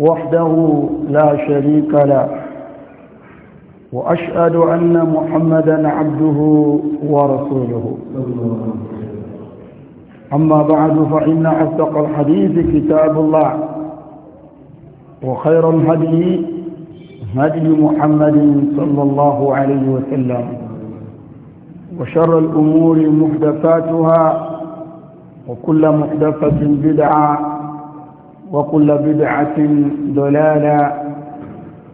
وحده لا شريك له وأشهد أن محمدا عبده ورسوله أما بعد فإن أصدق الحديث كتاب الله وخير الهدي هدي محمد صلى الله عليه وسلم وشر الأمور محدثاتها وكل محدثة بدعة وكل بدعة دلالة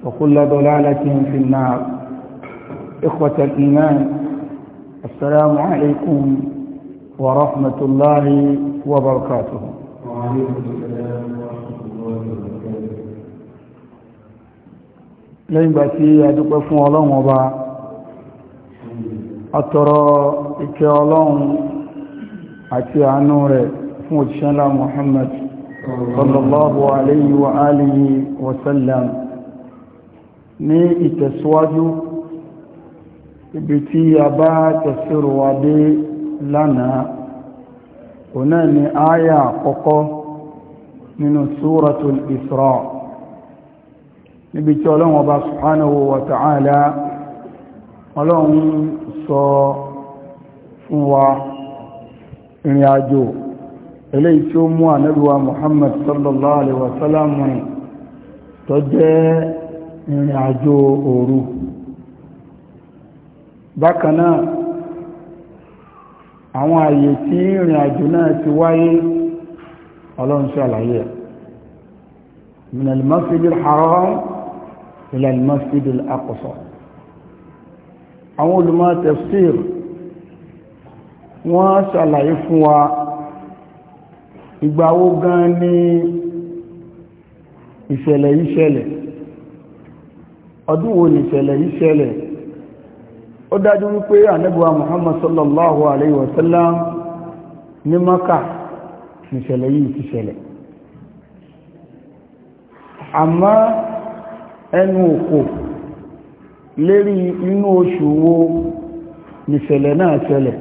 وكل دلالة في النار إخوة الإيمان السلام عليكم ورحمة الله وبركاته وعليكم السلام ورحمة الله وبركاته لين باتي أدوك فون الله وبا أترى إكي الله أتي عنه فون محمد صلى الله عليه وآله وسلم ní ìtẹ̀síwájú ibi tí a bá tẹ̀sírò wa dé lánàá òun náà ni áyà àkọ́kọ́ nínú súratul Isra níbi tí ọlọ́run ọba subhanahu wa ta'ala ọlọ́run sọ fún wa ìrìn àjò eléyìí tí ó mú ànẹ́lúwa Muhammad sallallahu alaihi wasallam rìn tó jẹ́ ìrìn àjò òru bákanáà àwọn àyè tí ìrìn àjò náà ti wáyé ọlọ́run sí àlàyé min al-masjid al-haram ila masjid al-aqsa àwọn olùmọ̀ tafsir wọ́n ṣàlàyé fún wa ìgbà wo gan ni ìṣẹ̀lẹ̀ yìí ṣẹlẹ̀ ọdún wo ni ìṣẹ̀lẹ̀ yìí ó dájú wípé ànẹ́bùwa Muhammad sallallahu alaihi wasallam ní Maka ìṣẹ̀lẹ̀ yìí ti ṣẹlẹ̀ àmọ́ ẹnu òkò lérí inú oṣù wo ìṣẹ̀lẹ̀ náà ṣẹlẹ̀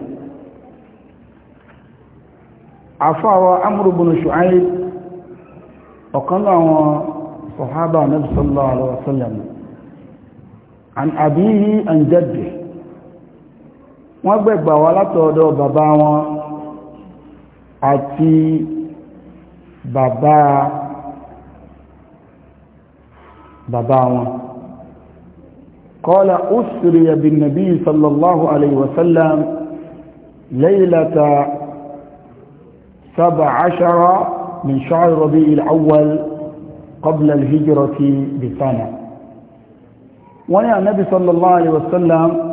àfáwà amúrùbùnù ṣùháyé ọ̀kan láwọn sọ̀hábà nabi sallallahu alaihi wasallam an abihi an jaddi wọ́n gbẹ̀gbà wá látọ̀ọ̀dọ̀ bàbá wọn àti bàbá bàbá wọn قال أسري بالنبي صلى الله عليه وسلم ليلة سبع عشر من شهر ربيع الأول قبل الهجرة بسنة ويا النبي صلى الله عليه وسلم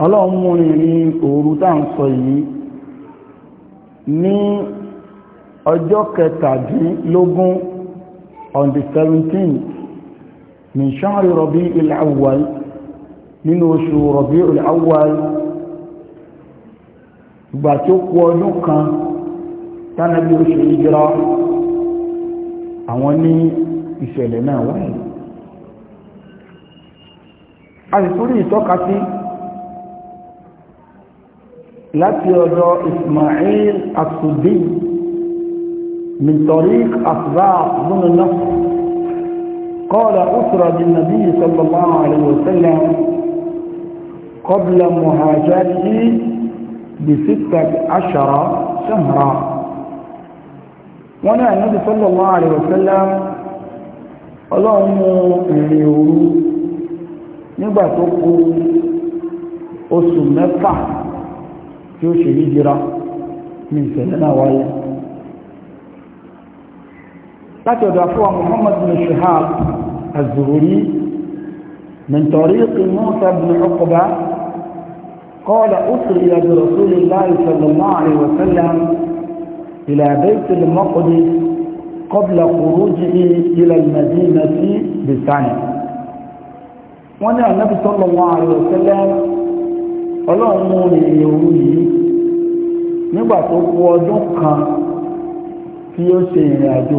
اللهم أورتان أوروتان صيي ní ọjọ́ kẹtàdínlógún on the seventeenth th min shahri Rabi' al-Awwal nínú oṣù Rabi' al-Awwal ìgbà tó kú ọdún kan tánàbí ó ṣe ìjírá àwọn ní ìṣẹ̀lẹ̀ náà wáyé a sì tún rí ìtọ́ka sí láti ọ̀dọ̀ Ismail asubi min tariq asbaq bin nafs قال أسرى بالنبي صلى الله عليه وسلم قبل مهاجرته بستة عشر شهرا wọ́n ní ànábì sallallahu alaihi wasallam ọlọ́run mú ìrìn òru nígbà tó kù oṣù mẹ́fà tí ó ṣe yíjira ní ìṣẹ̀lẹ̀ náà wáyé láti ọ̀dọ̀ àfọwà Muhammad bin Shihab az-Zuhri من طريق موسى بن عقبة قال أسري برسول الله صلى الله عليه وسلم إلى بيت المقدس قبل خروجه إلى المدينة بسنة وانا النبي صلى الله عليه وسلم ọlọ́run mú ní ewu yìí nígbà tó kú ọdún kan tí ó ṣe ìrìn àjò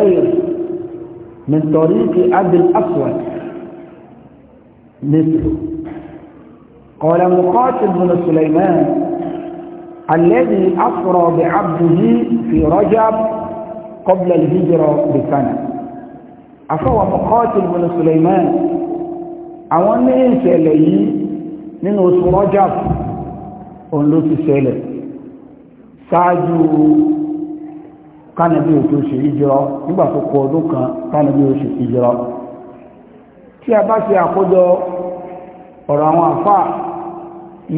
ìjírá من طريق أبي الأسود مثله قال مقاتل بن سليمان الذي أفرى بعبده في رجب قبل الهجرة بسنة أفوى مقاتل بن سليمان أولا إنسى إليه من وصف رجب قل له تسأله kánàbí ò tó ṣe ìjọ nígbà tó kọ ọdún kan kánàbí ò ṣe ìjọ tí a bá ṣe àkójọ ọ̀rọ̀ àwọn àfà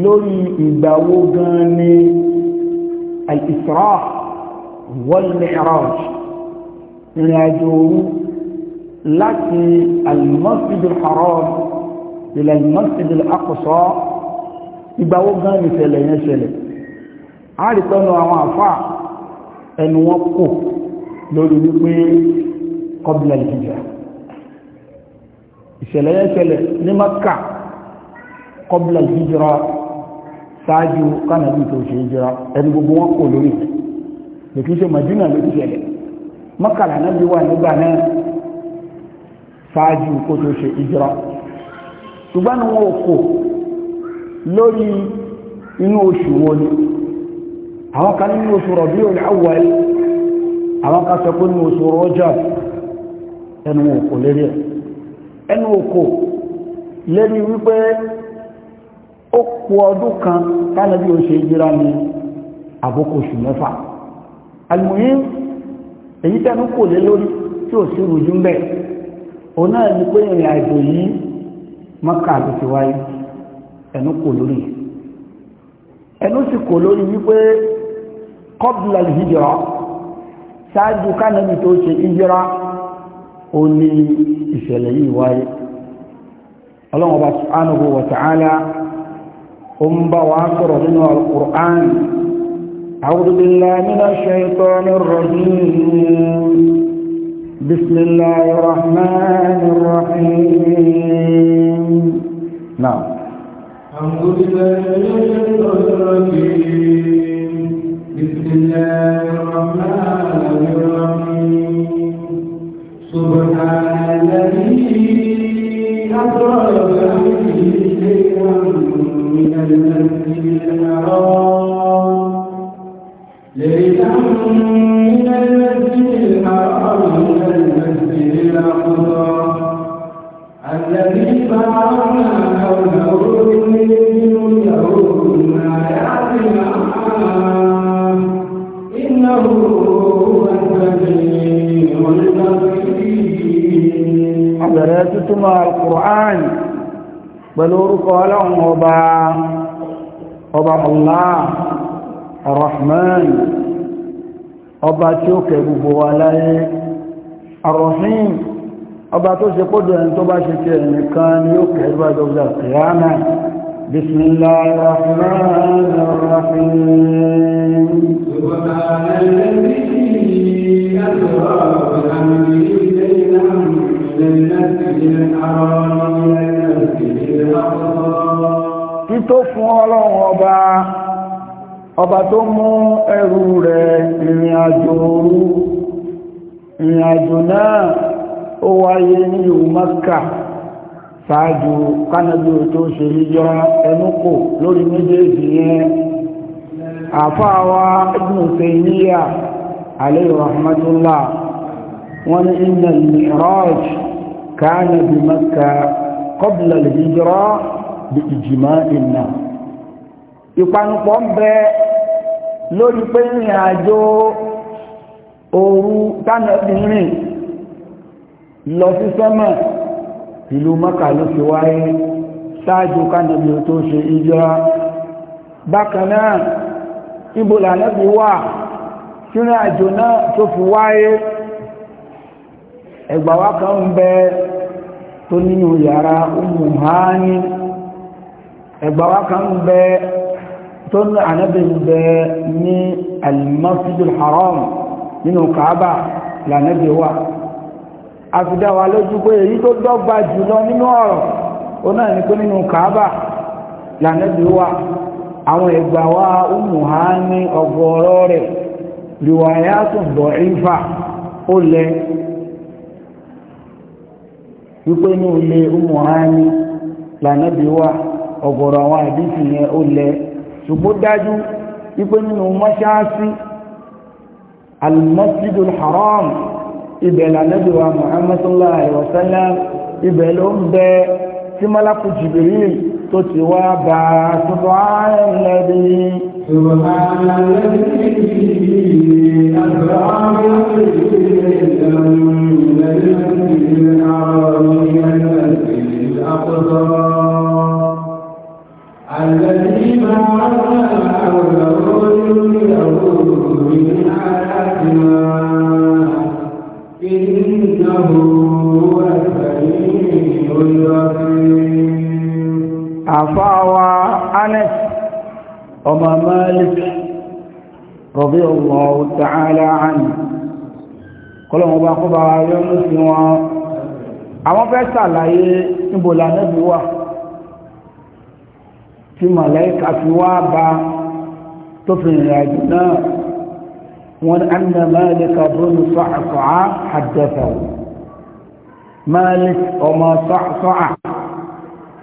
lórí ìgbà wo gan ni al-Isra wal-Mi'raj ìrìn àjò òru láti al haram ila al-Masjid al gan ni ìṣẹ̀lẹ̀ yẹn ṣẹlẹ̀ a rí pẹ́nu àwọn àfà ẹnu wọn kò lórí wípé kọbílà ìjìjà ìṣẹ̀lẹ̀ ẹ̀ṣẹ̀lẹ̀ ní maka kọbílà ìjìjìra sáájú kánàbí tó ṣe ìjìra ẹni gbogbo wọn kò lórí lè ṣe ló ti ṣẹlẹ̀ maka lànàbí wà nígbà náà sáájú kó tó ṣe ìjìra ṣùgbọ́n wọn kò lórí awakani nusu rabiu alawwal awaka sekun nusu rajab enu oko lere enu oko lere wipe o po odun kan ta le bi o se jira ni aboko su mefa almuhim eyi tanu ko le lori ti o si ruju nbe ona ni pe irin aibo yi maka ti ti waye enu ko lori enu si ko lori wipe قبل الهجرة ساعد كان بتوش الهجرة أولي إسلامي واي الله سبحانه وتعالى أمبا واسر من القرآن أعوذ بالله من الشيطان الرجيم بسم الله الرحمن الرحيم نعم الحمد لله من الشيطان بسم الله الرحمن الرحيم سبحان الذي أسرى بعبده شيئا من المسجد الحرام الذي باركنا حوله Àbẹ̀rẹ̀ tútúmọ̀ Al-Qur'an pẹ̀lú orúkọ ọlọ́run ọba ọba Allah, Ar-Rahman, ọba tí ó kẹ gbogbo wa láyé, Ar-Rahim, ọba tó ṣe kó dẹ̀rin tó bá ṣe kẹ ẹnìkan ni ó kẹ ìgbàjọ́gbà kìíyàmẹ́. بسم الله الرحمن الرحيم سبحان Tító fún ọlọ́run ọba, ọba tó mú ẹrù rẹ̀ ìrìn àjò òru, ìrìn àjò náà ó wáyé ní ìlú Mẹ́kà ṣáájú kánàbí tó ṣe yíjọ ẹnúkò lórí méjèèjì yẹn. Àfáà wa Ibn Taymiyyah عليه رحمة الله ولأن المعراج كان بمكة قبل الهجرة بإجماع الناس ìpanupọ̀ ń bẹ lórí pé ìrìn àjò òru tánàbìnrin lọ sí sẹ́mẹ̀ ìlú Mẹ́kà ló fi wáyé ṣáájú kánàbì tó ṣe ìjọ bákanáà ibòlà lẹ́bí wà kírin àjò náà tó fi wáyé ẹgbà wá kan ń bẹ tó nínú yàrá Ummu Hani ẹgbà wá kan bẹ tó ní ànábì ń bẹ ní al Haram nínú Kaaba lànàbì wà a wa lójú pé èyí tó dọ́gba jùlọ nínú ọ̀rọ̀ ó náà ní pé nínú Kaaba lànàbì àwọn ẹgbà riwayatun da'ifa ó lẹ wípé ní ilé umuhani lànàbí wa ọ̀gọ̀rọ̀ àwọn àdìsí yẹn ó lẹ ṣùgbọ́n dájú wípé nínú mọ́ṣáàṣì haram ibẹ̀ lànàbí wa muhammadu wasallam tó ti wá bá ṣùgbọ́n ààrẹ lẹ́bí الذي ما عرفنا من إنه àfáwà Anas ọmọ Malik radiyallahu ta'ala anhu kọlọ̀wọ̀n bá kọba yọ́nú sí wọn àwọn fẹ́ sàlàyé níbòlà nẹ́bí wà tí màláíkà fi wá bá tó fi ìrìnàjò náà wọn anna Malik bónú sọ́àsọ́à haddathahu Malik ọmọ sọ́àsọ́à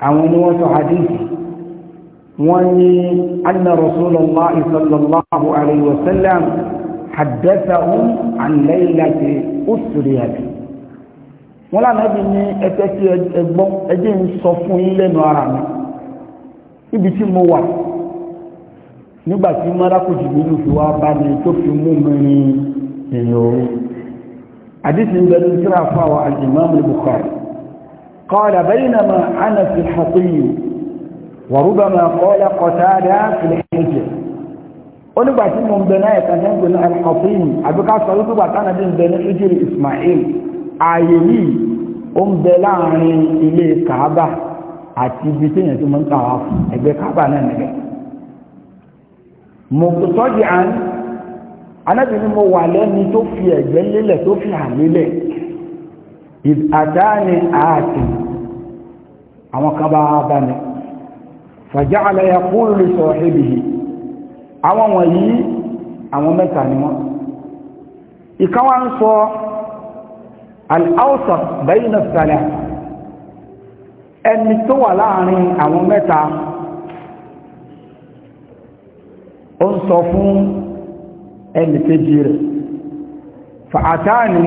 àwọn ni wọ́n sọ hadithi wọ́n ní anna rasulullah sallallahu alayhi wa sallam haddathahum an laylati usriyati wọ́n lánàbí ní ẹgbẹ́ tí ẹgbọ́n ẹjẹ́ ń sọ fún ilẹ̀nu ara mi níbi tí mo wà nígbà tí nínú fi wá bá mi tó fi mú mi rin ìrìn òru àdìsí ń bẹ ní síra fún àwọn al-imam قال بينما أنا في الحطي وربما قال قتادة في الحجر onígbà tí mo ń bẹ náà ẹ̀ka ní ẹgbẹ̀ náà alhassan àbíká sọ ka gbà tánà bí ń bẹ ní ìjírí ismail ààyè yìí ó ń kaaba àti ibi tí èèyàn tó mọ́ kaaba ìdáni àti àwọn kan bá bá ní fàjáàlá ya kúrò lè sọ ẹbìyí àwọn wọ̀nyí àwọn mẹ́ta ni wọ́n ìkáwà ń sọ al'ausa bayna sàlẹ̀ ẹni tó wà láàrin àwọn mẹ́ta ó ń sọ fún ẹni tẹ́jì rẹ̀ fa'atáni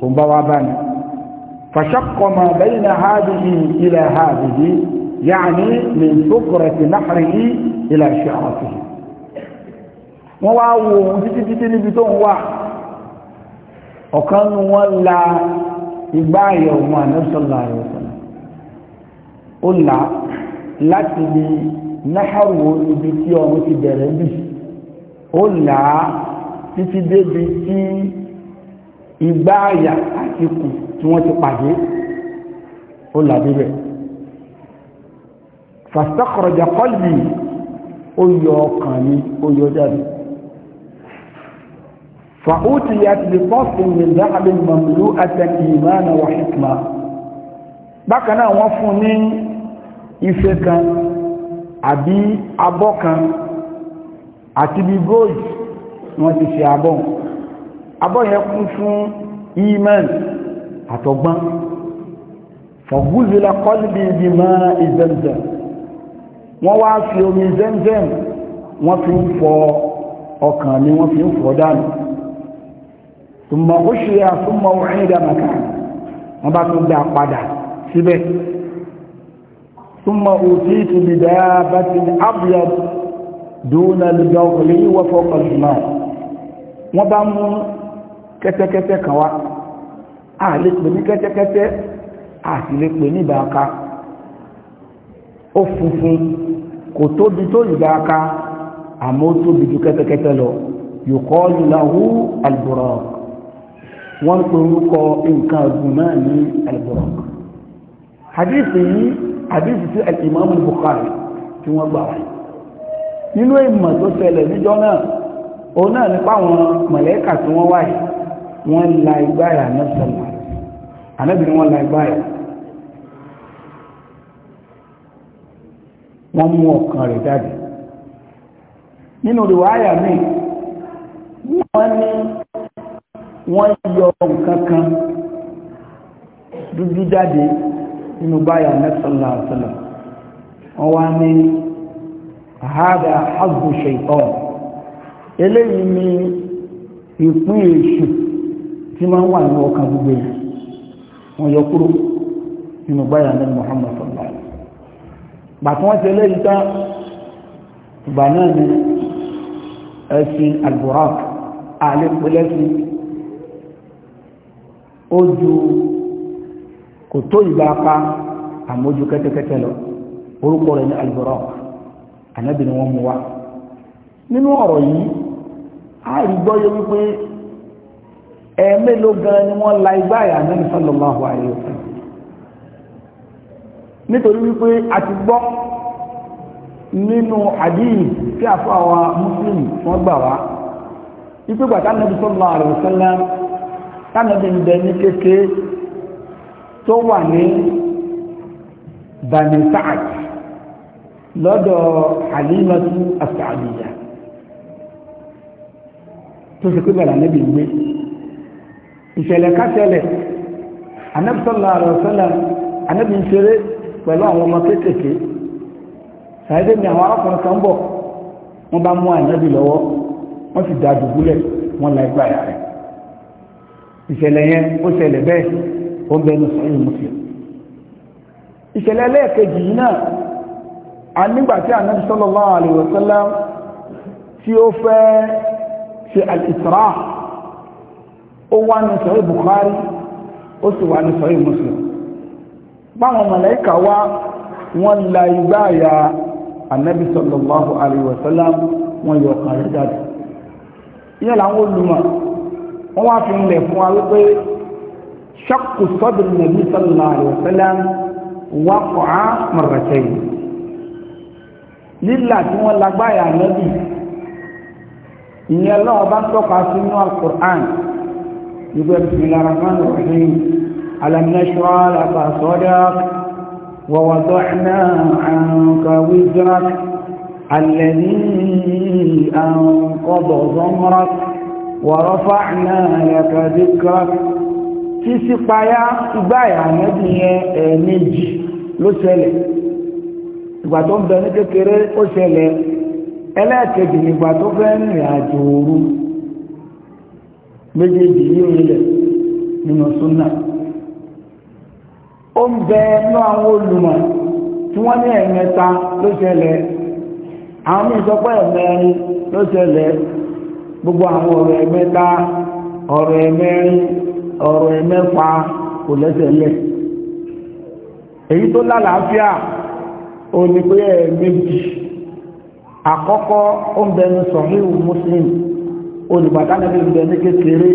tó ń bá wá bá ní فشق ما بين هذه إلى هذه يعني من سكرة نحره إلى شعرته wọ́n wá wo ohun títí títí níbi tó ń wà ọ̀kan nu wọ́n la igbá àyẹ̀wò mọ́ ànẹ́sọ̀lá àyẹ̀wò ó là láti ní náhàwò ibi tí ọmọ ti bẹ̀rẹ̀ bì ó là títí débi tí ìgbà àyà àti ikùn tí wọ́n ti pàdé ó làbí rẹ̀ fàstákọ̀rọ̀jà kọ́lì ó yọ ọkàn mi ó yọ jáde fàútì àti lè pọ́sì min dáàbí mọ̀mílú àtẹ̀kì ìmáàna wà hikma bákan wọ́n fún ní ife kan àbí abọ́ kan àti bí gold wọ́n ti ṣe abọ́ wọn abọ́ yẹn kún fún iman àtọ̀gbọ́n fọ̀gúzìlá kọ́lìbì bí má ìzẹ́mzẹ́m wọ́n wá fi omi zẹ́mzẹ́m wọ́n fi ń fọ ọkàn ni wọ́n fi ń fọ dànù tùmọ̀ ó ṣe àfúnmọ̀ òhìn ìdàmàkà wọ́n bá tún dá padà síbẹ̀ tùmọ̀ òtí ìtùbìdá bá ti ábùyà dúnà lùdọ́gbọ̀lẹ́ yíwọ́ fọ́kànlá wọ́n bá mú kẹ́tẹ́kẹ́tẹ́ kan wá a lè pè ní kẹ́tẹ́kẹ́tẹ́ a sì lè pè ní ìbáaka ó funfun kò tóbi tó ìbáaka àmọ́ ó tóbi ju kẹ́tẹ́kẹ́tẹ́ lọ yuqalu lahu hadithi yìí hadithi sí al-imam al-bukhari tí wọ́n gbà wáyé nínú ìmọ̀ tó ṣẹlẹ̀ níjọ́ náà òun náà nípa àwọn mọ̀lẹ́kà tí wọ́n wáyé wọ́n la igbáyà anẹ́sọ̀lá anẹ́bìnrin wọ́n la igbáyà wọ́n mú ọ̀kan rẹ̀ jáde nínú ìwáyà mi wọ́n ní wọ́n yọ nǹkan kan dúdú jáde nínú báyà anẹ́sọ̀lá àtọ́lá wọ́n wá ní àhádà àgbòṣe ìtọ́ eléyìí ni ìpín èṣù tí máa ń wà ní ọkàn gbogbo yìí wọ́n yọ kúrò nínú báyà ní Muhammad sọ̀lá bàtí wọ́n ti lẹ́yìn tán ìgbà náà ni ẹ̀sìn alburak àlepẹ́lẹ́sìn ó ju kò tó ìgbàpá àmójú kẹ́tẹ́kẹ́tẹ́ lọ orúkọ rẹ̀ ní alburak ànábì ni mú wá nínú ọ̀rọ̀ yìí a rí gbọ́yé wípé ẹ̀ẹ́mélòó gan ni wọ́n la igbá àyà Ànábì sallallahu alaihi wasallam nítorí wípé a ti gbọ́ nínú àdíyì tí a fọ́ àwọn mùsùlùmí wọ́n gbà wá ipé gbàtà Ànábì sallallahu alaihi wasallam tánàbí ń bẹ ní kéèké tó wà ní Bani lọ́dọ̀ Halimatu as-Sa'diyya tó fi pé bẹ̀rẹ̀ Ànábì gbé ìṣẹ̀lẹ̀ kásẹ̀lẹ̀ Ànábì sallallahu alaihi wasallam Ànábì ń ṣeré pẹ̀lú àwọn ọmọ kéékèèké sàyẹ́dẹ́ ni àwọn arákùnrin kan bọ̀ wọ́n bá mú Ànábì lọ́wọ́ wọ́n sì da dùbúlẹ̀ wọ́n la ẹgbà rẹ̀ ìṣẹ̀lẹ̀ yẹn ó ṣẹlẹ̀ bẹ́ẹ̀ ó ń bẹnu sọ́yìn Muslim ìṣẹ̀lẹ̀ ẹlẹ́ẹ̀kejì yìí náà a nígbà tí Ànábì sallallahu tí ó fẹ́ ṣe al ó wá ní sọ̀rọ̀ Bukhari ó sì wá ní sọ̀rọ̀ Muslim báwọn mọ̀lẹ́kà wá wọ́n la igbá àyà Ànábì sallallahu alaihi wasallam wọ́n yọ ọkàn rẹ̀ jáde ìyẹn làwọn olùmọ̀ wọ́n wá fi ilẹ̀ fún wa wípé ṣọ́kù sọ́dọ̀ Nàbí sallallahu alaihi wasallam wá kọ̀ á mọ̀rẹ̀kẹ́ yìí lílà sínú al يقول بسم الله الرحمن الرحيم ألم نشرع لك صدرك ووضعنا عنك وزرك الذي أنقض ظهرك ورفعنا لك ذكرك في سقايا إبايا نبي نجي ló ṣẹlẹ̀ ìgbà tó ń bẹ ní kékeré méjèèjì yìí ilẹ̀ nínú súnnà ó ń bẹ ẹ̀nà àwọn olùmọ̀ tí wọ́n ní ẹ̀mẹ́ta ló ṣẹlẹ̀ àwọn ní ìsọpọ̀ gbogbo àwọn ọ̀rọ̀ ẹ̀mẹ́ta ọ̀rọ̀ ẹ̀mẹ́rin ọ̀rọ̀ ẹ̀mẹ́fà kò lẹ́sẹ̀lẹ̀ èyí tó lálàáfíà ò ní pé àkọ́kọ́ ó ń Muslim olùgbàtà nàbí ìbẹ̀ ní kékeré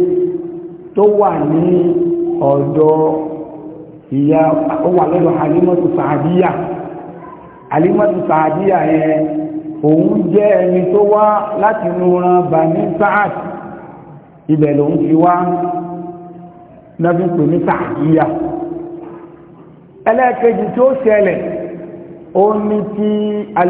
tó wà ní ọ̀dọ̀ ìyá ó wà lọ́dọ̀ alimọ́tù sàádíyà alimọ́tù sàádíyà yẹn òun jẹ́ ẹni tó wá láti nuran bani saad ibẹ̀ lòun ti wá nàbí ní sàádíyà ẹlẹ́ẹ̀kejì tó ṣẹlẹ̀ ó ní ti al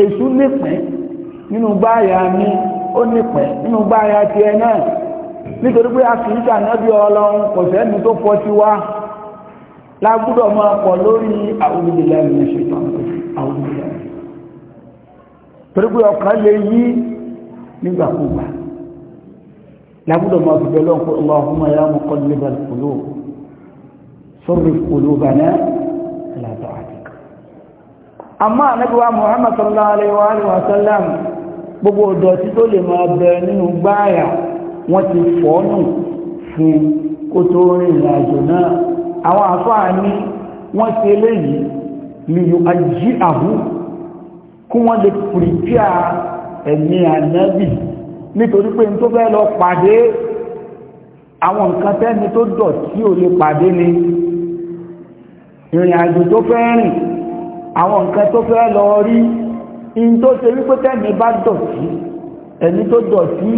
èṣù nípìn nínú gbáyà mi ó nípìn nínú gbáyà tiẹ̀ náà nítorí pé a kì í ṣànábì ọlọ́run kò sẹ́ni tó fọ́ sí wa lágbúdọ̀ máa pọ̀ lórí àwòdìlẹ̀ ìrìn ṣètò àwòdìlẹ̀ torí pé àmọ́ ànábíwá Muhammad sallallahu alaihi wa sallam gbogbo ọ̀dọ̀tí tó lè máa bẹ nínú gbáàyà wọ́n ti fọ́nù fún kó tó rìn ìrìn àjò náà àwọn àfáà ní wọ́n ti eléyìí lèyò ají àhú kí wọ́n lè pìrìpíà ẹ̀mí ànábì nítorí pé tó fẹ́ lọ pàdé àwọn nǹkan tẹ́ni tó dọ̀tí ò lè pàdé ni ìrìn àjò tó fẹ́ rìn àwọn nǹkan tó fẹ́ lọ rí in tó ṣe wípé tẹ́mi bá dọ̀tí ẹni tó dọ̀tí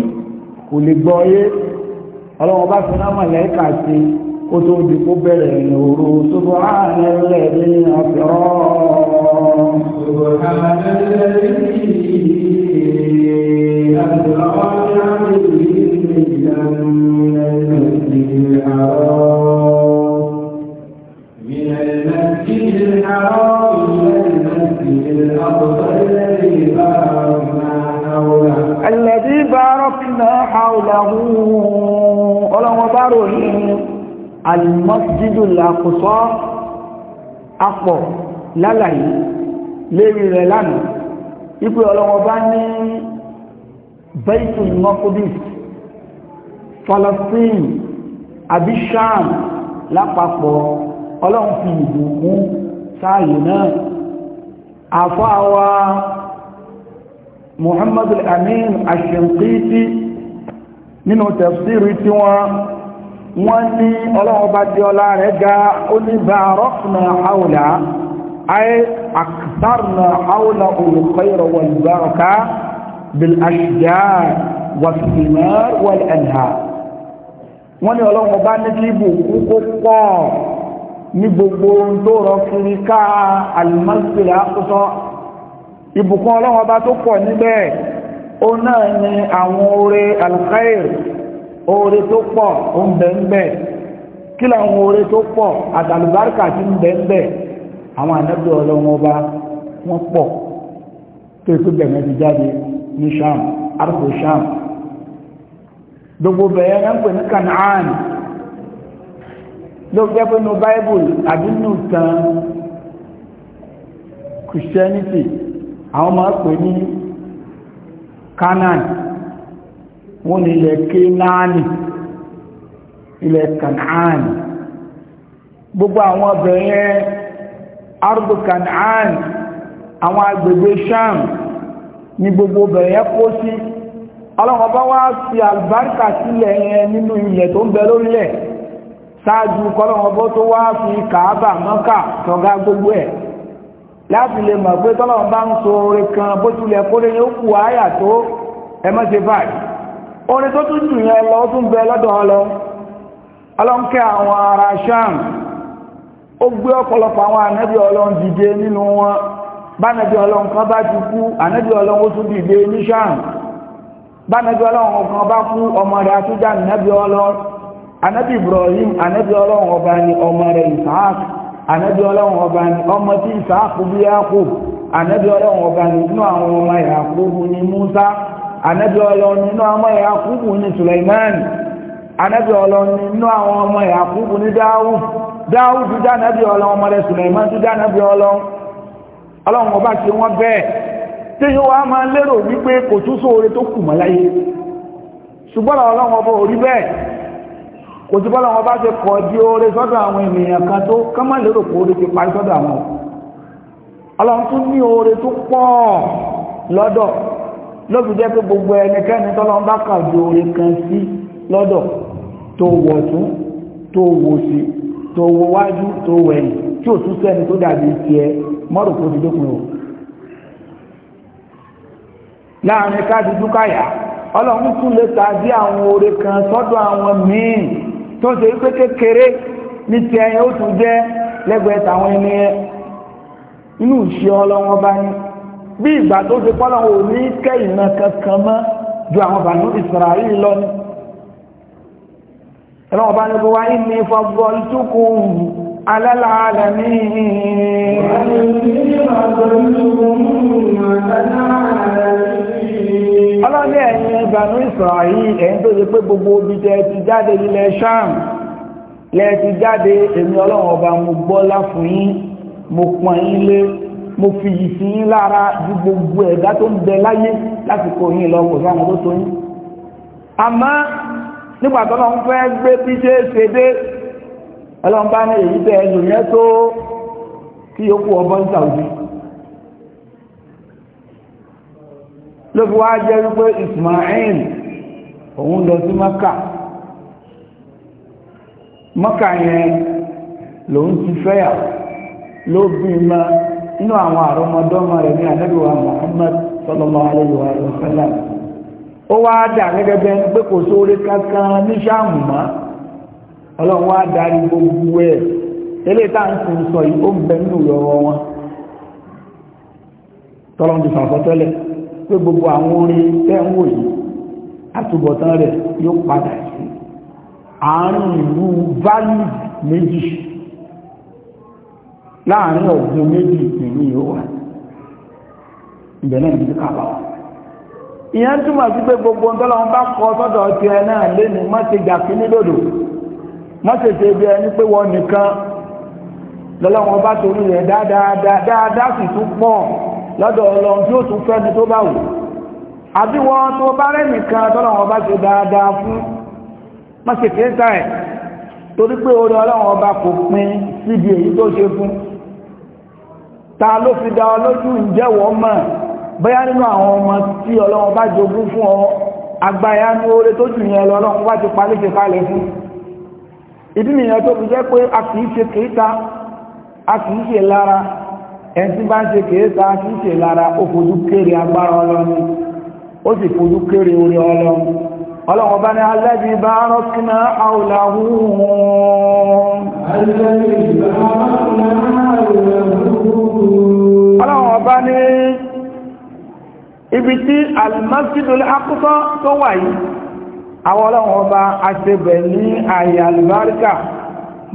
kò lè gbọ́ yé ọlọ́wọ́n bá fi náà mọ̀lẹ́kà sí kó tó di kó bẹ̀rẹ̀ ìrìn òru sóbò àárín ẹlẹ́ ní ọ̀fẹ́ من حوله ọlọ́wọ́ bá ròyìn alìmọ́síjìdù làkùsọ́ apọ̀ lálàyé lérí rẹ̀ lánàá ipò ọlọ́wọ́ bá ní baitul maqdis falastin àbí sham lápapọ̀ ọlọ́run fi ìbùkún sáàyè náà àfọ́ àwa muhammadu amin ashinqiti nínú tẹ̀síìrì tí wọ́n wọ́n ní ọlọ́wọ́ bá di ọlá rẹ̀ ga ó ní bàárọ́kùnà àwòlá ayé àkàtàrùnà àwòlá olùkọ́yọ̀rọ̀ wọ̀ ìbáraka bilashija wàfìmọ́ wọ̀lì ẹ̀nà wọ́n ní ọlọ́wọ́ bá ní kí ibùkún kó pọ̀ gbogbo tó rọ kiri ká alimọ́sílẹ̀ àkóso ibùkún ọlọ́wọ́ bá tó pọ̀ níbẹ̀ ó náà ni àwọn oore alkhair oore tó pọ̀ ó ń bẹ ń bẹ kí làwọn oore tó pọ̀ àtàlùbáríkà ti ń bẹ ń bẹ àwọn ànábì ọlọ́run ọba wọ́n pọ̀ tó ètò bẹ̀rẹ̀ ti jáde ní sham arko sham gbogbo bẹ̀rẹ̀ ń pè ní kanaan ló jẹ́ pé nu bible àbí nu tan christianity àwọn máa pè ní canaan wọn ní ilẹ̀ kénáàni ilẹ̀ gbogbo àwọn ọbẹ̀ yẹn ardu àwọn agbègbè sham ni gbogbo ọbẹ̀ kó sí ọlọ́wọ́n bá wá fi àlùbáríkà sílẹ̀ yẹn nínú ilẹ̀ tó ń bẹ lórílẹ̀ kọ́lọ́wọ́n gbogbo ẹ̀ láti lè mọ̀ pé tọ́lọ́run bá ń so orin kan bó tilẹ̀ kórè yóò kù áyà tó ẹ má ṣe báyìí orin tó tún jù yẹn lọ ó tún bẹ lọ́dọ̀ ọlọ ọlọ́nkẹ́ àwọn ará sham ó gbé ọ̀pọ̀lọpọ̀ àwọn ànábì ọlọ́run dìde nínú wọn bánàbí ọlọ́run kan bá ti kú ànábì ọlọ́run ó tún dìde ní sham bánàbí ọlọ́run kan bá kú ọmọ rẹ̀ àtúndà ànábì ọlọ́run ànábì Ibrahim ànábì ọlọ́run ọba ni ọmọ rẹ̀ Isaac ànábì ọlọ́run ọba ni ọmọ tí ìsáàkù bí yáàkù ànábì ọlọ́run ọba ni inú àwọn ọmọ yàkúbù ni musa ànábì ọlọ́run inú àwọn ọmọ yàkúbù ni suleiman ànábì ọlọ́run inú àwọn ọmọ yàkúbù ni dáwùd dáwùd tún dá ànábì ọlọ́run ọmọ rẹ̀ suleiman tún dá ànábì ọlọ́run ọlọ́run ọba ṣe wọ́n bẹ́ẹ̀ tí yóò máa lérò wípé kò tún sóore tó kù mọ́ láyé ṣùgbọ́n ọlọ́run ọba ò rí bẹ́ẹ̀ kò sí bọ́lá wọn bá ṣe kọ̀ di oore sọ́dọ̀ àwọn ènìyàn kan tó kọ́mọ̀ lérò ti parí sọ́dọ̀ àwọn ọlọ́run tún ní oore tó pọ̀ lọ́dọ̀ lóbi jẹ́ pé gbogbo ẹnikẹ́ni tọ́lọ́run bá kà oore kan sí lọ́dọ̀ tó wọ̀ tún tó wò sí tó wájú tó tí ò tún sẹ́ni tó dàbí mọ́rò kó ti o láàrin ká dúkàyà ọlọ́run tún lè tó ṣe wípé kékeré ní ti ẹyẹ ó tún jẹ́ lẹ́gbẹ̀ẹ́ tàwọn ẹni ẹ inú ìṣe ọlọ́wọ́n bá ní bí ìgbà tó ṣe pọ́lọ́wọ́ ò ní kẹ́ ìmọ̀ kankan mọ́ ju àwọn bàánú Ísírẹ́lì lọ ni ẹ̀rọ bá ní kó wá ní fọ́gbọ́lùtùkùn alálàálẹ̀ ní ìrìn ọlọ́ni ẹ̀yin ìbànú ìsọ̀rọ̀ yìí ẹ̀yin tó ṣe pé gbogbo ibi tẹ́ ti jáde ilẹ̀ sham lẹ́ ti jáde èmi ọlọ́run ọba mo gbọ́lá fún yín mo pọ́n yín lé mo fi yìí sí yín lára ju gbogbo ẹ̀dá tó ń bẹ láyé lásìkò yín lọ kò sáwọn tó tó yín àmọ́ nígbà tó lọ́n fẹ́ gbé bí ṣe é ṣe dé ọlọ́run bá ní èyí tẹ́ ẹ lò yẹn tó kí yókù ọbọ̀ ń sàwùjì ló fi wá jẹ́ wípé Ismail òun lọ sí Maka Maka yẹn lòun ti fẹ́yà ló bí ma inú àwọn àrọmọdọ́mọ rẹ̀ ní anábìwá Muhammad sallallahu alayhi wa ó wá dà gẹ́gẹ́ pé kò sóore kankan ní sáàmù mọ́ ọlọ́run wá darí gbogbo ẹ̀ ń sọ yìí ó ń bẹ pé gbogbo àwọn orin tẹ́ ń wò yìí àtúbọ̀tán rẹ̀ yóò padà sí àárín ìlú value méjì láàárín ọ̀gbìn méjì ìpínlẹ̀ yóò wà ìbẹ̀lẹ̀ ìdílé kàbà wà ìyẹn gbogbo ọ̀tọ́lọ́wọ́n bá kọ sọ́dọ̀ ti ẹ náà lẹ́nu mọ́tẹ̀gà kínní lòdò mọ́tẹ̀tẹ̀ bí ẹni pé wọ́n nìkan lọ́lọ́wọ́n bá torí rẹ̀ dáadáa dáadáa sì tún pọ̀ lọ́dọ̀ ọlọ́run tí ó tún fẹ́ ni tó bá wù àbí wọn tó bá rẹ̀ nìkan tọ́lọ̀ wọn bá ṣe dáadáa fún má ṣe kìí sá ẹ̀ torí pé orí ọlọ́run ọba kò pin síbi èyí tó ṣe fún ta ló fi dá ọ lójú ìjẹ́wọ́ mọ̀ bóyá nínú àwọn ọmọ tí ọlọ́run bá jogún fún ọ agbáyá ní oore tó jù yẹn lọ́lọ́run bá ti palé ṣe kalẹ̀ fún ìdí nìyẹn tó fi jẹ́ pé a kìí ṣe kìí ta a kìí ṣe lára ẹtí bá ṣe kèéta ṣíṣe lára ó fojú kéré agbára ọlọ́run ó sì fojú kéré orí ọlọ́run ọlọ́run bá ní alẹ́bí bá rọ́kínà àwòláhùn ọlọ́run bá ní ibi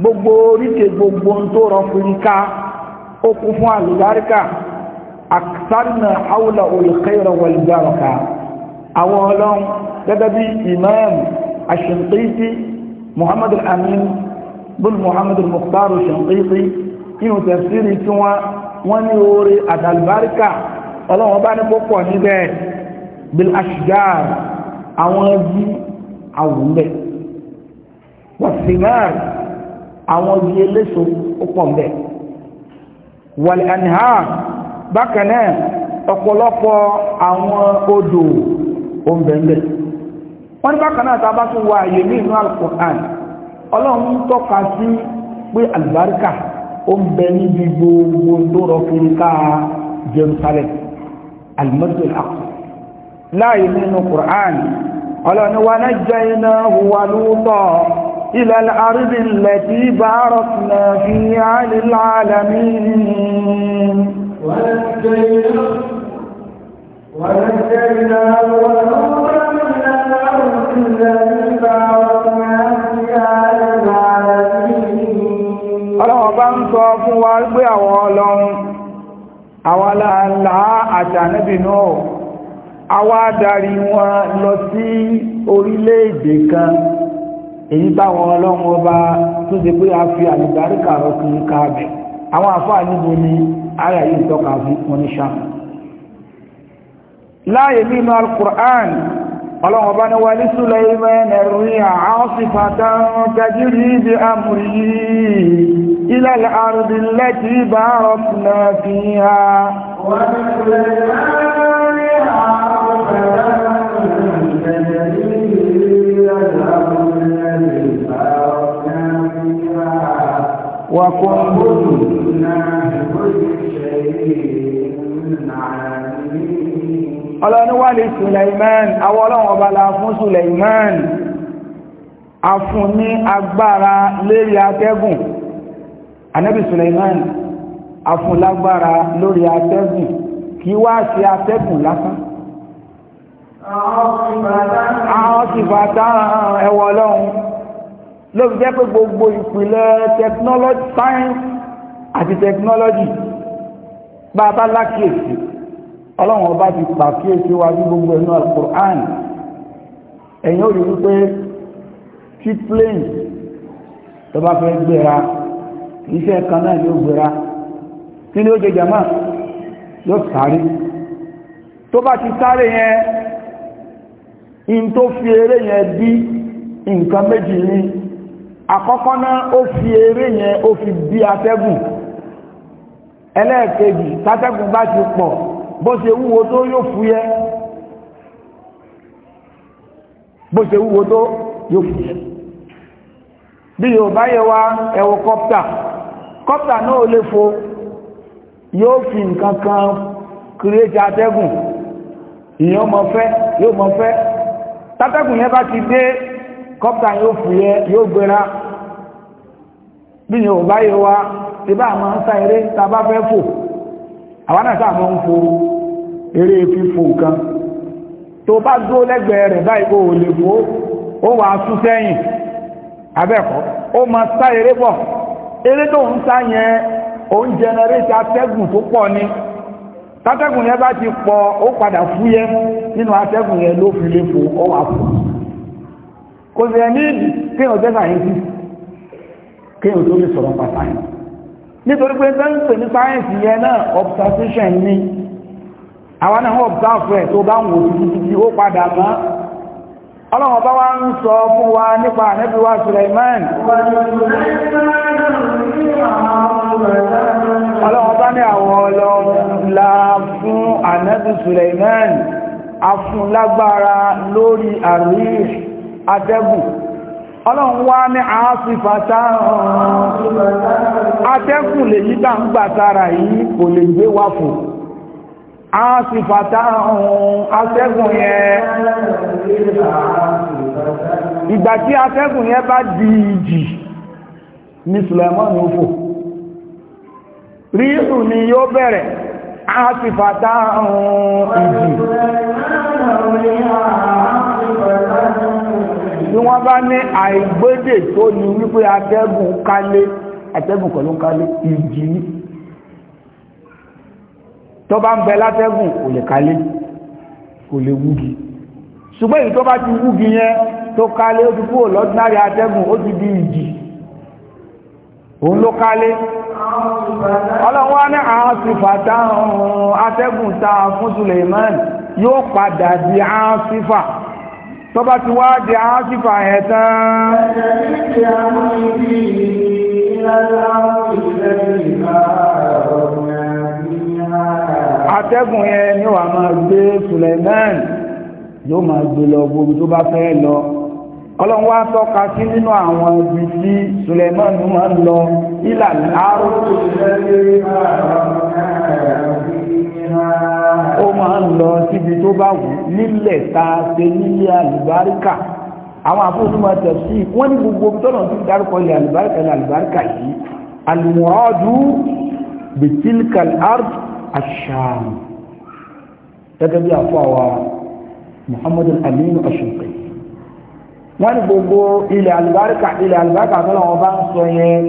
ní gbogbo gbogbo tó rọ ó kún fún àlùbáríkà àkàtàna haúlà olùkẹ́rọ wọlùbáraka àwọn ọlọ́run gẹ́gẹ́ bí imam ash-Shinqiti muhammad al-amin bin muhammad al-mukhtar ash-Shinqiti inú tafsiri tí wọ́n ní orí àtàlùbáríkà ọlọ́run bá ní púpọ̀ níbẹ̀ bil ashgar àwọn ẹbí àwùmbẹ̀ wọ́n sì máa àwọn ẹbí eléso ó pọ̀ mbẹ̀ wàlẹ̀nìhà bákanẹ̀ ọ̀pọ̀lọpọ̀ àwọn odò oúnbẹ̀ǹbẹ̀ wọ́n ní bákanẹ̀ àtàbá tún wà àyè ní inú Al-Qur'an ọlọ́run tọ́ka sí pé àlùbáríkà oúnbẹ̀ níbi gbogbo tó rọ kiri إلى الأرض التي باركنا فيها للعالمين ونجيناه ونورا من الأرض التي باركنا فيها للعالمين الله بانصر فوالبي أولهم àwàlá àlá àtànẹ́bì náà àwa darí wọn lọ sí orílẹ̀-èdè kan èyí táwọn ọlọ́run ọba tó ṣe pé a fi àlùbáríkà ọkùnrin káàbẹ̀ àwọn àfáà níbo ni ara yìí tọ́ka fún oníṣà láàyè nínú al ọlọ́run ọba ni wà ní Sulaiman ar-riha asifatan tajri bi amrihi ila al-ardi allati barakna وكنا ọlọ́run wà lè Suleiman àwọn ọlọ́run ọba la fún Suleiman a fún ní agbára lérí atẹ́gùn anábì Suleiman a fún lágbára lórí atẹ́gùn kí wá sí atẹ́gùn lásán àwọn ti fàtà ẹwọ ọlọ́run lórí jẹ́ pé gbogbo ìpìlẹ̀ technology science àti technology bá bá lákìyèsí ọlọ́run ọba ti pàkíyèsí wa ní gbogbo ẹ̀nà Al-Qur'an ẹ̀yìn òyìn wípé tí plane tó bá fẹ́ gbéra iṣẹ́ kan náà yóò gbéra kí ni ó jẹ jama yóò sáré tó bá ti sáré yẹn in tó fi eré yẹn bí nǹkan méjì ní àkọ́kọ́ náà ó fi eré yẹn ó fi bí atẹ́gùn ẹlẹ́ẹ̀kejì tátẹ́gùn bá ti pọ̀ bó ṣe wúwo tó yóò fúyẹ́ bó ṣe wúwo tó yóò bí yẹ wá kọ́pítà kọ́pítà náà fo yóò fi nǹkan kan atẹ́gùn ìyẹn ó mọ fẹ́ kọ́pítà yóò fúyẹ́ yóò gbéra bí yóò bá yóò wá tí bá àmọ́ ń eré ta bá fẹ́ fò àwọn náà ń fò eré fífò kan tó bá dúró lẹ́gbẹ̀ẹ́ rẹ̀ báyìí kò lè fò ó wà á sẹ́yìn abẹ́kọ̀ ó ma sá eré bọ̀ eré tó ń yẹn atẹ́gùn tó pọ̀ ni tátẹ́gùn yẹn bá ti pọ̀ ó padà fúyẹ́ nínú kò sí ẹni ìdí kéèyàn jẹ́ sàyẹ́ǹsì kéèyàn tó lè sọ̀rọ̀ pa sáyẹ́ǹsì nítorí pé tó ń pè ní sáyẹ́ǹsì yẹn náà observation ni àwọn náà observe ẹ̀ tó bá ń wò títí tí ó padà mọ́ ọlọ́run ọba wa ń sọ fún wa nípa ànábì wa Suleiman ọlọ́run ọba ní àwọn ọlọ́run la fún ànábì Suleiman afúnlágbára lórí àríṣ atẹ́gùn ọlọ́run wá ní àásìfàtà atẹ́gùn lè yíta ń gbà yìí kò lè gbé fò àásìfàtà ìgbà tí atẹ́gùn yẹ bá di ìjì ní sùlẹ̀mọ́nù fò ni yóò bẹ̀rẹ̀ àásìfàtà ìjì tí wọ́n bá ní àìgbédè tó ní wípé atẹ́gùn kálé atẹ́gùn kọ̀ ló ń kálé ìjì ní tó bá ń bẹ látẹ́gùn kò lè kálé kò lè wúgi ṣùgbọ́n èyí tó bá ti wúgi yẹn tó kálé ó ti kúrò lọ́dúnárì atẹ́gùn ó ti di ìjì òun ló kálé ọlọ́wọ́ ní àwọn sífàtà atẹ́gùn ta fún Suleiman yóò padà di àwọn sífà tọ́bá ti wá di áṣífà ẹ̀ tán atẹ́gùn yẹn ni wà máa gbé Suleiman yóò máa gbé lọ gbogbo tó bá fẹ́ lọ ọlọ́run wá tọ́ka sí nínú àwọn ibi tí Suleiman máa ń lọ ìlànà àárò ó máa ń lọ síbi tó bá wù nílẹ̀ ta ṣe nílé àlùbáríkà àwọn àfúnṣùmọ̀ tẹ̀sí wọ́n ní gbogbo tọ́nà tí dárúkọ ilẹ̀ àlùbáríkà ilẹ̀ àlùbáríkà yìí alùmọ́ọ́dù bìtílkàl ard àṣàm gẹ́gẹ́ bí àfọ́ àwa muhammadu aminu aṣùnkè wọ́n ní gbogbo ilẹ̀ àlùbáríkà ilẹ̀ àlùbáríkà tọ́nà wọn bá ń sọ yẹn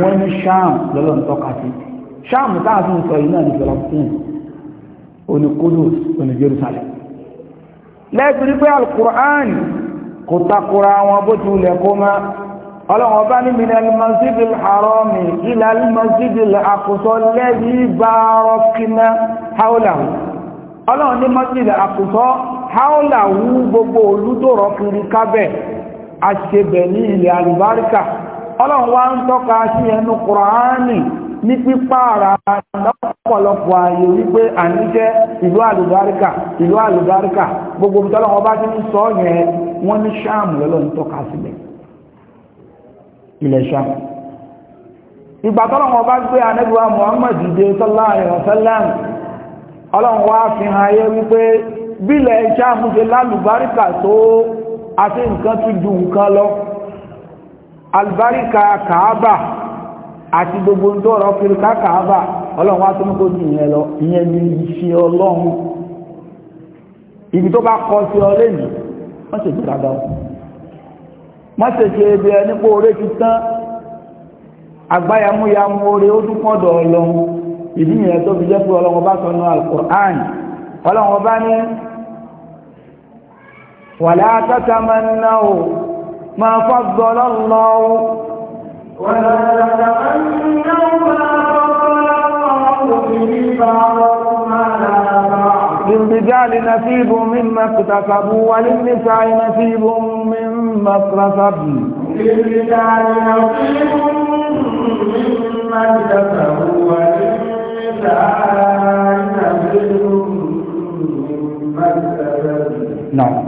wọ́n ní ṣàm lọ́lọ́ oní Kudus oní Jerusalem lẹ́gbẹ̀rí pé alukur'an kò takura wọn bó ti wulẹ̀ kó ma ọlọ́wọ́n bá ní minal masjidil harami ilal masjidil aqsa lẹ́bí barakna hawlahu ọlọ́wọ́n ní masjidil aqsa hawlahu gbogbo olùdórọ̀ kiri kábẹ̀ àṣebẹ̀ ní ilẹ̀ alùbáríkà ọlọ́wọ́n wá ń tọ́ka sí ẹnu kùránì ní ara lọ́pọ̀lọpọ̀ ààyè wípé àníjẹ́ ìlú àlùbáríkà ìlú àlùbáríkà gbogbo ìtọ́lọ́wọ́ bá ti ń sọ yẹn wọ́n ní sáàmù lọ́lọ́ ń tọ́ka sílẹ̀ ilẹ̀ sáàmù ìgbà tọ́lọ́wọ́ bá gbé anẹ́gbẹ̀wá Muhammad dé sọ́lá ìrọ̀sẹ́lẹ̀m ọlọ́run àti gbogbo tó ọ̀rọ̀ kiri kákàábà ọlọ́run wá tó ní kó di ìyẹn lọ ìyẹn ni ìṣe ọlọ́run ibi tó bá kọ sí ọ lẹ́nu wọ́n ṣe gbéraga ọ wọ́n ṣe ṣe ebi ẹni pé oore ti tán agbáyamúyamú oore ó dúpọ̀ dọ̀ ọlọ́run ìdí ìyẹn tó fi jẹ́ pé ọlọ́run bá sọ nù alukur'an ọlọ́run bá ní wàlẹ́ atọ́ta máa ń ná o máa fọ́ gbọ́ ọlọ́run للرجال نصيب مما اكتسبوا وللنساء نصيب مما اكتسبن للرجال نصيب مما اكتسبوا وللنساء نصيب مما اكتسبن نعم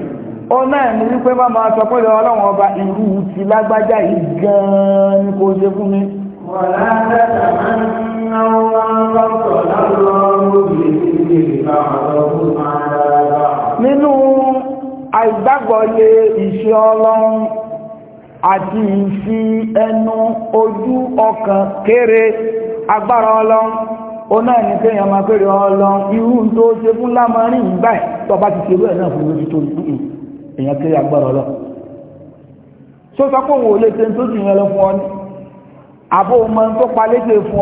ọ̀nà ẹ̀mí wípé má máa sọ pé ọlọ́run ọba ìlú ti lágbájá yìí gan-an ni kò ṣe fún mi. nínú àìgbàgbọ́ lé iṣẹ́ ọlọ́run àti ìfi ẹnu ojú ọkàn kéré agbára ọlọ́run ọ̀nà ẹni tẹ́yàn máa pèrè ọlọ́run irú tó ṣe fún lámọ́rin ìgbà tọba ti ṣe rú ẹ̀ náà fún lójú tó ní èèyàn kéré agbára ọlọ́ tó sọ pé òun ò lè ṣe tó jù yẹn lọ fún ọ ní àbó ọmọ tó pa léṣe fún ọ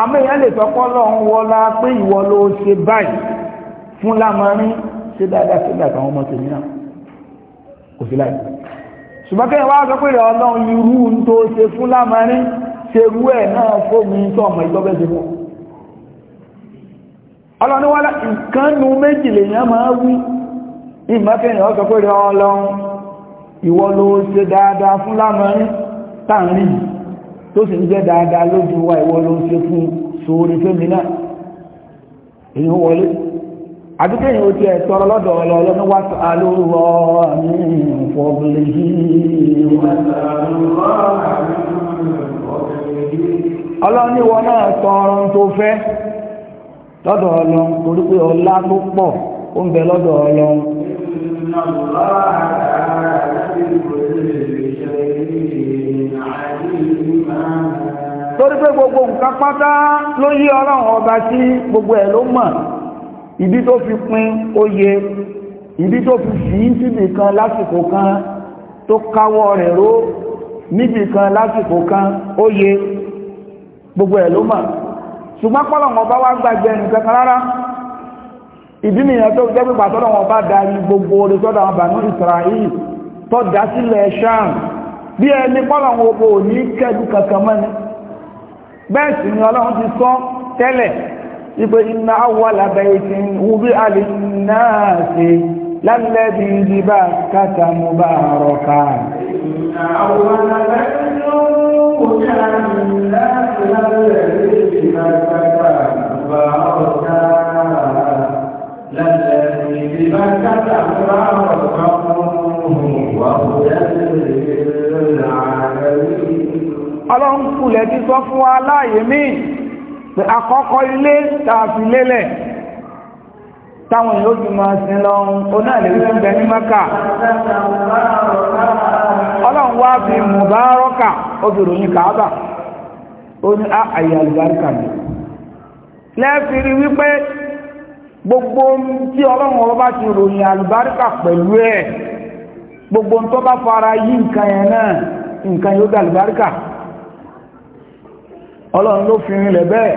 àmọ́ èèyàn lè sọ pé ọlọ́run wọlá pé ìwọ ló ṣe báyìí fún lámọrin ṣe dáadáa ṣe dáadáa àwọn ọmọ tèmi náà kò sí láì ṣùgbọ́n kí wọ́n sọ pé ìrẹ̀ ọlọ́run irú tó ṣe fún lámọrin ṣe rú ẹ̀ náà fóòmù tó ọmọ ìjọbẹ́ ṣe fún ọlọ́run wọlá ìmọ́kẹ́yìn ọ́sọ̀ pé rẹ̀ ọlọ́run ìwọ ló ṣe dáadáa fún lámọ́rin tààrin tó sì ń jẹ́ dáadáa lójú wa ìwọ ló ṣe fún sóòrí fẹ́mi náà èyí wọlé ti náà tọrọ tó fẹ́ lọ́dọ̀ ọlọ́run ọlá tó pọ̀ torí pé gbogbo nǹkan pátá ló yí ọlọ́run ọba sí gbogbo ẹ̀ ló mọ̀ ibi tó fi pín oyè ibi tó fi fi síbì kan lásìkò kan tó káwọ́ rẹ̀ ró níbì kan lásìkò kan oyè gbogbo ẹ̀ ló mọ̀ ṣùgbọ́n pọ́lọ̀ ìdí nìyẹn tó jẹ́ pípa tọ́lọ̀ wọn bá darí gbogbo orí tọ́lọ̀ àwọn bànú Israel tó dá sílẹ̀ Ṣáàm bí ẹni pọ́lọ̀ wọn kò ní kẹ́dù kankan mọ́ni bẹ́ẹ̀ sì ni ọlọ́run ti sọ tẹ́lẹ̀ ipe iná awọ alábẹ́ ìtì wúbí alì náà ṣe lálẹ́bí ìdìbà kàtà mú bá rọ̀ ká. iná awọ alábẹ́ ìtì wúbí alì náà ṣe lálẹ́bí ìdìbà kàtà mú bá rọ̀ ká. مكة ti sọ fún wa láàyè míì pé àkọ́kọ́ ilé tààfi lélẹ̀ táwọn yóò ti máa sin lọ́run onáàlèrí ń bẹ ní mẹ́kà ọlọ́run wá fi mùbárọ́kà obìnrin ní kàábà ó ní ah, gbogbo tí ọlọ́run ọba ti ròyìn àlùbáríkà pẹ̀lú ẹ̀ gbogbo tó bá fara yí nǹkan yẹn náà nǹkan yóò dá àlùbáríkà ọlọ́run ló fi rinlẹ̀ bẹ́ẹ̀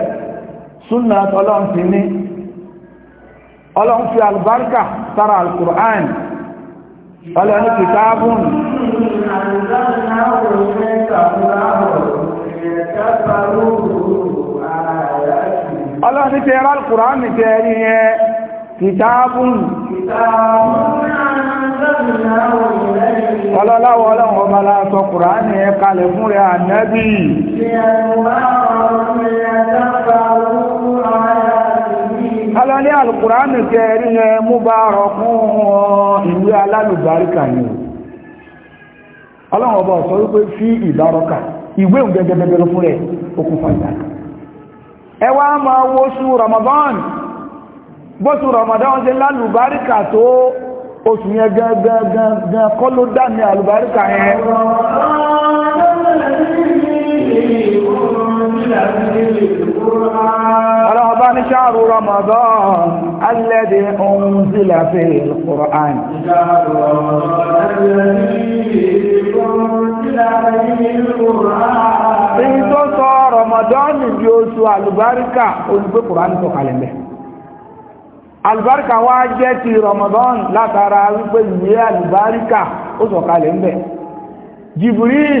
súnà ọlọ́run fi ní ọlọ́run fi àlùbáríkà sára alukur'an ọlọ́run ọlọ́ni tẹ ẹ̀rọ alkùránì tẹ ẹ kalẹ̀ fún rẹ̀ ànábì ọlọ́ni tẹ ẹ̀rí yẹn mú bá rọ fún ìwé alálùbáríkà ni ọlọ́run ọba ọ̀sọ́ wípé fí ìwé fún okùnfà ẹ ma máa wo oṣù Ramadan bóṣù Ramadan ṣe lálùbáríkà tó oṣù yẹn gangan kọ́ ló dá ní àlùbáríkà yẹn ọlọ́ọ̀bá ní ṣáàrù Ramadan alẹ́dẹ̀ ohun sílẹ̀ fi Al-Qur'an èyí tó sọ Ramadan di oṣù alùbáríkà olùgbé Qur'an tó kalẹ̀ mẹ́ alùbáríkà wá jẹ́ ti Ramadan látara wípé ìwé alùbáríkà ó sọ̀kalẹ̀ ń bẹ̀ Jibril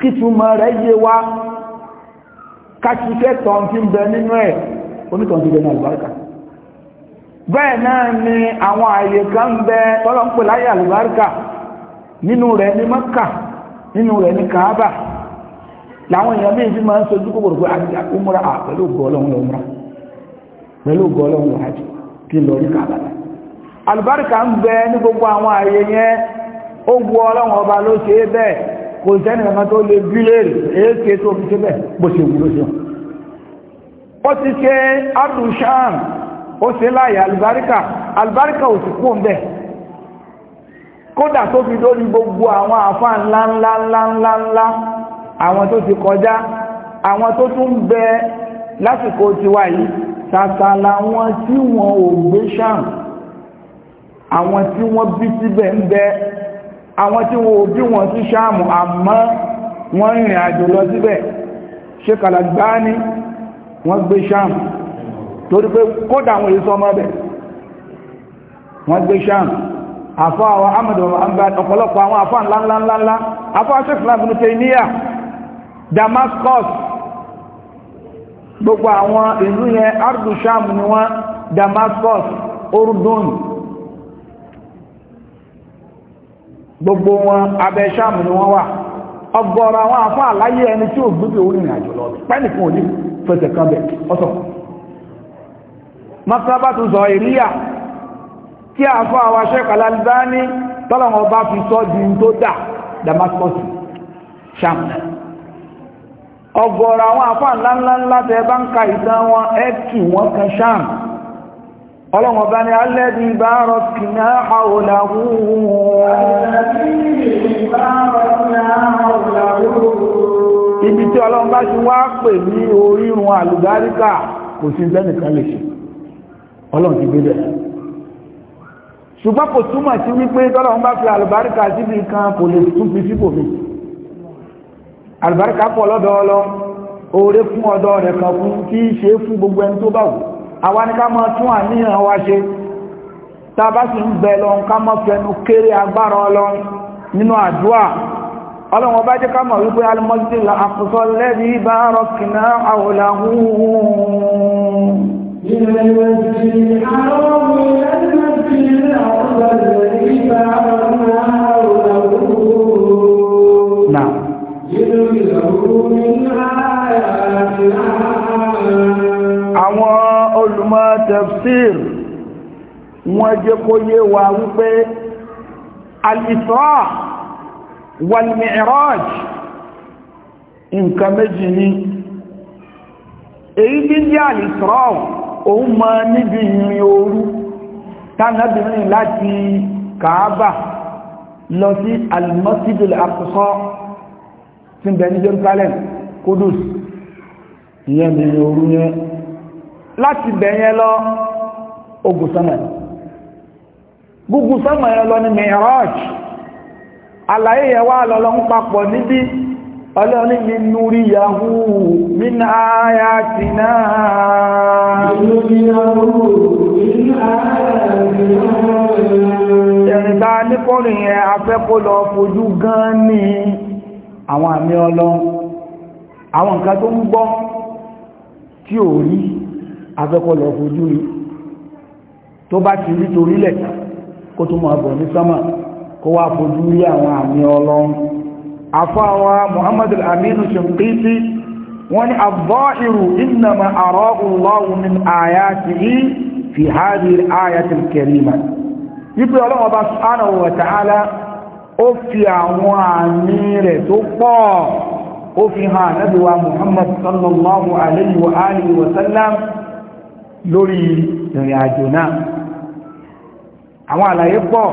kí túnmọ̀ rẹ̀ yé wá káṣíkẹ́ tọ́n tí ń bẹ nínú ẹ̀ onítọ̀n ti bẹ àlùbáríkà bẹ́ẹ̀ náà ni àwọn àyè kan ń bẹ tọ́lọ́pẹ̀ láyé àlùbáríkà nínú rẹ̀ ní nínú rẹ̀ ní Kaaba làwọn èèyàn bí ìfí máa ń sojú Kaaba la gbogbo àwọn àyè yẹn ó gbọ́ ọlọ́run ọba ló ṣe kò sẹ́ni ọmọ tó lè bílẹ̀rì èéké tó fi síbẹ̀ bó ṣe wúlò sí ó ti ṣe arùsáàm ó ṣe láyé alìbáríkà alìbáríkà ò sì kún bẹ́ẹ̀ kódà tó fi lórí gbogbo àwọn àfáà ńláńláńláńlá àwọn tó ti kọjá àwọn tó tún bẹ lásìkò tiwa yìí sàtàlà wọn tí wọn ò gbé sáàm àwọn tí wọn bí síbẹ̀ ń bẹ àwọn tí wọ́n bí wọn sí ṣáàmù àmọ́ wọ́n rìnrìn àjò lọ síbẹ̀ ṣe Al-Albani wọ́n gbé ṣáàmù torí pé kódà àwọn èso ọmọ wọ́n gbé àfọ́ àwọn amadu ọ̀pọ̀lọpọ̀ àwọn àfọ́ ńláńláńlá àfọ́ asẹ́sìláàbùnú gbogbo ardu ni gbogbo wọn abe sáàmù ni wọ́n wà ọgọ́rọ̀ àwọn àfá àláyé ẹni tí ò gbígbé orí ìrìn àjò lọ pẹ́nìkan ò onye fẹsẹ̀ kan bẹ̀ ọ́sọ̀ mọ́sábàtù zọ ìríyà tí àfá àwọn aṣẹ́kọ̀ Al-Albani tọ́lọ̀wọ́n bá fi sọ di tó dà Damascus sáàmù ọgọ́rọ̀ àwọn àfá ńláńláńlá tẹ bá ń ka ìtàn wọn ẹ́ kì wọ́n kan ọlọ́run ọba ni alẹ́bí bá rọ̀ kìnà àwòlàwò ibi tí ọlọ́run bá ti wá pè ní orírun àlùbáríkà kò sí lẹ́nìkan lè ṣe ọlọ́run ti gbé bẹ̀ ṣùgbọ́n kò túmọ̀ sí wípé tọ́lọ́run bá fi àlùbáríkà síbi kan kò lè tún fi sípò mi àlùbáríkà pọ̀ lọ́dọ̀ ọlọ́ oore fún ọ̀dọ̀ rẹ̀ kan fún kí ṣe fún gbogbo ẹni tó bá àwa ní ká mọ́ tún àníyàn wa ṣe tá a bá sì ń bẹ lọ́n ká mọ́ fẹnu kéré agbára ọlọ́n nínú àdúà ọlọ́run ọba jẹ́ ká mọ̀ wípé alimọ́sí àkùsọ lẹ́bí bá rọ̀kìnà àwòlàhùn ìrẹ̀lẹ̀ ọmọ tafsir wọ́n jẹ́ kó yé wa wípé al-Isra wal-Mi'raj nǹkan méjì ni èyí bí jẹ́ al-Isra òun ma níbi ìrìn òru tánàbìnrin láti Kaaba lọ sí al-Masjid tí ń Jerusalem Kudus ìyẹn ìrìn òru yẹn láti bẹ̀yẹn lọ ogun sánmà gúgùn sánmà yẹn lọ ní mi'raj àlàyé yẹn wá lọ́lọ́ ń papọ̀ níbi ọlọ́ni ni núrí yahú min ayatina ẹ̀rìnta nípọ̀rìn yẹn afẹ́kọ́ lọ fojú gan ní àwọn àmì ọlọ́ àwọn nǹkan tó ń gbọ́ tí ò rí afẹ́kọ́ lọ fojú rí tó bá ti rí torílẹ̀ kó tó mọ̀ bọ̀ ní sánmà kó wá fojú rí àwọn àmì ọlọ́run afáwa muhammadu aminu shinkiti wọ́n ni àbọ́ìrù innama arọ́gùnlọ́wù min ayatihi fi hadhihi ayatil karima wípé ọlọ́wọ́ bá subhanahu wa ta'ala ó fi àwọn àmì rẹ̀ wa muhammad sallallahu alaihi wa alihi wa sallam lórí ìrìn àjò náà àwọn àlàyé pọ̀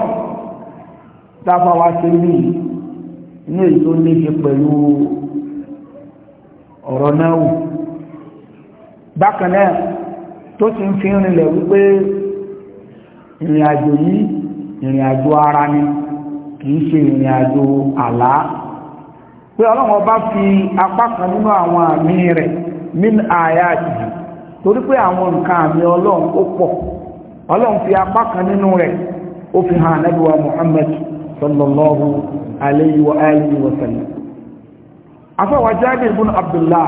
tábà wá sí ní inú èyí tó ní ṣe pẹ̀lú ọ̀rọ̀ náà wù bákan tó ti ń fi rinlẹ̀ wípé ìrìn àjò yìí ìrìn àjò ara ni kìí ṣe ìrìn àjò àlá pé ọlọ́run bá fi apá kan nínú àwọn àmì rẹ̀ min àyà yìí torí pé àwọn nǹkan àmì ọlọ́run ó pọ̀ ọlọ́run fi apá kan nínú rẹ̀ ó fi hàn Muhammad sallallahu alayhi wa alayhi wa sallam afọwà Jábìr ibn Abdullah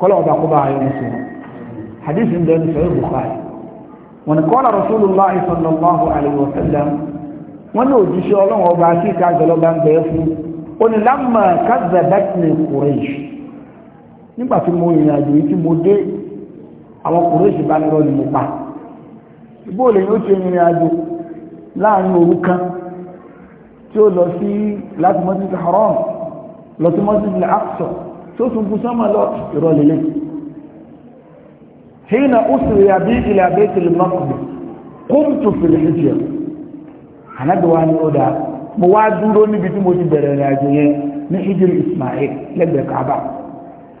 kọ́lọ̀ ọba kó bá ayé ní sùn hadith ń bẹ́ẹ̀ Bukhari kọ́lọ̀ Rasulullah sallallahu alayhi wa sallam wọn òjíṣẹ́ ọlọ́run ọba ìka ń fún nígbà tí mo rìnrìn àjò yìí tí mo dé àwọn kòrèṣì bá nírọ́ ni mo pa bóòlù yóò ṣe rìnrìn àjò láàrin òru kan tí ó lọ sí láti mọ́sí haram lọ sí mọ́sí ilẹ̀ tí ó tún kú sọ́mọ́ lọ ìrọ̀lẹ́lẹ́ hina usriya bi ila Baitil Maqdis qumtu fil hijra Ànábì wa ni ó dáa mo wá dúró mo ti bẹ̀rẹ̀ àjò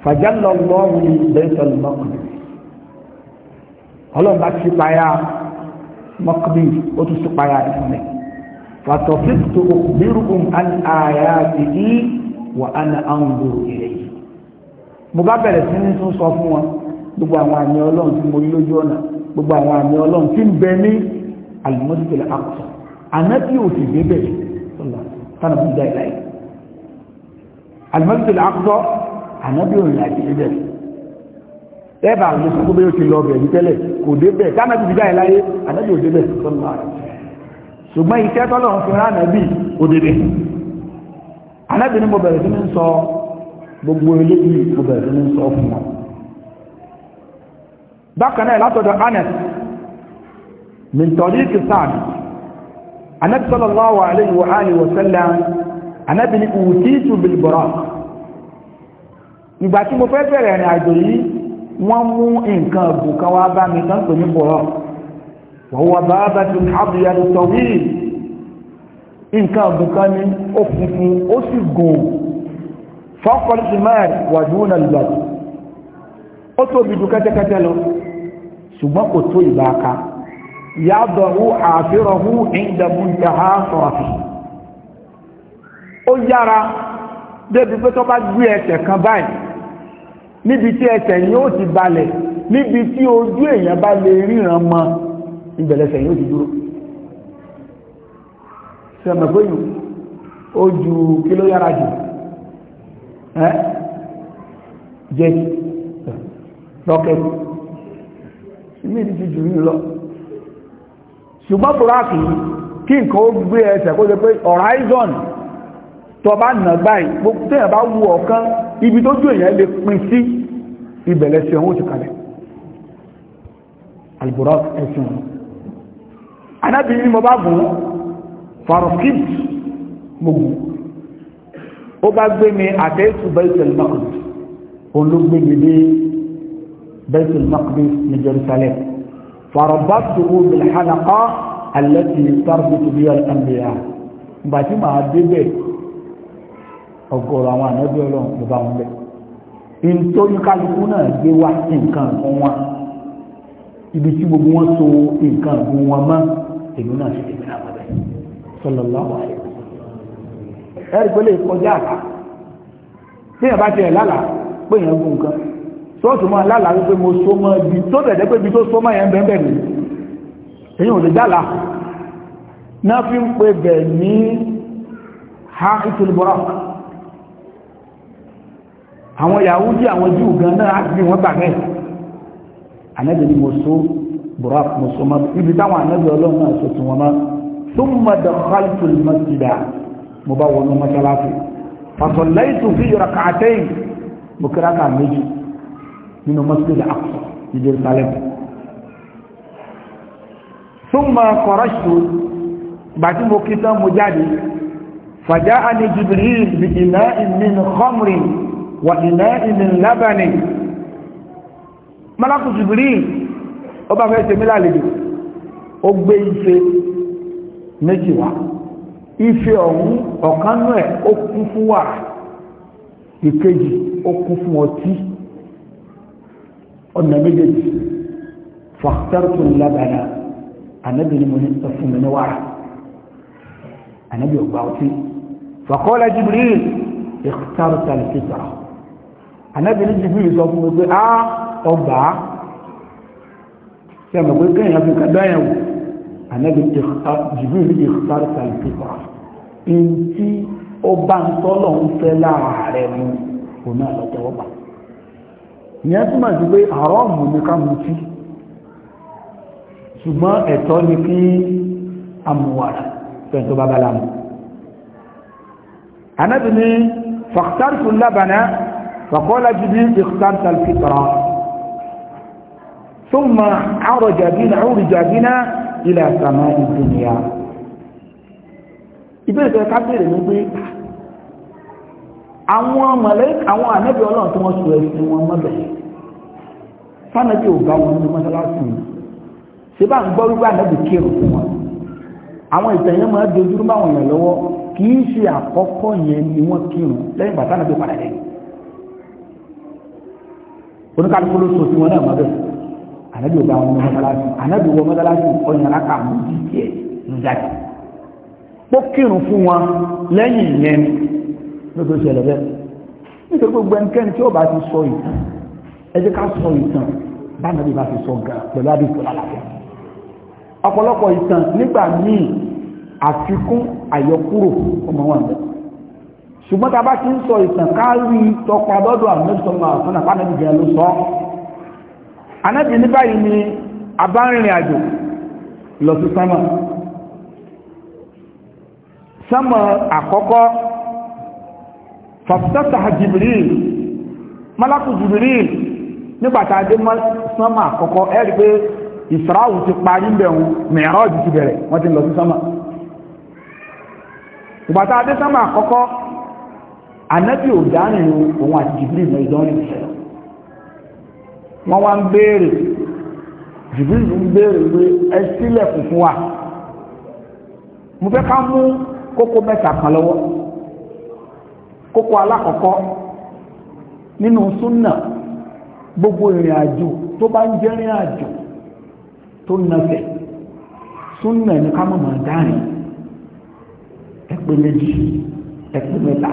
fàjálọ̀ الله ní bẹ́ẹ̀sọ̀l mọ́kànlá ọlọ́run bá ti payá mọ́kànlá ó tún sí payá ìfúnlẹ̀ wàtọ̀ fífitò bírùkùn àyà àbìdí wà á na àwọn gbòòrò ilẹ̀ yìí mo bá bẹ̀rẹ̀ sí ní tún sọ fún wọn gbogbo àwọn àmì ọlọ́run tí mo lójú ọ̀nà gbogbo àwọn àmì ọlọ́run tí ń bẹ ní alimọ́síkèlè àkùsọ ànábì ò sì débẹ̀ sọlá tánà fún jáì láì alimọ́síkèlè àkùsọ ànábì òrìn àti ibẹ̀ ẹ̀bà ló sọ pé ó ti lọ bẹ̀rù tẹ́lẹ̀ kò débẹ̀ tánábì ti jáde láyé ànábì ò débẹ̀ sọ́lá ṣùgbọ́n iṣẹ́ tọ́lọ́run fi rán ànábì ò débẹ̀ ànábì ni mo bẹ̀rẹ̀ sí ní sọ gbogbo eléyìí mo bẹ̀rẹ̀ sí ní sọ fún wọn bákan náà látọ̀dọ̀ anas mintọ́lí kìsáàdì ànábì sallallahu alayhi wa alihi wa sallam ànábì ni ùtítù bilbọ̀rọ̀ ìgbà tí mo fẹ́ bẹ̀rẹ̀ ìrìn àjò yìí wọ́n mú nǹkan ọ̀gbùn kan wá bá mi tán pè ní bọ̀rọ̀ wọ́wọ́ bá bá ti hábìyà ní tọ́wí nǹkan ọ̀gbùn kan ní ó funfun ó sì gùn fọ́kọ̀lùsì mẹ́rin wà dúnà lùbàdì ó tóbi ju kẹ́tẹ́kẹ́tẹ́ lọ ṣùgbọ́n kò tó ìbáka yàdọ̀rú àfihànhú ìdàmúntàhá sọ̀rọ̀fì ó yára débi pé tó bá gbé ẹsẹ̀ kan báyìí níbi tí ẹsẹ̀ yín ó ti balẹ̀ níbi tí ojú èèyàn bá lè ríran mọ ìbẹ̀lẹ̀sẹ̀ yín ó ti dúró sẹ́mẹ̀ pé yìí ó ju kí ló yára jù ẹ́ jẹ́ lọ́kẹ́ ilé ìdí ti jù yìí lọ ṣùgbọ́n fúráàkì kí nǹkan ó gbé ẹsẹ̀ kó ṣe pé horizon tó bá nà báyìí gbogbo tẹ́yàn bá wù ọ̀kan ibi tó jù èèyàn lè pin sí ibẹ̀lẹ̀ sí ọwọ́ ti kalẹ̀ alburak ẹ̀sìn wọn anábi ní mo bá gùn farokib mo gùn ó bá gbé mi àtẹ́sù baitul maqdis òun ló gbé mi dé baitul maqdis ní jerusalem farobatuhu bilhanaqa alẹ́tì tarbutu bí al gbàtí màá débẹ̀ ọgọ́rọ̀ àwọn ànábí ọlọ́run bá wọn bẹ́ẹ̀ nítorí kálukú náà gbé wá nǹkan fún wọn ibi tí gbogbo wọn so nǹkan fún wọn mọ́ èmi náà ṣe tèmi náà bẹ̀rẹ̀ sallallahu alaihi wasallam ẹ̀rí pé lè kọjá àlá tí èèyàn bá tiẹ̀ lálàá pé èèyàn gún nǹkan sọ́ọ̀tù máa lálàá wípé mo so mọ́ ibi tó tẹ̀jẹ́ pé ibi tó so mọ́ yẹn bẹ́ẹ̀ bẹ́ẹ̀ nìyí ò lè dálà náà fi ń pè bẹ̀ ní ha ìtùlùbọ̀rọ̀ àwọn Yahudi àwọn Júù gan náà á gbé wọn gbàgbẹ́ ànábì ni mo so burak mo so mọ́ ibi táwọn ànábì ọlọ́run náà so tún wọn mọ́ thumma dakhaltu al-masjida mo bá wọnú mọ́ṣáláṣí fa sallaytu fi rak'atayn mo kíra ká méjì nínú masjid al ní Jerusalem thumma kharajtu bàtí mo kí tán mo jáde fa ja'ani Jibril bi ina'in wà ìná ìmìn lábàní malakú jùbìrí ó bá fẹ́ tèmi lálejò ó gbé ife méjì wá ife ọ̀hún ọ̀kanú ẹ̀ ó kún fún wàrà ìkejì ó kún fún ọtí ọ̀nà méjèèjì fàtàrùtù lábàrá ànábì ni mo ní sọ mi ní wàrà ọgbà ọtí fàkọ́lá jibril ìkítàrùtà lè fi tọ̀rọ̀ anábìrin jìbìrì sọ fún mi pé á ọgbà ṣe mọ̀ pé kéèyàn fi kàdá yẹn wò anábìrin jìbìrì ìkùtàrí sàlùpípà in tí ó bá ń tọ́lọ̀ ń fẹ́ láàárẹ̀ mu kò náà lọ́tẹ́wọ́ gbà ìyẹn túmọ̀ sí pé àrọ́ọ̀mù ni ká mutí ṣùgbọ́n ẹ̀tọ́ ni kí amúwàrà fẹ́ntó bá bá fàkítàrí fún lábàná فقال جبريل اخترت الفطرة ثم عرج بنا عرج بنا إلى سماء الدنيا ìbéèrè tó ká béèrè ní pé àwọn mọ̀lẹ́ àwọn ànábì ọlọ́run tí wọ́n sọ ẹ̀sìn wọn mọ́bẹ̀ sánàbí ò bá wọn ní mọ́sálásì ṣe bá ń gbọ́ wípé ànábì kírun fún wọn àwọn ìtẹ̀yẹ́ máa dojú báwọn èèyàn lọ́wọ́ kì í ṣe àkọ́kọ́ yẹn ni wọ́n kírun lẹ́yìn bàtà ànábì padà lẹ́yìn oníkàlùkù ló sòsì wọn náà mọ bẹ́ẹ̀ ànábì ọba wọn mọdálásì ànábì wọn mọdálásì ọyàrá kà mú di tiẹ̀ níjàdí ó kírun fún wọn lẹ́yìn ìyẹn ló tó ṣẹlẹ̀ bẹ́ẹ̀ nítorí gbogbo ẹnikẹ́ni tí ó bá ti sọ ìtàn ẹ jẹ́ ká sọ ìtàn báwọn ẹbí bá ti sọ nǹkan pẹ̀lú àdìsọ lálàáfíà ọ̀pọ̀lọpọ̀ ìtàn nígbà míì àfikún àyọkúrò ọmọ wọn bẹ́ẹ̀ ṣùgbọ́n bá ti ń sọ ìtàn kárí tọpa lọ́dọ̀ àmọ́sọ́mọ́ àfúnà pánàbí jẹ́ ló sọ anábì ní báyìí ni a bá ń rìnrìn àjò lọ sí sánmà sánmà àkọ́kọ́ nígbàtà dé sánmà àkọ́kọ́ pé ìsìráwù ti parí bẹ̀rún Mi'raj ti bẹ̀rẹ̀ wọ́n ti lọ ànábì ò dárìn òun àti Jibril lọ ìdánrin wọ́n wá ń béèrè Jibril ń béèrè pé ẹ sílẹ̀ fúnfún wa mo fẹ́ ká mú kókó mẹ́ta kan lọ́wọ́ kókó alákọ̀ọ́kọ́ nínú súnà gbogbo ìrìn àjò tó bá ń jẹ́ ìrìn àjò tó nàfẹ̀ súnà ní ká mọ̀ mọ̀ dárìn ẹ̀pẹ́ méjì ẹ̀pẹ́ mẹ́ta.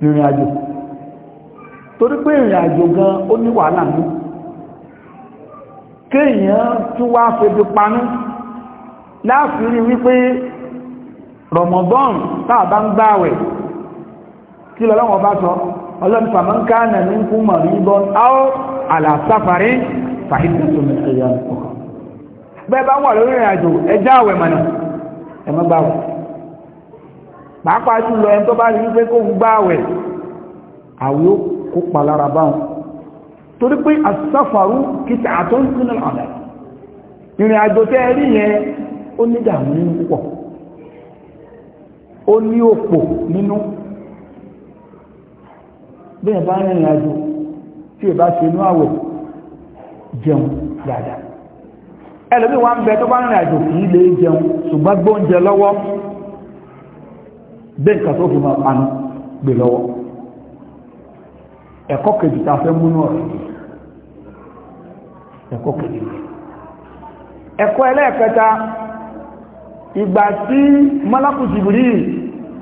ìrìn àjò torí pé ìrìn àjò gan ó ní wàhálà ní kéèyàn tún wá fojú panú láàfin wípé Ramadan táà ń gbáwẹ̀ kí lọ́lọ́wọ́ bá sọ ọlọ́run fàmọ́nká nà ní bọ́ áó àlàsáfàrí ẹ̀yà pàápàá jùlọ ẹni tó bá rí wípé kó ń gbààwẹ̀ àwẹ̀ ó kópa lára báwọn torí pé àsáfàrú kìtà àtọ́ ń sínú ọ̀dà ìrìn àjò tẹ́ rí yẹn ó ní ìdààmú nínú púpọ̀ ó ní òpò nínú bẹ́ẹ̀ bá rìnrìn àjò tí ìbá ṣe inú àwẹ̀ jẹun dáadáa ẹlòmí ń bẹ tó bá rìnrìn àjò kìí lè jẹun ṣùgbọ́n gbóúnjẹ lọ́wọ́ gbé nǹkan tó fi máa panu gbé lọ́wọ́ ẹ̀kọ́ kejì ta fẹ́ múnú ọ̀rẹ́ ẹ̀kọ́ kejì ẹ̀kọ́ ẹlẹ́ẹ̀kẹta ìgbà tí mọ́lákù jìbìrì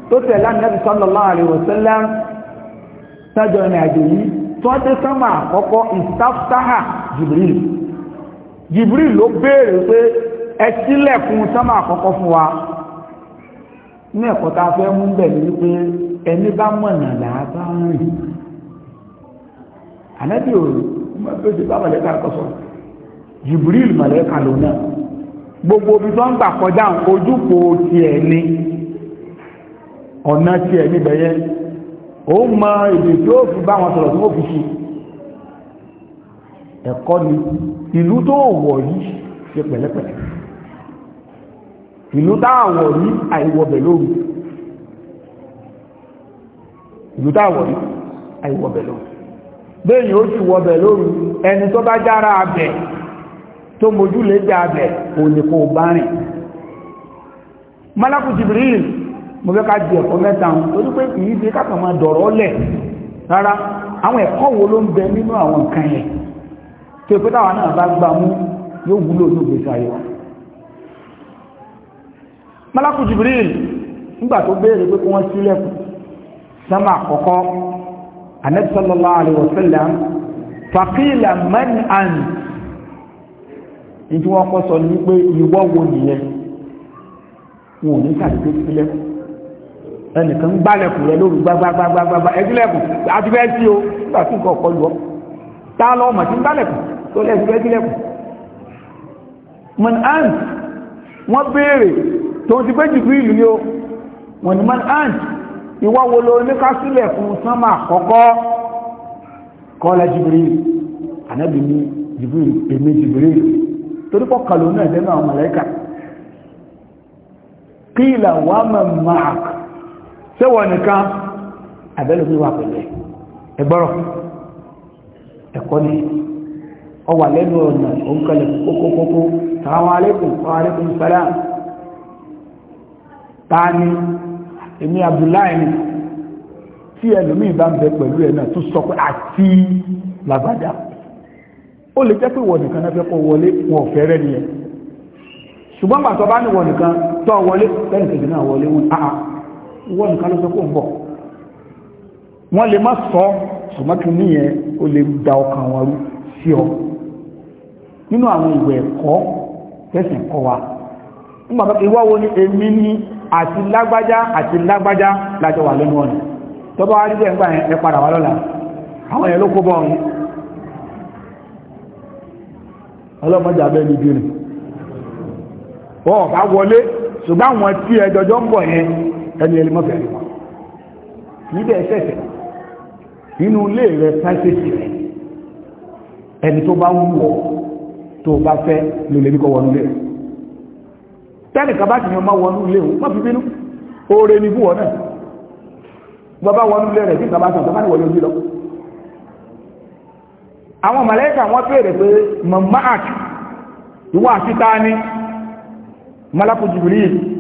tó tẹ̀lá nẹ́bí sallallahu alaihi wasallam sájọ ìrìn àjò yìí tó ń tẹ́ sánmà àkọ́kọ́ ìsáftáhà jìbìrì jìbìrì ló béèrè pé àkọ́kọ́ fún wa ní ẹ̀kọ́ tá a fẹ́ mú bẹ̀ ní wípé ẹni bá mọ̀nà làábá rìn ànábì ò lóṣù bá mọ̀lẹ́ka kọ́sọ̀ Jibril mọ̀lẹ́ka ló náà gbogbo ibi tó ń gbà kọjá ojúkò tiẹ̀ ni ọ̀nà tiẹ̀ níbẹ̀ yẹn ó mọ èdè tí ó fi bá wọn sọ̀rọ̀ tí wọ́n fi ṣe ẹ̀kọ́ ni ìlú tó wọ̀ yìí ṣe pẹ̀lẹ́pẹ̀lẹ́ ìlú táàwọ̀ rí àìwọ̀bẹ̀ lóru ìlú ó sì wọ̀bẹ̀ lóru ẹni tó bá jára abẹ̀ tó mojú lè jẹ́ abẹ̀ òníkò bá rìn malaku jibril mo fẹ́ ká di ẹ̀kọ́ mẹ́ta torí kìí dọ̀rọ̀ lẹ̀ rárá àwọn ẹ̀kọ́ wo ló ń bẹ nínú àwọn nǹkan yẹn tó ìpẹ́tàwà náà bá yóò wúlò malakú jibril nígbà tó béèrè pé kí wọ́n sílẹ̀kùn sánmà àkọ́kọ́ anabi sallallahu alayhi wa sallam faqila man ant ìdí wọn kọ́ sọ ní pé ìwọ wo nìyẹn wọn ò ní sàdédé sílẹ̀kùn ẹnìkan ń gbálẹ̀kùn rẹ lóru gbagbagbagbagbagba ẹgbẹ́lẹ̀kùn àti bẹ́ẹ̀ sí o nígbà tí nǹkan ọ̀pọ̀ lù ọ́ tá a lọ ọmọ tí ń gbálẹ̀kùn tó lẹ́sìn bẹ́ẹ̀ sílẹ̀kùn man ant wọ́n béèrè tòun ti gbé ìlú ni ó wọn ni ant ìwọ́ wo lo fún sánmà àkọ́kọ́ kọ́lá jìbìrìlù ànábì ní jìbìrìlù èmi torí pọ́ kàlò náà jẹ́ náà mọ̀lẹ́kà kíìlà wà mọ̀ máàkì sẹ́wọ̀ nìkan àbẹ́lẹ̀ wà pẹ̀lú ẹgbọ́rọ̀ ẹ̀kọ́ ni ọ wà lẹ́nu ọ̀nà òǹkalẹ̀ kókókókó sàwọn tani èmi abdullahi ni tí ẹlòmíì bá ń bẹ pẹ̀lú ẹ̀ náà tún sọ pé àti làbàdà ó lè jẹ́ pé wọ̀ nìkan náà fẹ́ kọ́ wọlé wọn ò fẹ́rẹ́ ni ẹ̀ ṣùgbọ́n gbà tọ́ bá ní wọ̀ nìkan tọ́ wọlé tẹ́lẹ̀ kejì náà wọlé wọn àà wọ́n ah, ah, nìkan ló sọ kó ń bọ̀ wọ́n lè má sọ ṣùgbọ́n ní yẹn ó lè da ọkàn wọn rú sí ọ nínú àwọn ìwẹ̀ ẹ̀kọ́ tẹ̀sìn kọ́ wa nígbàtọ́ ìwọ́wo ni èmi ni àti lágbájá àti lágbájá lájọ wà lẹ́nu ọ̀nà tọ́bọ̀ wá dídẹ̀ ńgbà ẹ padà wá lọ́la àwọn èèyàn ló kó bọ́ ọ̀run ọlọ́mọdé abẹ́ níbi rẹ̀ wọ́n bá wọlé ṣùgbọ́n àwọn tí ẹ jọjọ́ ń bọ̀ yẹn ẹni ẹni mọ́fẹ́ rí wọn níbẹ̀ ṣẹ̀ṣẹ̀ nínú ilé rẹ̀ sáṣẹ̀ṣì rẹ̀ ẹni tó bá wù ọ́ tó bá fẹ́ tẹ́nìkan bá ti máa wọnú ilé fi bínú oore ní fún ọ̀nà bọ́bá wọnú ilé rẹ̀ nígbà bá sàn tó ní wọlé ojú lọ àwọn màláíkà wọ́n pé mọ̀máàk àti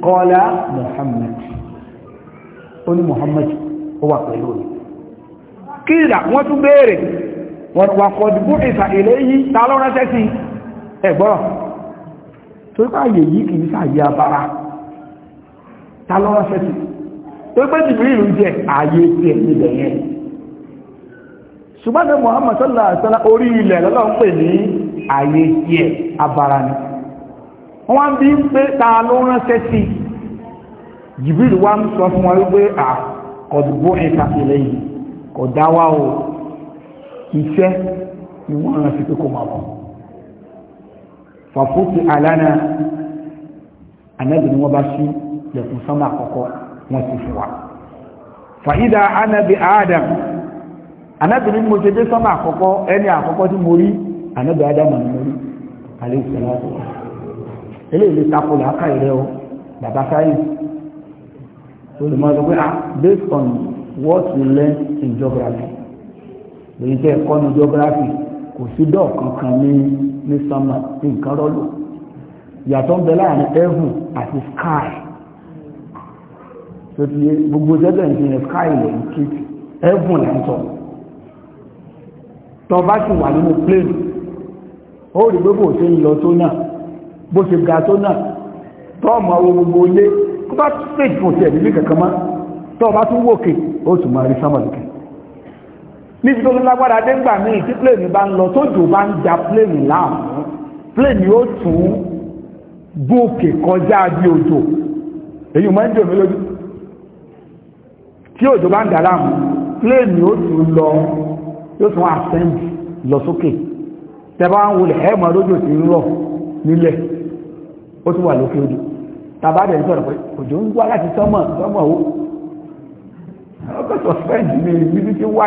kọ́lá Muhammad ó Muhammad ó wà pẹ̀lú kíra wọ́n béèrè wọ́n ilé ta sẹ́sìn ẹ̀gbọ́rọ̀ tó bá yè yí kìí sàyè abara ta lọ ránṣẹ́ sí tó pé jìbìrì ìlú jẹ ààyè ti ẹ̀ níbẹ̀ yẹn ṣùgbọ́n ní Muhammad sallallahu alaihi wasallam orí ilẹ̀ lọ́lọ́ ń pè ní ààyè ti ẹ̀ abara ni wọ́n bí ń pé ta ló ránṣẹ́ sí jìbìrì wa ń sọ fún wọn wípé à kọ̀dùbó ẹ̀ka ilẹ̀ yìí kọ̀dáwá o iṣẹ́ ni wọ́n ránṣẹ́ pé kó máa bọ̀ fàfútì àlànà ànábì ni wọ́n bá sí lẹ́kùn sánmà àkọ́kọ́ wọ́n sì fún wa fàídà ànábì adam ànábì ni mo ṣe dé sánmà àkọ́kọ́ ẹni àkọ́kọ́ tí mo rí ànábì adam ni mo rí alayhi salatu eléyìí lè takò làákà ìrẹ́ o bàbá sáyẹ́ǹsì olùmọ̀ sọ ah, based on what we learn in geography lèyí tẹ́ ẹ̀kọ́ ní geography kò sí dọ́ọ̀ kankan ní ní sánmà nǹkan rọ́lù yàtọ̀ ń bẹ láàrin heaven àti sky tó ti yé gbogbo jẹ́jẹ́ ìpínlẹ̀ sky lẹ̀ ń kí heaven lẹ́ ń sọ tó bá sì wà nínú plane ó rí pé bó ṣe ń lọ tó náà bó ṣe ga tó náà tó ọmọ owó gbogbo ilé kó bá stage fún ti ẹ̀dínlẹ̀ kankan mọ́ tó bá tún wòkè ó tún máa rí sánmà lókè níbi tó ń lágbára dé ńgbà míì tí pléènì bá ń lọ tójò bá ń ja pléènì láàmú pléènì ó tún gòkè kọjá bí òjò èyí máa ń jò mí lójú tí òjò bá ń dà láàmú pléènì ó tún lọ yóò tún àsẹ́ǹdì lọ sókè tẹ́bá ń wulẹ̀ ẹ̀ mọ̀ lójò tí ń rọ̀ nílẹ̀ ó tún wà lókè òjò tàbá dẹ̀ ń sọ̀rọ̀ pé òjò ń wá láti sọ́mọ̀ sọ́mọ̀ ó ọkọ̀ sọ̀spẹ́ǹdì ni ibi tí wá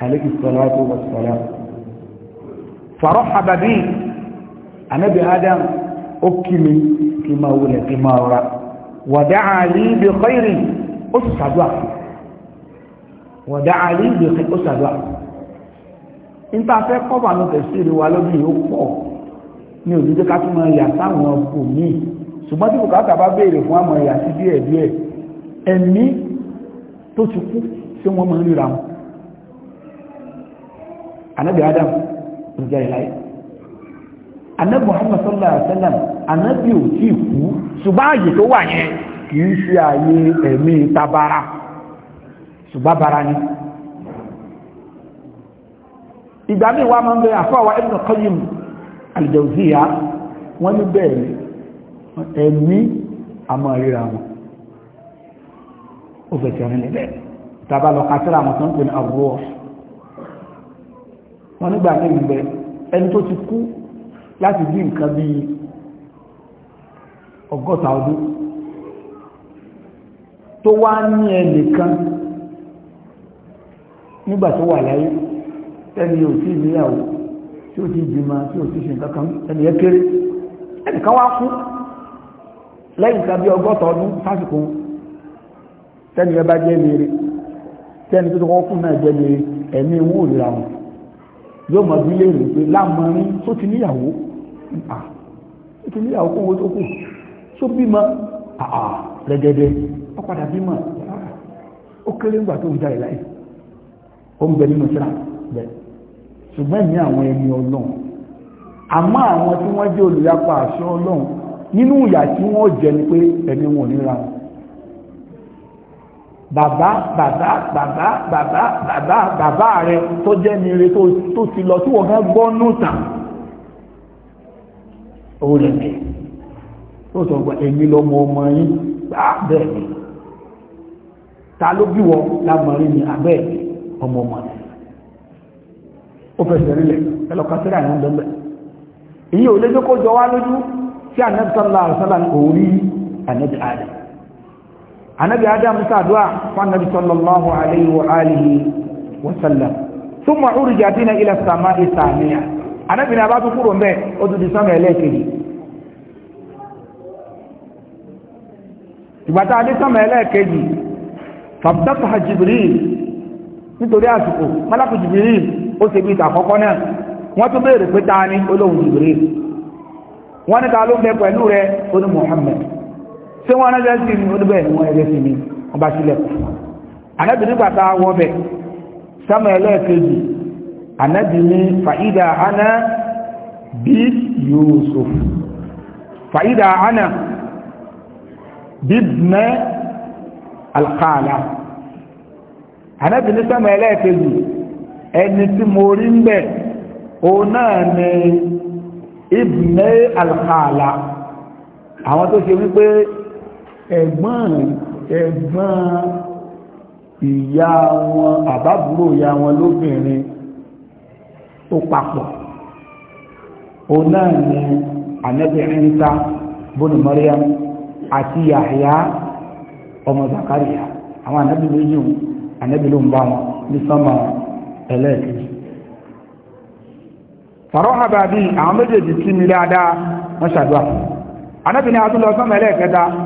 alayhi salatu wa salam farahaba bi anabi adam ó kí mi kí máa wulẹ̀ kí máa rọra wada'a li bi khairi ó sì ṣàdúrà wada'a li bi khairi ó ṣàdúrà nípa fẹ́ kọ́bà ló tẹ̀síri wa lóbi yìí ó pọ̀ ní òdíjẹ́ ká tún máa yà sáwọn ọkọ̀ míì ṣùgbọ́n tí bùkátà bá béèrè fún àmọ̀ ẹ̀yà sí díẹ̀ díẹ̀ ẹ̀mí tó ti kú tí wọ́n máa ń ríra wọn anabi adam ń jáde láyé anabi muhammad sallallahu alaihi wa sallam anabi ò tí ì kú ṣùgbọ́n ààyè tó wà yẹn kì í ṣe ààyè ẹ̀mí tabara ṣùgbọ́n bara ni ìgbà míì wá máa ń bẹ àfọwà Ibn Qayyim al-Jawziyya wọ́n ní bẹ́ẹ̀ ẹ̀mí àmọ́ ríra wọn ó fẹ̀sẹ̀ rìn lẹ́bẹ̀ẹ́ tàbá kásìrà àwọn tó ní àbúrò ọ̀sùn wọn nígbà ní ìgbẹ́ ẹni tó ti kú láti bí nǹkan bí ọgọ́ta ọdún tó wá ní ẹnìkan nígbà tó wà láyé ẹni ò tí ìgbéyàwó tí ó ti bímọ tí ó ti ṣe nǹkan kan ẹni ẹ kéré ẹnìkan wá kú lẹ́yìn nǹkan bí ọgọ́ta ọdún sásìkò tẹ́ni ẹ jẹ́ mèrè tẹ́ni tó tó kọ́ náà jẹ́ mèrè ẹ̀mí wọn ò yóò mọ̀ bí léèrè pé lámọrin tó ti níyàwó tó ah, ti níyàwó kó owó tó kù tó bímọ ah, ah, rẹ̀gẹ̀dẹ̀ ó padà bímọ ó kéré ńgbà tó ń jáde láì ó ń bẹ nínú síra bẹ́ẹ̀ ṣùgbọ́n ìní àwọn ẹni ọlọ́run àmọ́ àwọn tí wọ́n jẹ́ olùyapa àṣọ ọlọ́run nínú ìyà tí wọ́n jẹ ni pé ẹni wọn ò ní ra wọn bàbá bàbá bàbá bàbá bàbá bàbá rẹ tó jẹ́ nire tó ti lọ tí wọ́n gán gbọ́ núta owó rẹ̀ pẹ̀ ó sọ pé èmi lọmọ ọmọ yìí bẹ́ẹ̀ ni ta ló bí wọ lámọ̀rin ni abẹ́ ọmọ ọmọ rẹ̀ ó fẹsẹ̀ rílẹ̀ ẹlọ́kasẹ́rẹ́ àyàn bẹ́ẹ̀ èyí ò lé jókòó jọ wá lójú tí ànẹ́bí sọ́lá àrùsọ́lá òórí ànẹ́bí àdẹ̀ anabi adam sàdúà fún sallallahu alayhi wa alihi wa sallam thumma urija bina ila samai samiya anabi náà bá tún kúrò mbẹ ó tún di sánmà ẹlẹ́ẹ̀kejì ìgbàtà adé sánmà ẹlẹ́ẹ̀kejì fàbùtàfà jibril nítorí àsìkò malakú jibril ó ṣe bí ìta àkọ́kọ́ náà wọ́n tún béèrè pé ta ni jibril wọ́n ta muhammad tí wọ́n rán jẹ́sì ní oníbẹ̀ ni wọ́n ẹgbẹ́ sí ni wọ́n bá sílẹ̀ anábì nígbà tá a wọ́ bẹ̀ sámà ẹlẹ́ẹ̀kejì anábì ní fàídà ana bí Yusuf fàídà ana bí bìnẹ́ alkhala anábì ní sámà ẹlẹ́ẹ̀kejì ẹni tí mo rí ń bẹ̀ òun náà ni ibùnẹ́ alkhala àwọn tó ṣe wípé ẹ̀gbọ́n ẹ̀gbọ́n ìyá wọn àbábúrò ìyá wọn lóbìnrin tó papọ̀ o náà ni bónú àti ọmọ Zakariya àwọn ànábì méjì ànábì ló ń bá wọn ní sánmà ẹlẹ́ẹ̀kejì farahaba àwọn méjèèjì tí mi dáadáa wọ́n ṣàdúrà ni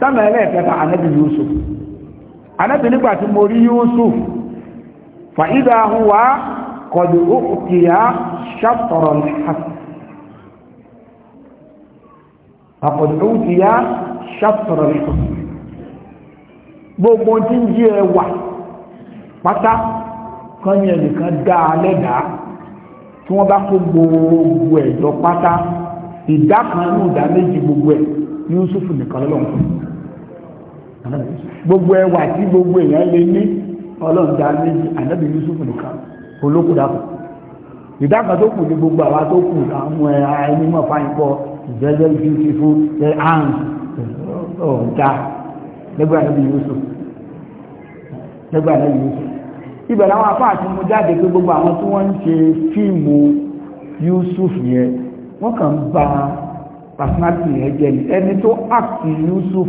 sáàmà ẹlẹ́ẹ̀kẹta anábì yusuf anábì nígbà tí mo rí yusuf fa idha huwa qad u'tiya shatra al-hasa qad u'tiya shatra al-hasa gbogbo tí ń jí ẹwà pátá kan ní ẹnìkan dáa lẹ́dàá tí wọ́n bá kó gbogbo ẹ̀jọ pátá ìdá kan ní ìdá méjì gbogbo ẹ̀ Yusuf nìkan lọ́lọ́run fún un gbogbo ẹwà tí gbogbo èèyàn lè ní ọlọ́run dá méjì ànábì Yusuf nìkan olókùdàpọ̀ ìdáka tó kù ní gbogbo àwa tó kù àwọn ẹni mọ̀ fáyín pọ̀ ìjẹ́jẹ́ ìfífi fún ẹ àrùn ọ̀dà lẹ́gbẹ̀ẹ́ ànábì Yusuf lẹ́gbẹ̀ẹ́ ànábì Yusuf ibẹ̀ làwọn afá àti mo jáde pé gbogbo àwọn tí wọ́n ń ṣe fíìmù Yusuf yẹn wọ́n kàn ń ba personality yẹn jẹ́ ni ẹni tó act Yusuf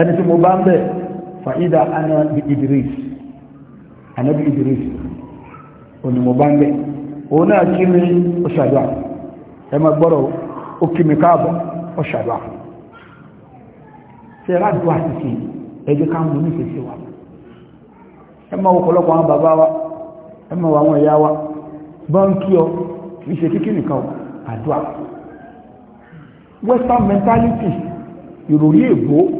ẹni tí mo bá ń bẹ̀ fàídà anabi idris anabi idris òní mo bá ń bẹ̀ òun náà kí ni ó ṣàdúrà ẹ máa gbọ́rọ̀ ó kí mi káàbọ̀ ó ṣàdúrà ṣe rádùú àtìsí ẹjọ́ ká mú ní ìfèsì wa ẹ máa wọ ọ̀pọ̀lọpọ̀ àwọn bàbá wa ẹ máa wọ àwọn ìyá wa bá ń kí ọ kì í ṣe kíkí nìkan àdúrà western mentality ìròrí ègbó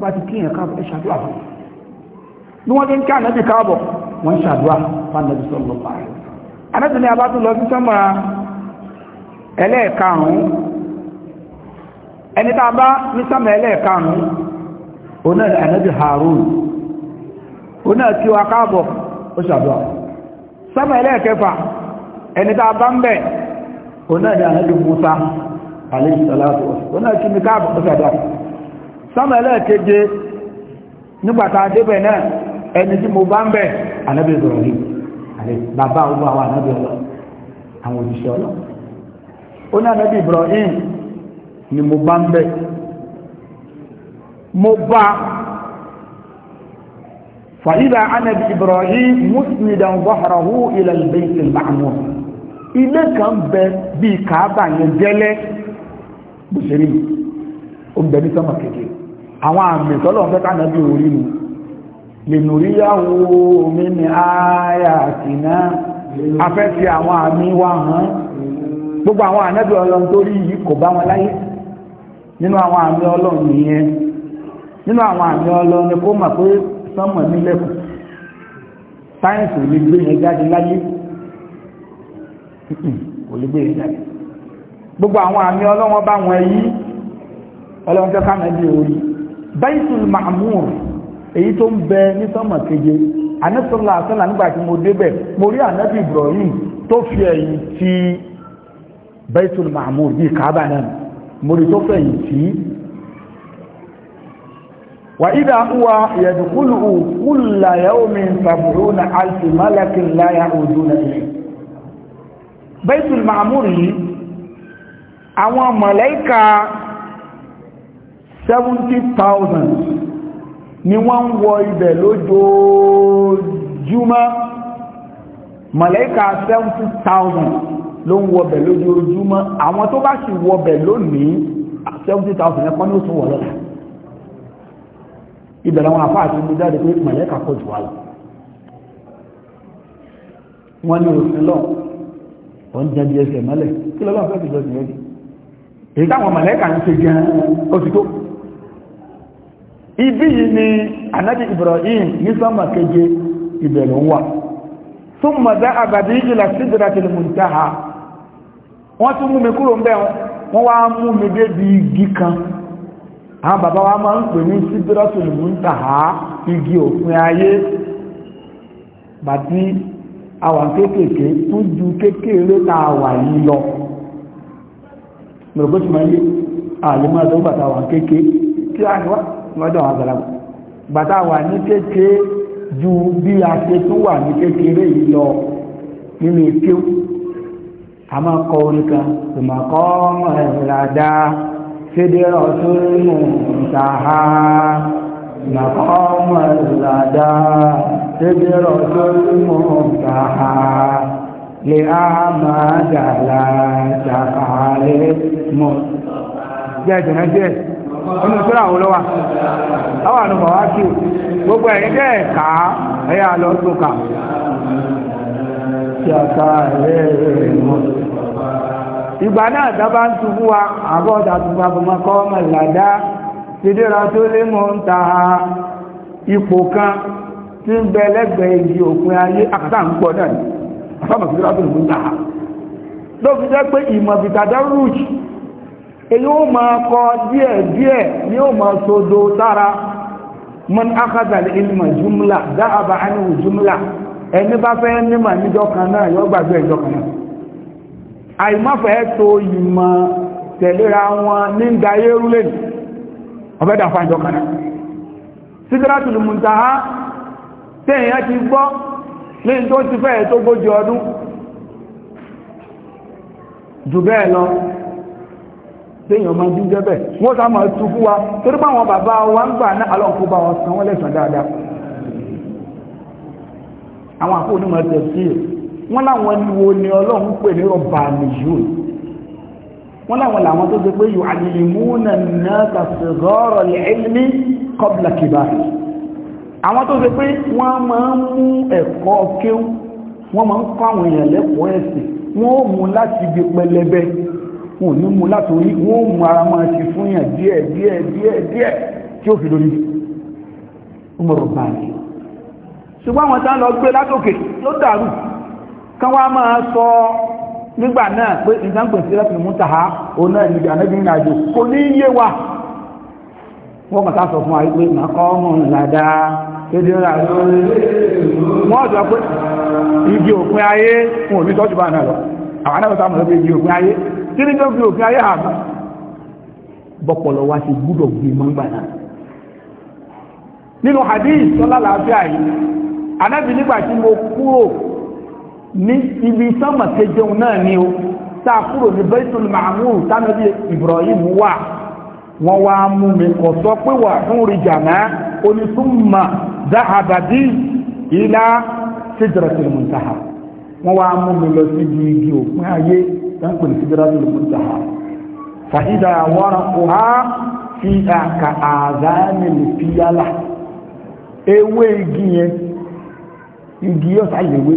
bá ti kíyàn káàbọ̀ ẹ ṣàdúrà fún ní wọ́n ti ń kí ànábì káàbọ̀ wọ́n ṣàdúrà fánàbì sọ́lọ́ báyìí ànábì ní abátún lọ sí sọ́mà ẹlẹ́ẹ̀karùn-ún ẹni tá a bá ní sọ́mà ẹlẹ́ẹ̀karùn-ún oná ànábì Harun oná kí wa káàbọ̀ ó ṣàdúrà sọ́mà ẹlẹ́ẹ̀kẹfà ẹni tá a bá ń sọ́mọ̀ ẹlẹ́ẹ̀keje nígbàtà débẹ̀ náà ẹni tí mo bá ń bẹ̀ anábì sọ̀rọ̀ yìí àti bàbá ọgbà àwọn anábì ọlọ́ àwọn òjíṣẹ́ ọlọ́ ó ní anábì Ibrahim ni mo bá ń bẹ̀ mo bá fàyídà anábì Ibrahim musnidan zahrahu ila al-bayt al-ma'mur ilé àwọn àmì tọ́lọ̀ fẹ́ kánà bí orí mú lè nù rí yáwó omi ni ààyà àti náà afẹ́ fi àwọn àmì wa hàn gbogbo àwọn ànábì ọlọ́run tó rí yìí kò bá wọn láyé nínú àwọn àmì ọlọ́run nìyẹn nínú àwọn àmì ọlọ́run kó mọ̀ pé sánmọ̀ nílẹ̀kùn sáyẹ̀nsì lè gbé yẹn jáde láyé kò lè gbé yẹn jáde gbogbo àwọn àmì ọlọ́run bá wọn yí ọlọ́run tó kánà orí baitul ma'mur èyí tó ń bẹ ní sánmà keje anẹ́sọ́lá àtọ́là nígbà tí mo débẹ̀ mo rí ànábì ibrahim tó fi ẹ̀yìn ti baitul ma'mur bíi kaaba náà mo rí tó fẹ̀yìn tí wà ìdá huwa yẹ̀dùkúlù kulla yawmin sab'una malakin la ya'uduna ilayhi seventy thousand ni wọ́n ń wọ ibẹ̀ lójoojúmọ́ mọ̀lẹ́kà seventy thousand ló ń wọ bẹ̀ lójoojúmọ́ àwọn tó bá sì wọ bẹ̀ lónìí seventy thousand ẹ̀kọ́ ní oṣù wọ̀lọ́ta ibẹ̀ làwọn afá àti ibi jáde pé mọ̀lẹ́kà kò jù wá lọ wọ́n ní òfin lọ wọ́n jẹ́ bí ẹsẹ̀ mọ́lẹ̀ kí lọ́lọ́ fẹ́ fi jọ sí ẹ̀jẹ̀ èyí táwọn mọ̀lẹ́kà ń ṣe gan ó ti tó ibi yìí ni anabi ibrahim ní sánmà keje ibẹ̀ ló wà thumma dhahaba bihi ila sidratil muntaha wọ́n tún mú mi kúrò ń bẹ̀ wọ́n wá mú mi débi igi kan àwọn bàbá wa máa ń pè ní sidratil muntaha igi òpin ayé bàtí àwa kéékèèké tún ju kékeré tá a wà yìí lọ mẹ̀rọ̀gbọ́sùn máa ń yé àlè máa tó bàtà àwa kéékèèké kí á ní wá lọ́dọ̀ àwọn àgbàlagbà bàtà wà ní kékeré ju bí a ṣe tún wà ní kékeré yìí lọ nínú ìkéw a máa kọ orin kan tòmọ̀kọ́ ẹ̀rọ̀dá fẹ́dẹ́rọ̀ tó mú ìtàhá tòmọ̀kọ́ ẹ̀rọ̀dá fẹ́dẹ́rọ̀ tó mú ìtàhá lè á máa dàlá ṣàkàlẹ̀ mọ́ ọ̀nà sọ́rọ̀ àwọn lọ́wà àwọn àna bàwá kí o gbogbo ẹ̀yìn dẹ́ ẹ̀ka ẹ̀yà lọ tó ka. ìgbà náà dábà ń tukú wa àbọ̀ ọ̀dà tukú abọ́mọ́ kọ́ ọmọ ìlàdá ìdíra tó lé mọ́ ń ta ipò kan tí ń bẹ lẹ́gbẹ̀ẹ́ igi òpin ayé àkàtà ń pọ̀ náà àfàmọ̀ ìdíra tó lè mọ́ ń ta ló pé ìmọ̀ èyí ó máa kọ díẹ̀ díẹ̀ ni ó máa sodo sára man akadà lè ilmà jumla dáàbà ánìwò jumla ẹni bá fẹ́ nímà níjọ́ náà yóò gbàgbé ìjọ́ náà àìmáfẹ́ tó ìmọ̀ tẹ̀léra wọn ní dayé rúlé téèyàn máa dín jẹ́ bẹ́ẹ̀ wọ́n sá máa tu fún wa torí báwọn bàbá wa ń gbà náà alọ́nkú bá wọn san wọ́n lẹ́sàn dáadáa àwọn àpò onímọ̀ ẹ̀sẹ̀ sí i wọ́n láwọn ni wo ni ọlọ́run pè ní ọba nìyó wọ́n láwọn làwọn tó ṣe pé yóò àdìlímú náà kàṣẹ̀gọ́rọ̀ lẹ́ẹ̀lì kọ́bla kìbáyìí àwọn tó ṣe pé wọ́n máa ń mú ẹ̀kọ́ kéwú wọ́n máa ń kọ́ àwọn èèyàn lẹ́kọ̀ọ́ ẹ̀sìn wọ́n ó mú láti ibi pẹlẹbẹ wọn ò ní mú láti orí wọn ò mú ara máa ti fún yàn díẹ̀ díẹ̀ díẹ̀ díẹ̀ tí ó fi lórí ọmọrọ̀ báyìí ṣùgbọ́n àwọn tán lọ gbé látòkè ló dàrú kan wá máa sọ nígbà náà pé ìdáǹpè sí lẹ́fìn mú tàá òun náà ìgbà náà gbìyànjú àjò kò ní yé wa wọ́n kàn sá sọ fún wa pé màkọ́ ọmọ ìlàdá kéde ńlá lórí wọ́n sọ pé igi òpin ayé wọn ò ní tọ́jú bá náà lọ àwọn anábọ̀tá mọ̀ lọ́pẹ́ igi òpin ayé kí ni tó fi òfin ayé àbá bọ́pọ̀lọ̀ wa ti gbúdọ̀ gbé mọ́ngbà náà nínú hadith sọ́lá làáfíà yìí anábì nígbà tí mo kúrò ní ibi sánmà kejẹun náà ni o tá a kúrò ní Baitul Ma'mur tánàbí Ibrahim wà wọ́n wá mú mi kọ̀ sọ pé wà fún rí jàmá onísúnmà dáhàbàdì ìlà Sidratul Muntaha wọ́n wá mú mi lọ sí ibi òpin ayé táǹpì ní sidratul muntaha fa idha waraquha fi àkà àzáàmì lùpíyálà ewé igi yẹn igi yóò sáyẹ̀wé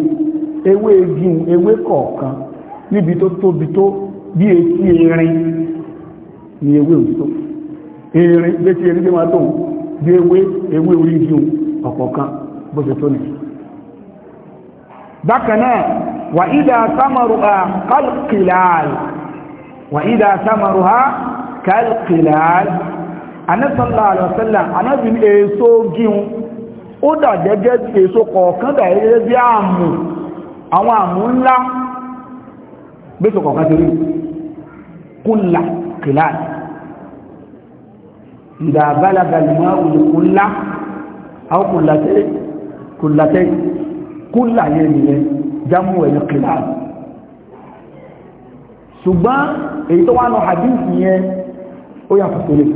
ewé igi ewé kọ̀ọ̀kan níbi tó tóbi tó erin ni ewé òtó erin bí etí erin bí ọ̀kọ̀ọ̀kan bó ṣe tó wà ìdá samaru ha kalkilaal wà ìdá samaru ha kalkilaal anẹ́sọ́lá àlọ́sẹ́lá anábìn èso gíun ó dà gẹ́gẹ́ èso kọ̀ọ̀kan dà gẹ́gẹ́ bí àmù àwọn àmù ńlá gbèsò kọ̀ọ̀kan torí kúnlá kìláàl ìdá bálàgà lùmọ́ òlùkúnlá àwọn kùnlátẹ́ kùnlátẹ́ kúnlá yẹn nìyẹn jámù ẹ̀yìn kìláà ṣùgbọ́n èyí tó wá lọ hadith yẹn ó yà fún tẹ́lẹ̀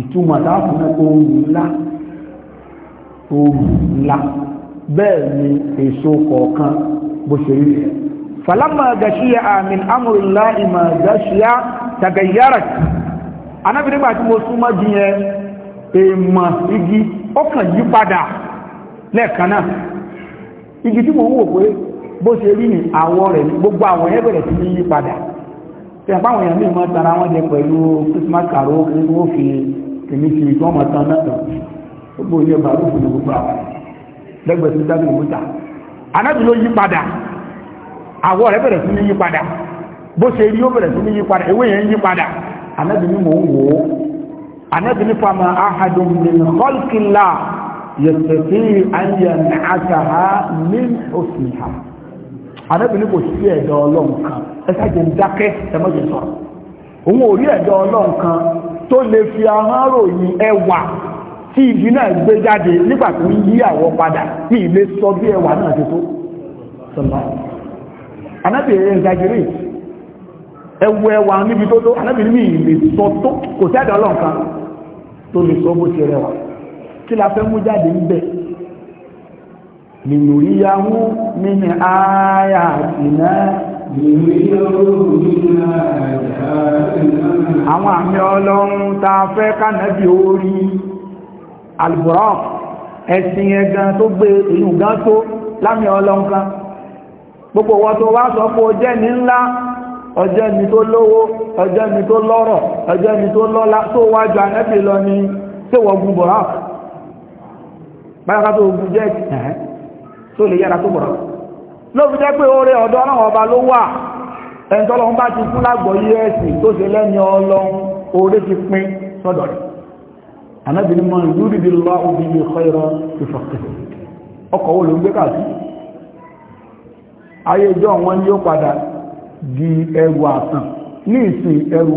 ìtumọ̀ táàfù náà oòrùn ńlá oòrùn ńlá bẹ́ẹ̀ ni èso kọ̀ọ̀kan bụ ṣe rí rẹ̀ falama gashiya amin amurila ima gashiya tagayyara anábìrígbà tí mo súnmọ́ di yẹn igi ó kàn yi padà lẹ́ẹ̀kan igi tí mo wò pé bó ṣe rí ní àwọ̀ rẹ̀ gbogbo awọ yẹn bẹ̀rẹ̀ ní yípadà tẹ̀pá àwọn èèyàn míì máa tara wọn jẹ pẹ̀lú Christmas carol kí wọ́n kìíní sí ìtọ́ ọmọ tán náà gbogbo ilé gbogbo àwọn lẹ́gbẹ̀ẹ́ sí anábì ló yí padà rẹ̀ bẹ̀rẹ̀ sí ní yí padà bó ṣe rí ó bẹ̀rẹ̀ sí ní yí padà ewé yẹn yí padà anábì mò ń wò ó anábì yẹtẹtẹ ayẹn asaha min osiha arábìnrin kò sí ẹ̀dọ̀ ọlọ́run kan ẹsẹ jẹ ń dákẹ́ ẹmọjẹ sọ̀rọ̀ òun ò rí ẹ̀dọ̀ ọlọ́run kan tó lè fi ahọ́n ròyìn ẹwà tí ìdí náà gbé jáde nígbà tó ń yí àwọ̀ padà ní ilé sọ bí ẹwà náà ti tó sọlá arábìnrin ẹgbẹ̀rẹ̀ ẹwọ ẹwà níbi tó tó arábìnrin mi lè sọ tó kò sí ẹ̀dọ̀ ọlọ́run kan tó lè sọ bó ti rẹwà kí la fẹ́ mú jáde ń bẹ̀ nìmòríyàwó nínú ààyà àtìná àwọn àmì ọlọ́run ta fẹ́ kánàbí orí alburaq ẹ̀sìn ẹ̀gán tó gbé èyí gán tó lámì ọlọ́run kan gbogbo wọn tó wá sọ fún ọjẹ́ ní ńlá ọjẹ́ ni tó lówó ọjẹ́ ni tó lọ́rọ̀ ọjẹ́ ni tó lọ́lá tó wájú anẹ́bì lọ ni tí wọ́n gun buraq báyọ̀ tó o jẹ́ ẹ̀hẹ́ tó lè yára tó bọ̀rọ̀ lóbi jẹ́ pé oore ọ̀dọ̀ ọlọ́run ọba ló wà ẹ̀ńtọ́lọ́run bá ti fún lágbọ̀ọ́yé tó se lẹ́ni ọlọ́run oore ti pín sọ́dọ̀ rẹ̀ anábìrin mọ́ ìrúdìdì lọ ìkọ́ ìrọ̀ ọkọ̀ ló ń gbé di ẹrù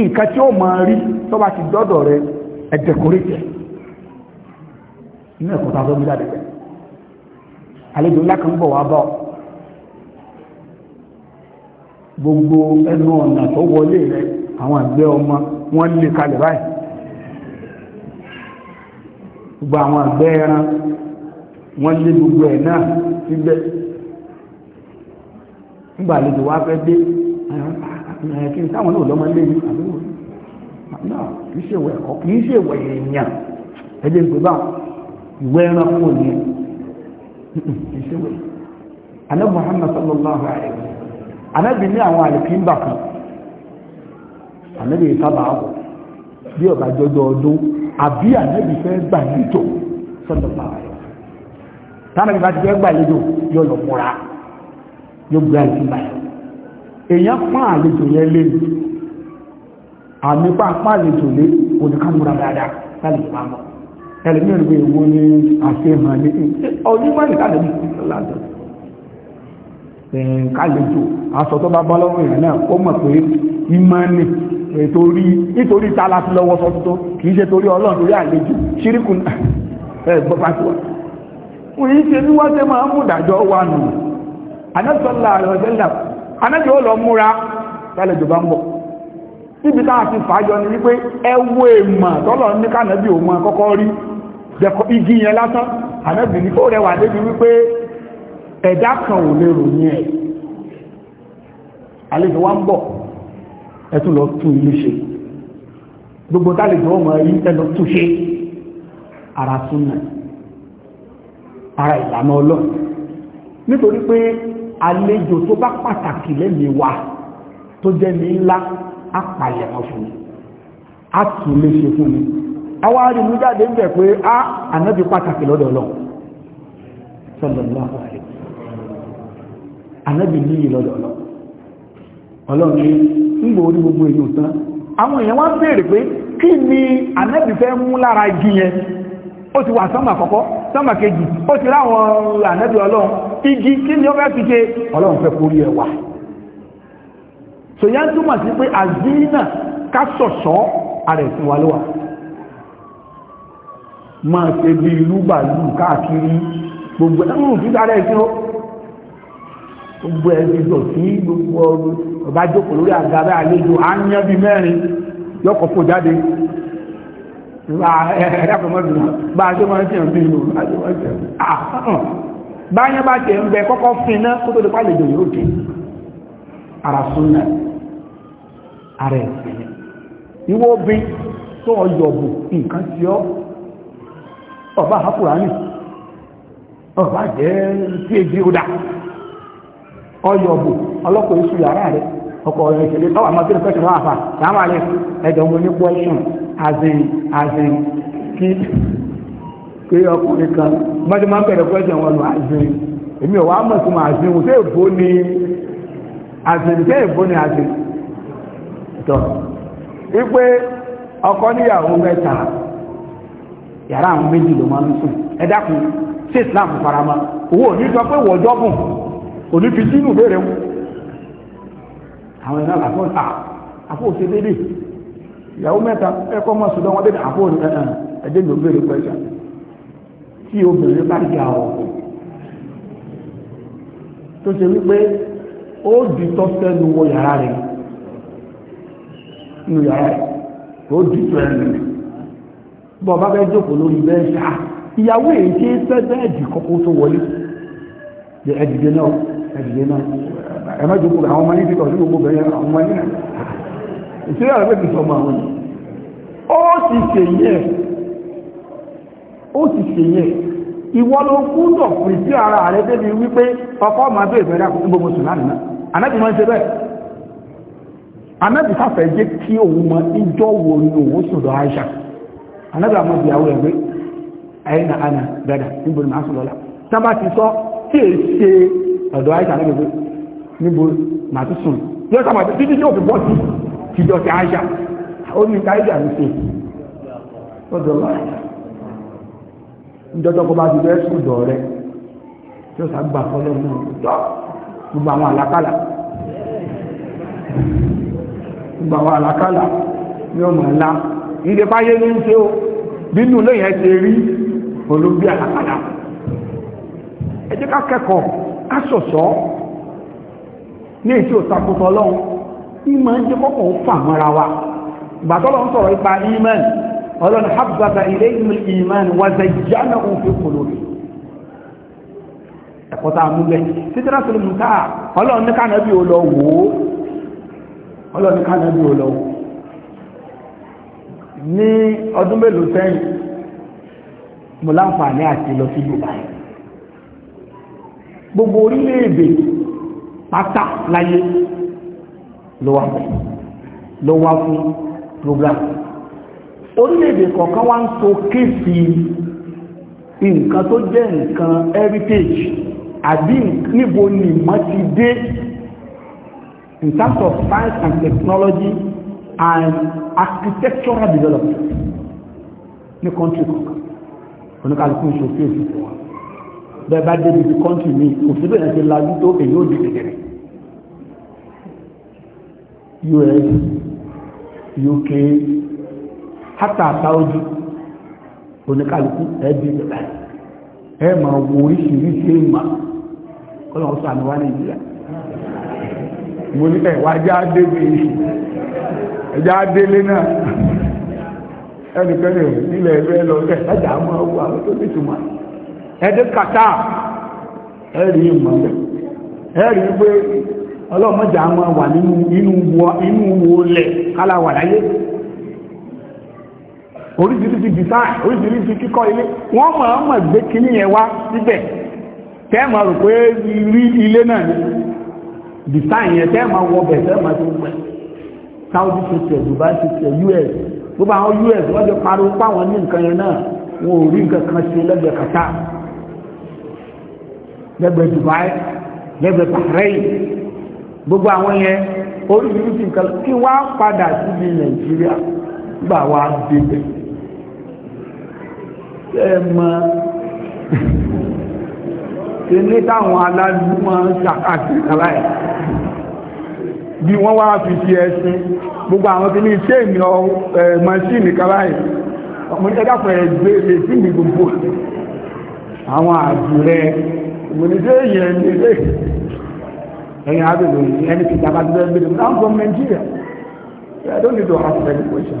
nǹkan tí ó máa rí tó bá ti dọ́dọ̀ rẹ ẹ̀dẹ̀kọ́rẹ́tẹ̀ inú ẹ̀kọ́ tàbí omi ńlá kan bọ̀ wá gbogbo ẹnu ọ̀nà tó wọlé rẹ àwọn àgbẹ̀ ọmọ wọ́n lè kalẹ̀ báyìí gbogbo àwọn àgbẹ̀ ẹran wọ́n lè gbogbo ẹ̀ dé Eh, kí n táwọn náà lọ́mọ lé ní àbúrò náà kì í ṣèwọ̀ ẹ̀kọ́ kì í ṣèwọ̀ èèyàn ẹgbẹ́ ìgbé bá ìwé ẹranko Muhammad sallallahu alayhi wa sallam ànábì ní àwọn àlèkí ń bà kan ànábì sábà wọ̀ bí ọ̀gá jọjọ ọdún àbí ànábì fẹ́ gbà nítò sallallahu alayhi wa sallam tánàbì bá ti fẹ́ gbà lẹ́jọ́ yóò lọ múra yóò gbé àlèkí èyàn pán àlejò yẹn lé àmì pápá àlejò lé oníkàmúra dáadáa láti pàmọ́ ẹlẹ́mí ìrìnwé ìwò ní àṣehàn ní ọdúnmọ́ ìkàlẹ̀ látọ̀ kàlejò aṣọ tó bá bọ́ lọ́rùn ìrìn náà ó mọ̀ pé ìmọ̀ni nítorí tààlà fi lọ́wọ́ sọ tuntun kìí ṣe torí ọlọ́run torí àlejò ṣíríkù ẹgbọ́pàtíwà wọ́n yí ṣe ní wọ́n tẹ́ máa mú ìdájọ́ wa nù anábì ó lọ múra lálejò bá ń bọ̀ níbi táwọn ti fàájọ ni wípé ẹwọ́ èèmọ̀ tọ́lọ̀ ní kànábì òun akọ́kọ́ rí jẹ́kọ́ igi yẹn lásán anábì ní ó rẹwà débi wípé ẹ̀dá kan ò lè ròyìn ẹ̀ àlejò wá ń bọ̀ lọ tún ilé ṣe gbogbo tálejò ọmọ yìí ẹlọ tún ṣe ara súnà ara ìlànà ọlọ́run nítorí pé àlejò tó bá pàtàkì lẹ́mìí wa tó jẹ́ ní ńlá apàyẹ̀mọ́ fún mi a tún lè ṣe fún mi àwọn arìnrìn jáde ń bẹ̀ pé a ànábì pàtàkì lọ́dọ̀ lọ sallallahu alaihi ànábì níyì lọ́dọ̀ lọ ọlọ́run ní ń gbòórí gbogbo èèyàn tán àwọn èèyàn wá béèrè pé kí ni ànábì fẹ́ mú lára igi yẹn ó ti wà sánmà kọ́kọ́ sánmà kejì ó ti láwọn ànábì ọlọ́run igi kí ni ó fẹ́ fi ṣe ọlọ́run fẹ́ kórí ẹwà tòyá túmọ̀ sí pé àzínà ká ṣọ̀ṣọ́ ààrẹ ìsìn wa ló wà máa ṣe bí ìlú bàálù káàkiri gbogbo ẹ̀rùn tí dára ẹ̀sìn ó gbogbo ẹ̀sìn ìdọ̀tí gbogbo ọba jókòó lórí àgbàrá àlejò àáyán bíi mẹ́rin yọkọ̀ kò jáde bá a ṣe máa ń fi hàn bí ìlú àti wọ́n ṣe báyán bá tẹ̀ ń bẹ kọ́kọ́ fún iná kó tó lè pàlè jò yóò dé ara súnà ara ẹ̀sìn ìwọ bí tó ọba àkùránì ọba jẹ́ tí èjì ọdá ọyọ̀bù ọlọ́pọ̀ iṣu yàrá rẹ̀ ọkọ̀ ọ̀rẹ́ ìṣẹ̀lẹ̀ tọ́wà máa tí ó àfà ní pé ọkùnrin kan mọ́tí máa ń bẹ̀rẹ̀ pẹ́sẹ̀ wọn lọ àṣírí èmi ò wá mọ̀ sí máa àṣírí wọn tẹ́ẹ̀bó ni ni tọ́ ọkọ níyàwó mẹ́ta yàrá àwọn méjì ló máa ń sùn ẹ dákun sí Islam farama owó òní sọ pé wọ́jọ́ òní fi sínú béèrè àwọn àfọ́ ìyàwó mẹ́ta ẹ̀kọ́ sùdọ́ wọn àfọ́ tí obìnrin bá ya ọ̀pọ̀ tó ṣe wípé ó di tọ́sẹ́nu wọ yàrá rẹ̀ inú yàrá rẹ̀ ó di tó ẹnu rẹ̀ bọ́ bá bẹ́ jókòó lórí bẹ́ẹ̀ ṣá ìyàwó èyí tí ń fẹ́ bẹ́ẹ̀ dì kọ́kọ́ tó wọlé ẹ̀dìdẹ náà ẹ̀dìdẹ náà ẹ má jókòó àwọn ọmọ yìí ti kọ̀ sí gbogbo bẹ́ẹ̀ àwọn ọmọ yìí náà ìṣẹ́yà rẹ̀ pẹ̀lú ìṣọ́mọ àwọn ó ti ṣèyí ẹ̀ ó sì ṣe yẹ ìwọ ló kúndọ̀ ara rẹ débi wípé ọkọ ma bẹ́ẹ̀ fẹ́ dákùn gbogbo sùlánì náà anábì máa ń ṣe bẹ́ẹ̀ anábì sáfẹ́ jẹ́ kí òun mọ ìjọ wo ni òun sọ̀dọ̀ Aisha anábì àmọ́ ìyàwó ẹ̀ pé ẹ̀yìn ana dada níbo ni lọ́la ti sọ è ṣe ọ̀dọ̀ níbo ìjọ́tọ́kọ bá ti bẹ́ sùdọ̀ rẹ tí ó sàgbà fọlọ́ náà tọ́ gbogbo àwọn àlákàlà gbogbo àwọn àlákàlà ní ọmọ ńlá ilé ní ṣe ó bínú lẹ́yìn ẹ̀ ti rí olóbi àlákàlà ká kẹ́kọ̀ọ́ ká wa sọ̀rọ̀ ipa ọlọ́ni hábàbà ilé ìmú ìmán wàzẹ̀ jánà òfin kòlórí ẹ̀kọ́ta àmúgbẹ́ títírà sílùmù táà ọlọ́ni kánàbí olówó ọlọ́ni kánàbí olówó ní ọdún mélòó sẹ́yìn mo láǹfààní àti lọ sí Dubai gbogbo orílẹ̀-èdè pátá láyé ló fún program orílẹ̀-èdè kọ̀ọ̀kan wá ń so kéèsì nǹkan tó jẹ́ nǹkan heritage àbí níbo ni ìmọ̀ ti dé in terms of science and technology and architectural development ní country, kọ̀ọ̀kan oníkàlùkù ń so kéèsì fún wa bẹ́ẹ̀ bá débi ti kọ́ńtì mi kò síbẹ̀ lajú tó èyí ò dìde rẹ̀ US UK hátà àtàójú oníkàlùkù ẹbí ìjọba ẹ ma wo oríṣiríṣi ìmọ̀ kọ́lọ̀ ọ̀sán àmì wá nàìjíríà mo ní ẹ̀wà ajá débi ẹjá délé náà ẹnìkan nílẹ̀ ẹgbẹ́ lọ rẹ̀ ẹjà máa wo àwọn tó ní ìtumọ̀ ẹdí kàtà ẹ̀rí ìmọ̀ rẹ̀ ẹ̀rí pé ọlọ́mọjà máa wà nínú wo lẹ̀ kálá wà láyé oríṣiríṣi design oríṣiríṣi kíkọ́ ilé wọ́n mọ̀ ọ́n mọ̀ gbé kíní yẹn wá síbẹ̀ tẹ́ẹ̀mọ̀ rò pé rí ilé náà ni design yẹn tẹ́ẹ̀mọ̀ wọbẹ̀ tẹ́ẹ̀mọ̀ tó pẹ́ Saudi system Dubai system US tó bá àwọn US wọ́n jọ pariwo páwọn ní nǹkan yẹn náà wọn ò rí nǹkan kan ṣe lẹ́gbẹ̀ẹ́ Qatar lẹ́gbẹ̀ẹ́ Dubai lẹ́gbẹ̀ẹ́ Bahrain gbogbo àwọn yẹn oríṣiríṣi nǹkan kí wọ́n á padà síbi Nàìjíríà gbà wá débẹ̀ ẹmọ tí ní táwọn aládùúmọ̀ ṣàkàkàkàlá ẹ̀ bí wọ́n wá fi fi ẹṣin gbogbo àwọn tí ní iṣẹ́ ìmì mọ́ṣíìnì kàlá ẹ̀ ọmọ ẹ̀dàpọ̀ ẹgbẹ́ èsì mi gbogbo àwọn àdúrẹ ìmọ̀lẹ́sẹ̀ yẹn nílé ẹ̀yìn abẹ́lẹ̀ ẹni tí ìjàmbá ti bẹ́ẹ̀ gbé I don't need to ask any question.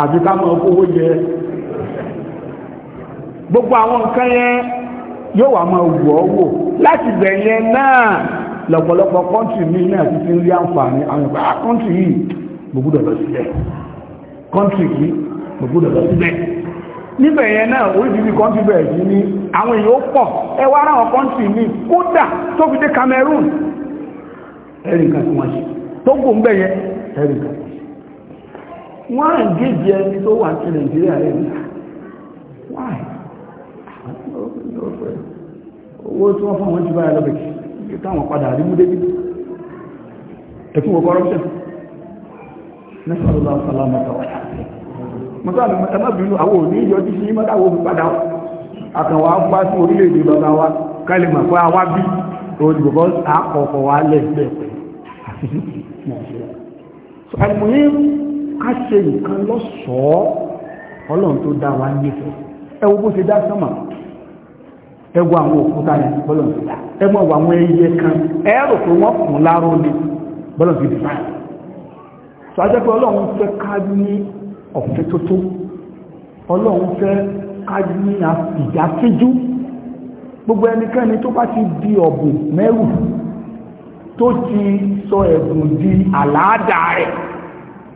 àbí ká máa kówó jẹ gbogbo àwọn nǹkan yẹn yóò wà máa wù ọ́ wò láti bẹ̀ yẹn náà lọ́pọ̀lọpọ̀ kọ́ńtì mi náà ti fi ń rí àǹfààní àwọn ìgbà kọ́ńtì ah, yìí gbogbo dọ̀ lọ sílẹ̀ kọ́ńtì yìí gbogbo dọ̀ lọ sílẹ̀ níbẹ̀ yẹn náà oríṣiríṣi kọ́ńtì bẹ̀rẹ̀ sí ní àwọn èèyàn pọ̀ ẹ wá ara àwọn kọ́ńtì mi kódà tó fi dé Cameroon ẹ̀rì nǹkan tí wọ́n ṣe tó gbòǹgbẹ̀ yẹn ẹ̀rì nǹkan wọ́n á gèjì ẹni tó wà ní nàìjíríà rẹ̀ wáì owó tí wọ́n fún àwọn jù báyà lọ́bẹ̀kì táwọn padà rí múdé bíi ẹ̀kún wọ corruption nẹ́sàlọ́lá sàlámọ́ta mọ́sàlùmọ́ ẹmọ́bìnú àwọn a wá bí ká ṣe nǹkan lọ́ṣọ̀ọ́ ọlọ́run tó dá wa nífẹ̀ẹ́ ẹ wo bó ṣe dá sánmà ẹ wo àwọn òkúta yẹn bọ́lọ̀n ti dá ẹ mọ̀ wọ àwọn ẹyẹ kan ẹ rò pé wọ́n kùn láró ni bọ́lọ̀n ti dì báyìí sọ ajẹ́ pé ọlọ́run fẹ́ ká ní ọ̀fẹ́ tó tó ọlọ́run fẹ́ ká ní ìdákíjú gbogbo ẹnikẹ́ni tó bá ti di ọ̀bùn mẹ́rù tó ti sọ ẹ̀bùn di àlàádà rẹ̀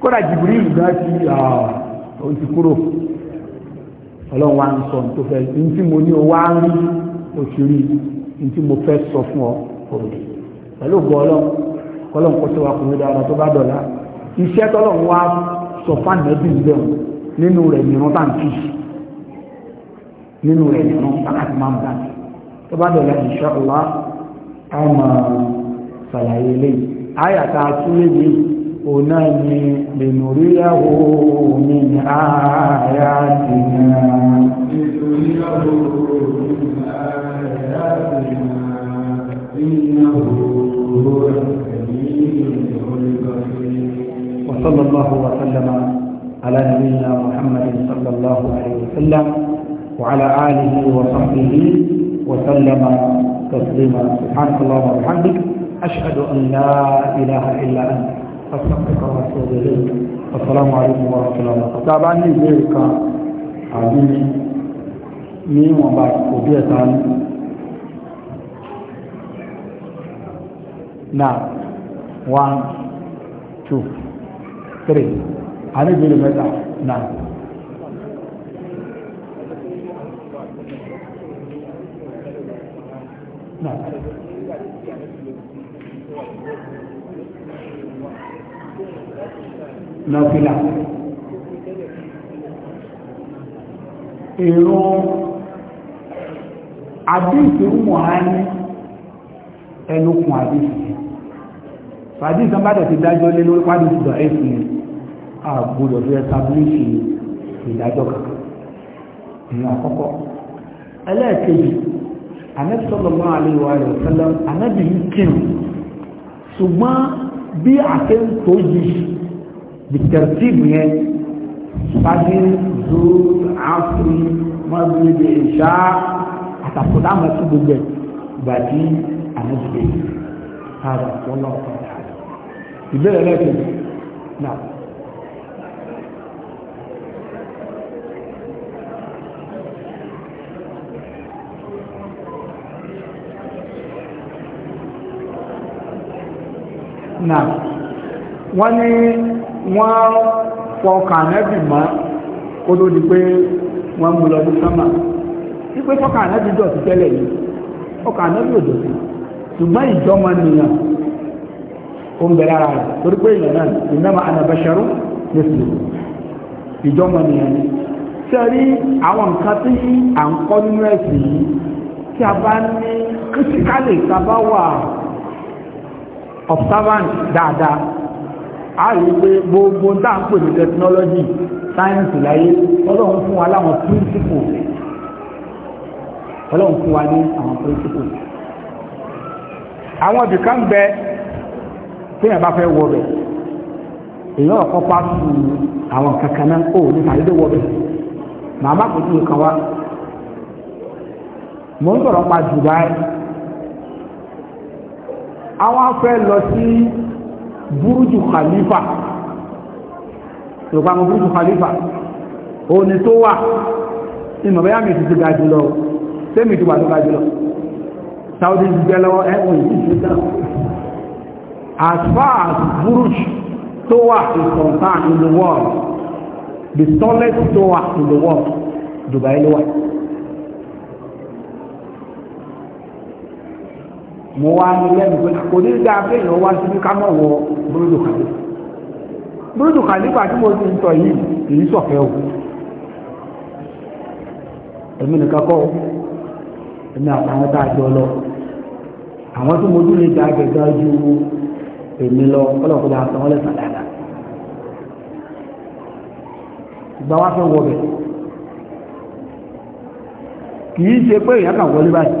kódà jìbìrì ìgbà ti ọ̀hún ti kúrò ọlọ́run wa ń sọ tó fẹ́ ní tí mo ní o wá ń rí òṣèré ní tí mo fẹ́ sọ fún ọ òòlù pẹ̀lú ògbọ́ ọlọ́run kọ́lọ́n kó tó wa kùnú dára tó bá dọ̀la iṣẹ́ tọ́lọ́run wa sọ fáànẹ́bí lẹ́hùn nínú rẹ̀ mìíràn bá ń kì í nínú rẹ̀ mìíràn wákàtí máa ń bá tó bá dọ̀la insha Allah á máa ṣàlàyé lẹ́yìn àyàtà súnlẹ̀ yìí. أنني لنريه من آياتنا لنريه من آياتنا إنه هو وصلى الله وسلم على نبينا محمد صلى الله عليه وسلم وعلى آله وصحبه وسلم تسليما سبحانك اللهم وبحمدك أشهد أن لا إله إلا أنت أستغفرك وأتوب إليك السلام عليكم ورحمة الله وبركاته تابعا ní ìbéèrè kan àbí ní ìwọ̀nba òbí ẹ̀ta ní náà one two three àníbèrè mẹ́ta náà náà nọ́fílà ìrún àdíìsì mọ̀ á ní ẹnukùn àdíìsì àdíìsì bá tẹ̀ ti dájọ́ lé lórí pàdé ìdọ̀ ẹ̀sì àgbòdọ̀ fi ẹ̀sàbílìsì ìdájọ́ kàkà ìrìn àkọ́kọ́ ẹlẹ́ẹ̀kejì Ànábì sallallahu alaihi wa sallam Ànábì yìí kírun ṣùgbọ́n bí àkẹ́ntó yìí بالترتيب يعني فجر زور عصر مغرب عشاء هتاخد عمل في بجد بعدين انا جديد هذا والله تعالى يبقى لكن نعم نعم wọ́n ní wọ́n fọkà nẹ́bì mọ́ kó tó di pé wọ́n mú lọ sí sánmà wípé fọkà nẹ́bì dọ̀tí tẹ́lẹ̀ yìí fọkà nẹ́bì ò dọ̀tí ṣùgbọ́n ìjọmọ nìyàn ó ń bẹ̀rẹ̀ ara rẹ̀ torí pé èèyàn náà ìnáma anabẹ́sẹ̀rú ní sùn ìjọmọ nìyàn ni sẹ́rí àwọn nǹkan tí à ń kọ́ nínú ẹ̀sìn yìí a rí pé gbogbo tá ń pè ní tẹkinọ́lọ́jì sáyẹ́ǹsì láyé ọlọ́run fún wa láwọn píríncípù ọlọ́run fún wa ní àwọn píríncípù àwọn ibìkan bẹ téèyàn bá fẹ́ wọ bẹ̀ èèyàn ọ̀kọ́ pa sùn àwọn kankan náà ó ní sàdédé wọ bẹ̀ màmá kò tún kan wá mo ń sọ̀rọ̀ pa Dubai àwọn afẹ́ lọ sí búrújù khalifa yorùbá àwọn búrújù khalifa òní tó wà ìmọ̀ bẹ́yà mi ti ti ga jùlọ sẹ́mi ti wà tó ga jùlọ saudi ti jẹ́ lọ́wọ́ ẹ̀wọ̀n yìí ti dá as far as búrújù tó wà is concerned in the world the tallest tó wà in the world Dubai ló wà. mo wá ní lẹ́nu pé kò ní dá abẹ́yàn wá síbi ká mọ̀ wọ búrúdù kàlí búrúdù kàlí gbà tí mo ti ń tọ̀ yìí èyí sọ̀fẹ́ o èmi nìkan kọ́ èmi àtàwọn tá a jọ lọ àwọn tó mo dún lè dá gẹ̀gẹ́ ju èmi lọ ọlọ́kùnrin àtàwọn lẹ́sàn dáadáa ìgbà wá fẹ́ wọ bẹ̀ kì í ṣe pé èèyàn kàn wọlé báyìí.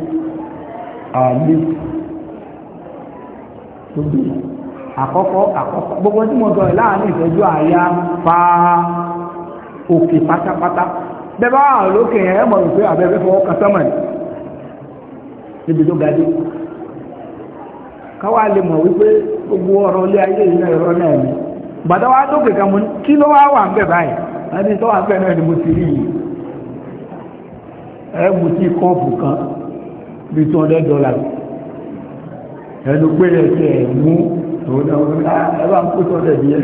our lips àkọ́kọ́ àkọ́kọ́ gbogbo tí mo sọ láàrin fa òkè pátápátá ẹ̀ mọ̀ fọwọ́ níbi tó lè mọ̀ wípé gbogbo ọ̀rọ̀ ilé ayé ìrọ̀ náà ni lókè kan kí ló wá wà ń bẹ̀ báyìí láti náà ni mo ti rí yìí ẹ̀ bí two hundred dollars ẹnu pé ẹsẹ̀ ẹ̀ mú òun náà wọ́n á ah, ẹ bá ń kó two hundred yẹn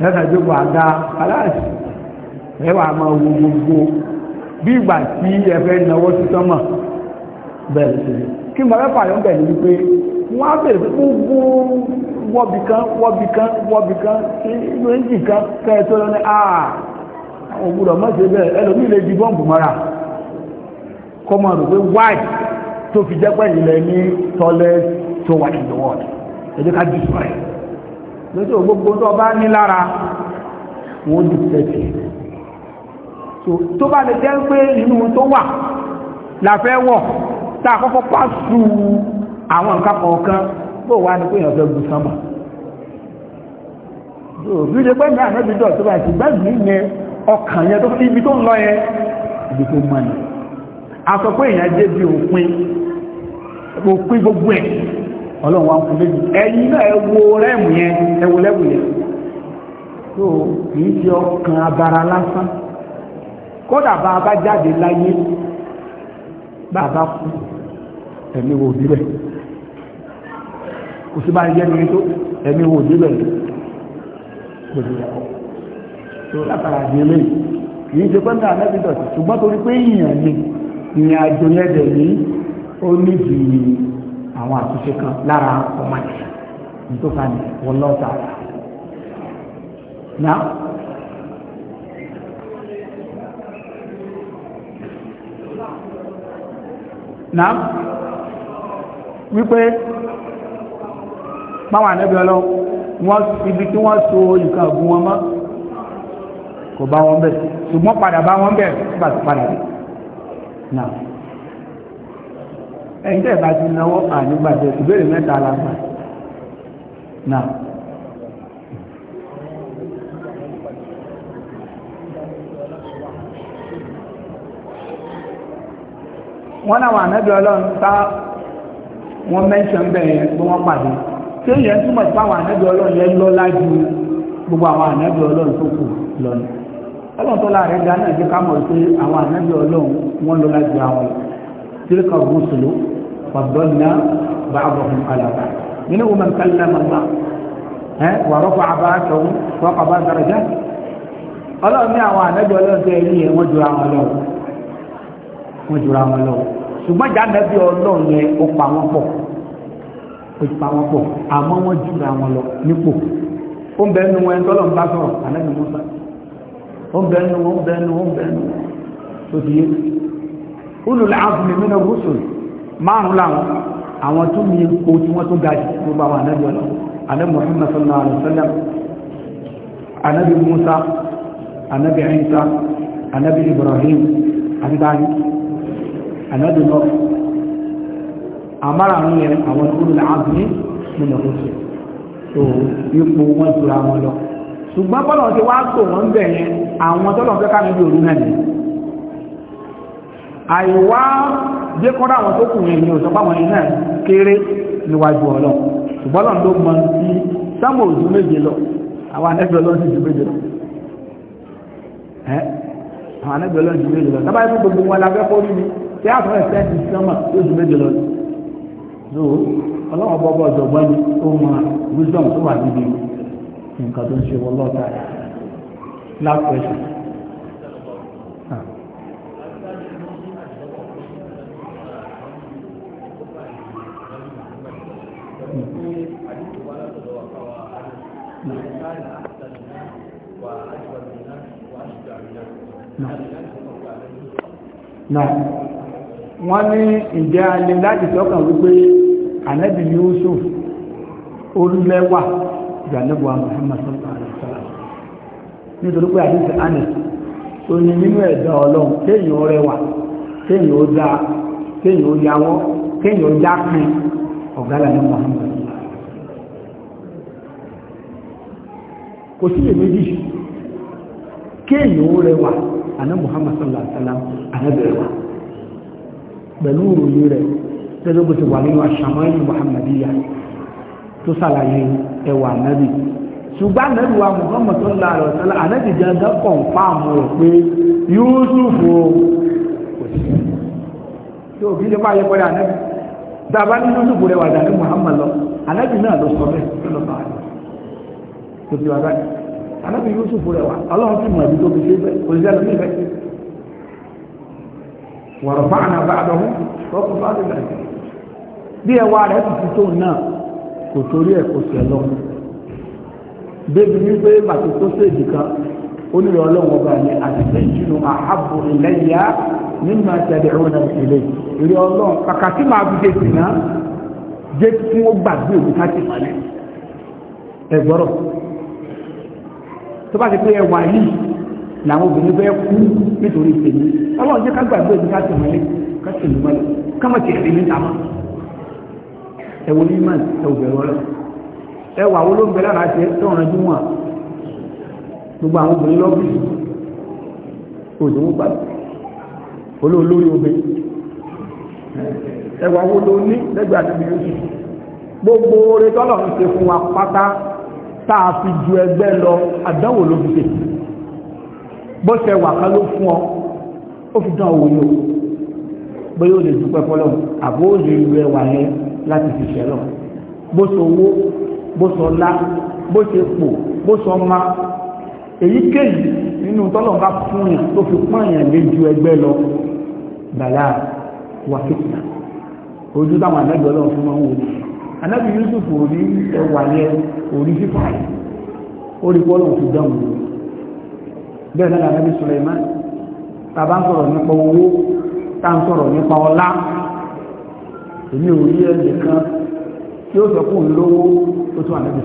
lẹ́sà jókòó àga aláàsì ẹ wà máa wo gbogbo bí ìgbà tí ẹ fẹ́ náwó sí sánmà bẹ́ẹ̀ sí kí n bá fẹ́ fààyàn bẹ̀ ní wípé wọ́n á bèrè pé gbogbo wọ́bì kan wọ́bì kan wọ́bì kan inú ẹ́ńjì kan kẹ́ẹ̀tọ́ lọ́nà àà ah, àwọn ògbúdọ̀ mọ́sẹ̀ bẹ́ẹ̀ ẹlòmí lè di bọ́ǹbù mọ́ra kọ́mọ rò pé why tó fi jẹ́ pẹ̀lú ilẹ̀ ní toilet tó wà in the world ẹjọ́ ká jù sọ́rẹ̀ lọ́jọ́ gbogbo tó bá ní lára wọ́n jù tẹ̀sí tó bá lè jẹ́ pé inú tó wà láfẹ́ wọ̀ tá a kọ́kọ́ pàṣù àwọn nǹkan kọ̀ọ̀kan bó wà ní pé èèyàn fẹ́ gùn sánmà bí ṣe pẹ́ mi àná bí dọ̀ tó bá ti gbẹ́gbẹ́ yẹn ọkàn yẹn tó ibi tó ń lọ yẹn ibi tó mọ́ ni aṣọ pé èèyàn jẹ́ bí òpin òpin gbogbo ẹ̀ ọlọ́run wa ń fún méjì ẹ̀yìn náà ẹ wo rẹ́mù yẹn ẹ wo lẹ́wù yẹn tó kì í ṣe ọkàn abara lásán kódà bá a bá jáde láyé bá a bá kú ẹ̀mí wo níbẹ̀ kò sí bá a yẹ mi tó ẹ̀mí wo níbẹ̀ kò sí ẹ̀kọ́ tó látara di eléyìí kì í ṣe pẹ́ńtà anábìdọ̀tì ṣùgbọ́n torí pé ìyàn ni ìyẹn àjò yẹ́dẹ̀ ní ó nídìí àwọn àtúnṣe kan lára ọmọ ẹ̀ nítorí ká ní wọ́n lọ́ta. Náà náà wípé báwọn ànábì ọlọ́run wọ́n ibi tí wọ́n so nǹkan ọ̀gùn wọn mọ́ kò bá wọn bẹ̀ ṣùgbọ́n padà bá wọn bẹ̀ nígbà tó padà bẹ̀ náà ẹ̀yìn tẹ́ bá ti náwó àdúgbàtẹ̀ ìbéèrè mẹ́ta alágbà náà wọ́n náà wà nẹ́bí ọlọ́run tá wọ́n mẹ́ṣẹ̀ bẹ̀rẹ̀ pé wọ́n pàdé tí èyàn túmọ̀ sí àwọn ànẹ́bí ọlọ́run yẹn lọ́lá ju gbogbo àwọn ànẹ́bí ọlọ́run tó kù lọ́nà ọlọ́tọ́lá rẹ̀ ga náà jẹ́ ká mọ̀ pé àwọn ànábì ọlọ́run wọn lọ lájú àwọn tíríkà gúúsùlù fọ̀dọ́nà ba'dahum ala ba'd minhum man kallama Allah wa rafa'a ba'dahu fawqa ba'd darajat ọlọ́run ní àwọn ànábì ọlọ́run tẹ́ ẹ̀yìn yẹn wọ́n jura wọn lọ́wọ́ wọ́n jura wọn lọ́wọ́ ṣùgbọ́n ìjà ànábì ọlọ́run yẹn ó pa wọn pọ̀ ó pa wọn pọ̀ àmọ́ wọ́n jura wọn lọ nípò ó ń bẹ́ẹ̀ nu wọn tọ́lọ́ ó ń bẹnu ó ń bẹnu ó ń bẹnu tó ti yé ulul azmi mina rusul márùn láwọn àwọn tó ní ipò tí wọ́n tó ga jù gbogbo àwọn ànábì ọ̀nà ànábì Muhammad sallallahu alaihi wasallam ànábì Musa ànábì Isa ànábì Ibrahim àti dání ànábì Nuh àmàrà àwọn yẹn àwọn ulul azmi mina rusul so ipò wọn tura wọn lọ ṣùgbọ́n bọ́lọ̀ ti wá tò wọ́n bẹ̀ yẹn àwọn tọ́lọ̀ fẹ́ ká níbi òru náà ni àìwá jẹ́ àwọn tó kù yẹn ni ò sọpá wọn náà kéré níwájú ọlọ́ ṣùgbọ́n lọ́n ló mọ sí sámọ̀ òjú méje lọ àwọn anẹ́gbẹ̀ẹ́ lọ́n sì ju méje lọ àwọn anẹ́gbẹ̀ẹ́ lọ́n ju méje lọ tábà fún gbogbo wọn la fẹ́ ni tí a fẹ́ ọlọ́wọ́ bọ́bọ́ ọ̀jọ̀gbọ́n ni ó mọ wisdom tó wà níbi nǹkan tó ń ṣe wọ́n lọ́ta rẹ̀ lápẹ̀ẹ́sì. náà wọ́n ní ìjẹ́ alẹ́ láti sọ́kàn wípé ànábì Yusuf olúlẹ́wà ìgbàlẹ́bùwà Muhammad sallallahu alaihi wasallam nítorí pé àdíṣe anis tó ní nínú ẹ̀dá ọlọ́run kéèyàn ó rẹwà kéèyàn ó dáa kéèyàn ó yawọ́ kéèyàn ó jápin ọ̀gálà ní Muhammad kò sí èméjì kéèyàn ó rẹwà àná Muhammad sallallahu alaihi wasallam ànábẹ̀rẹ̀wà tó ṣàlàyé ẹwà ànábì ṣùgbọ́n ànábì wa Muhammad sallallahu alaihi wasallam ànábì jẹ́ńdẹ́ kọ̀ǹpáàmù rẹ̀ pé Yusuf o kò sí tí òbí lè máa yẹ pẹ́lú ànábì dàbá ní Yusuf rẹ̀ wà dàbí Muhammad lọ ànábì náà ló sọ bẹ́ẹ̀ tó lọ bá wà tó fi wà báyìí ànábì Yusuf rẹ̀ wà ọlọ́run sì mọ̀ ẹ̀bí tó fi ṣe bẹ́ẹ̀ kò sí ẹ̀rọ níbẹ̀ wọ̀rọ̀ fáànà bá àdọ̀hún rọ́pò bí ẹwà rẹ̀ ti náà kò torí ẹ̀ kò sẹ̀ lọ débi wípé màtí tó séèjì kan onírọ̀ ọlọ́run ọba ni àtìsẹ́ ìjìnà àhábò ìlẹ́yà nínú àtẹ̀lẹ̀ òun náà ìlẹ̀ ìrẹ̀ ọlọ́run kàkà tí màá fi jẹ́ sí náà jẹ́ kí wọ́n gbàgbé òun ká ti falẹ̀ ẹ̀gbọ́rọ̀ tó bá ti pé ẹwà yìí làwọn obìnrin bẹ́ẹ̀ kú nítorí tèmi ọlọ́run jẹ́ ká gbàgbé òun ká ti mọ́lẹ̀ ká ti mọ́lẹ̀ ká mọ̀ tiẹ̀ ẹwọ ní mọ̀ ẹwọ bẹ̀rẹ̀ ọlọ́ ẹwà wo ló ń bẹ lára ṣe tọ́rọ ẹjú wọn gbogbo àwọn obìnrin lọ́bìnrin òjò ń pàdé olóolórí obe ẹwà wo ló ní lẹ́gbẹ̀ẹ́ àti bíi gbogbo oore tọ́lọ̀ ń ṣe fún wa pátá a fi ju ẹgbẹ́ lọ àdánwò ló fi ṣe bó ṣe wà ká ló fún ọ ó fi dán owó yóò bóyá ó lè dúpẹ́ fọlọ́run àbó ó lè ẹwà yẹn láti fi ṣẹlọ bó so owó bó so ọlá bó ṣe pò bó so ọmọ èyíkéyìí nínú tọ́lọ̀bá fún yàn tó fi pọ́n yàn lé ju ẹgbẹ́ lọ bàlá wà fìtìnà ojú táwọn ànábì ọlọ́run fún wọn wò ní ànábì Yusuf orí ẹwà yẹ orí fífà yìí ó rí pọ́lọ̀ fi dáhùn lò bẹ́ẹ̀ náà ànábì Suleiman tàbá ń sọ̀rọ̀ nípa owó tá ń sọ̀rọ̀ nípa ọlá èmi ò rí kan tí ó sọ fún tó tún àlẹ́bí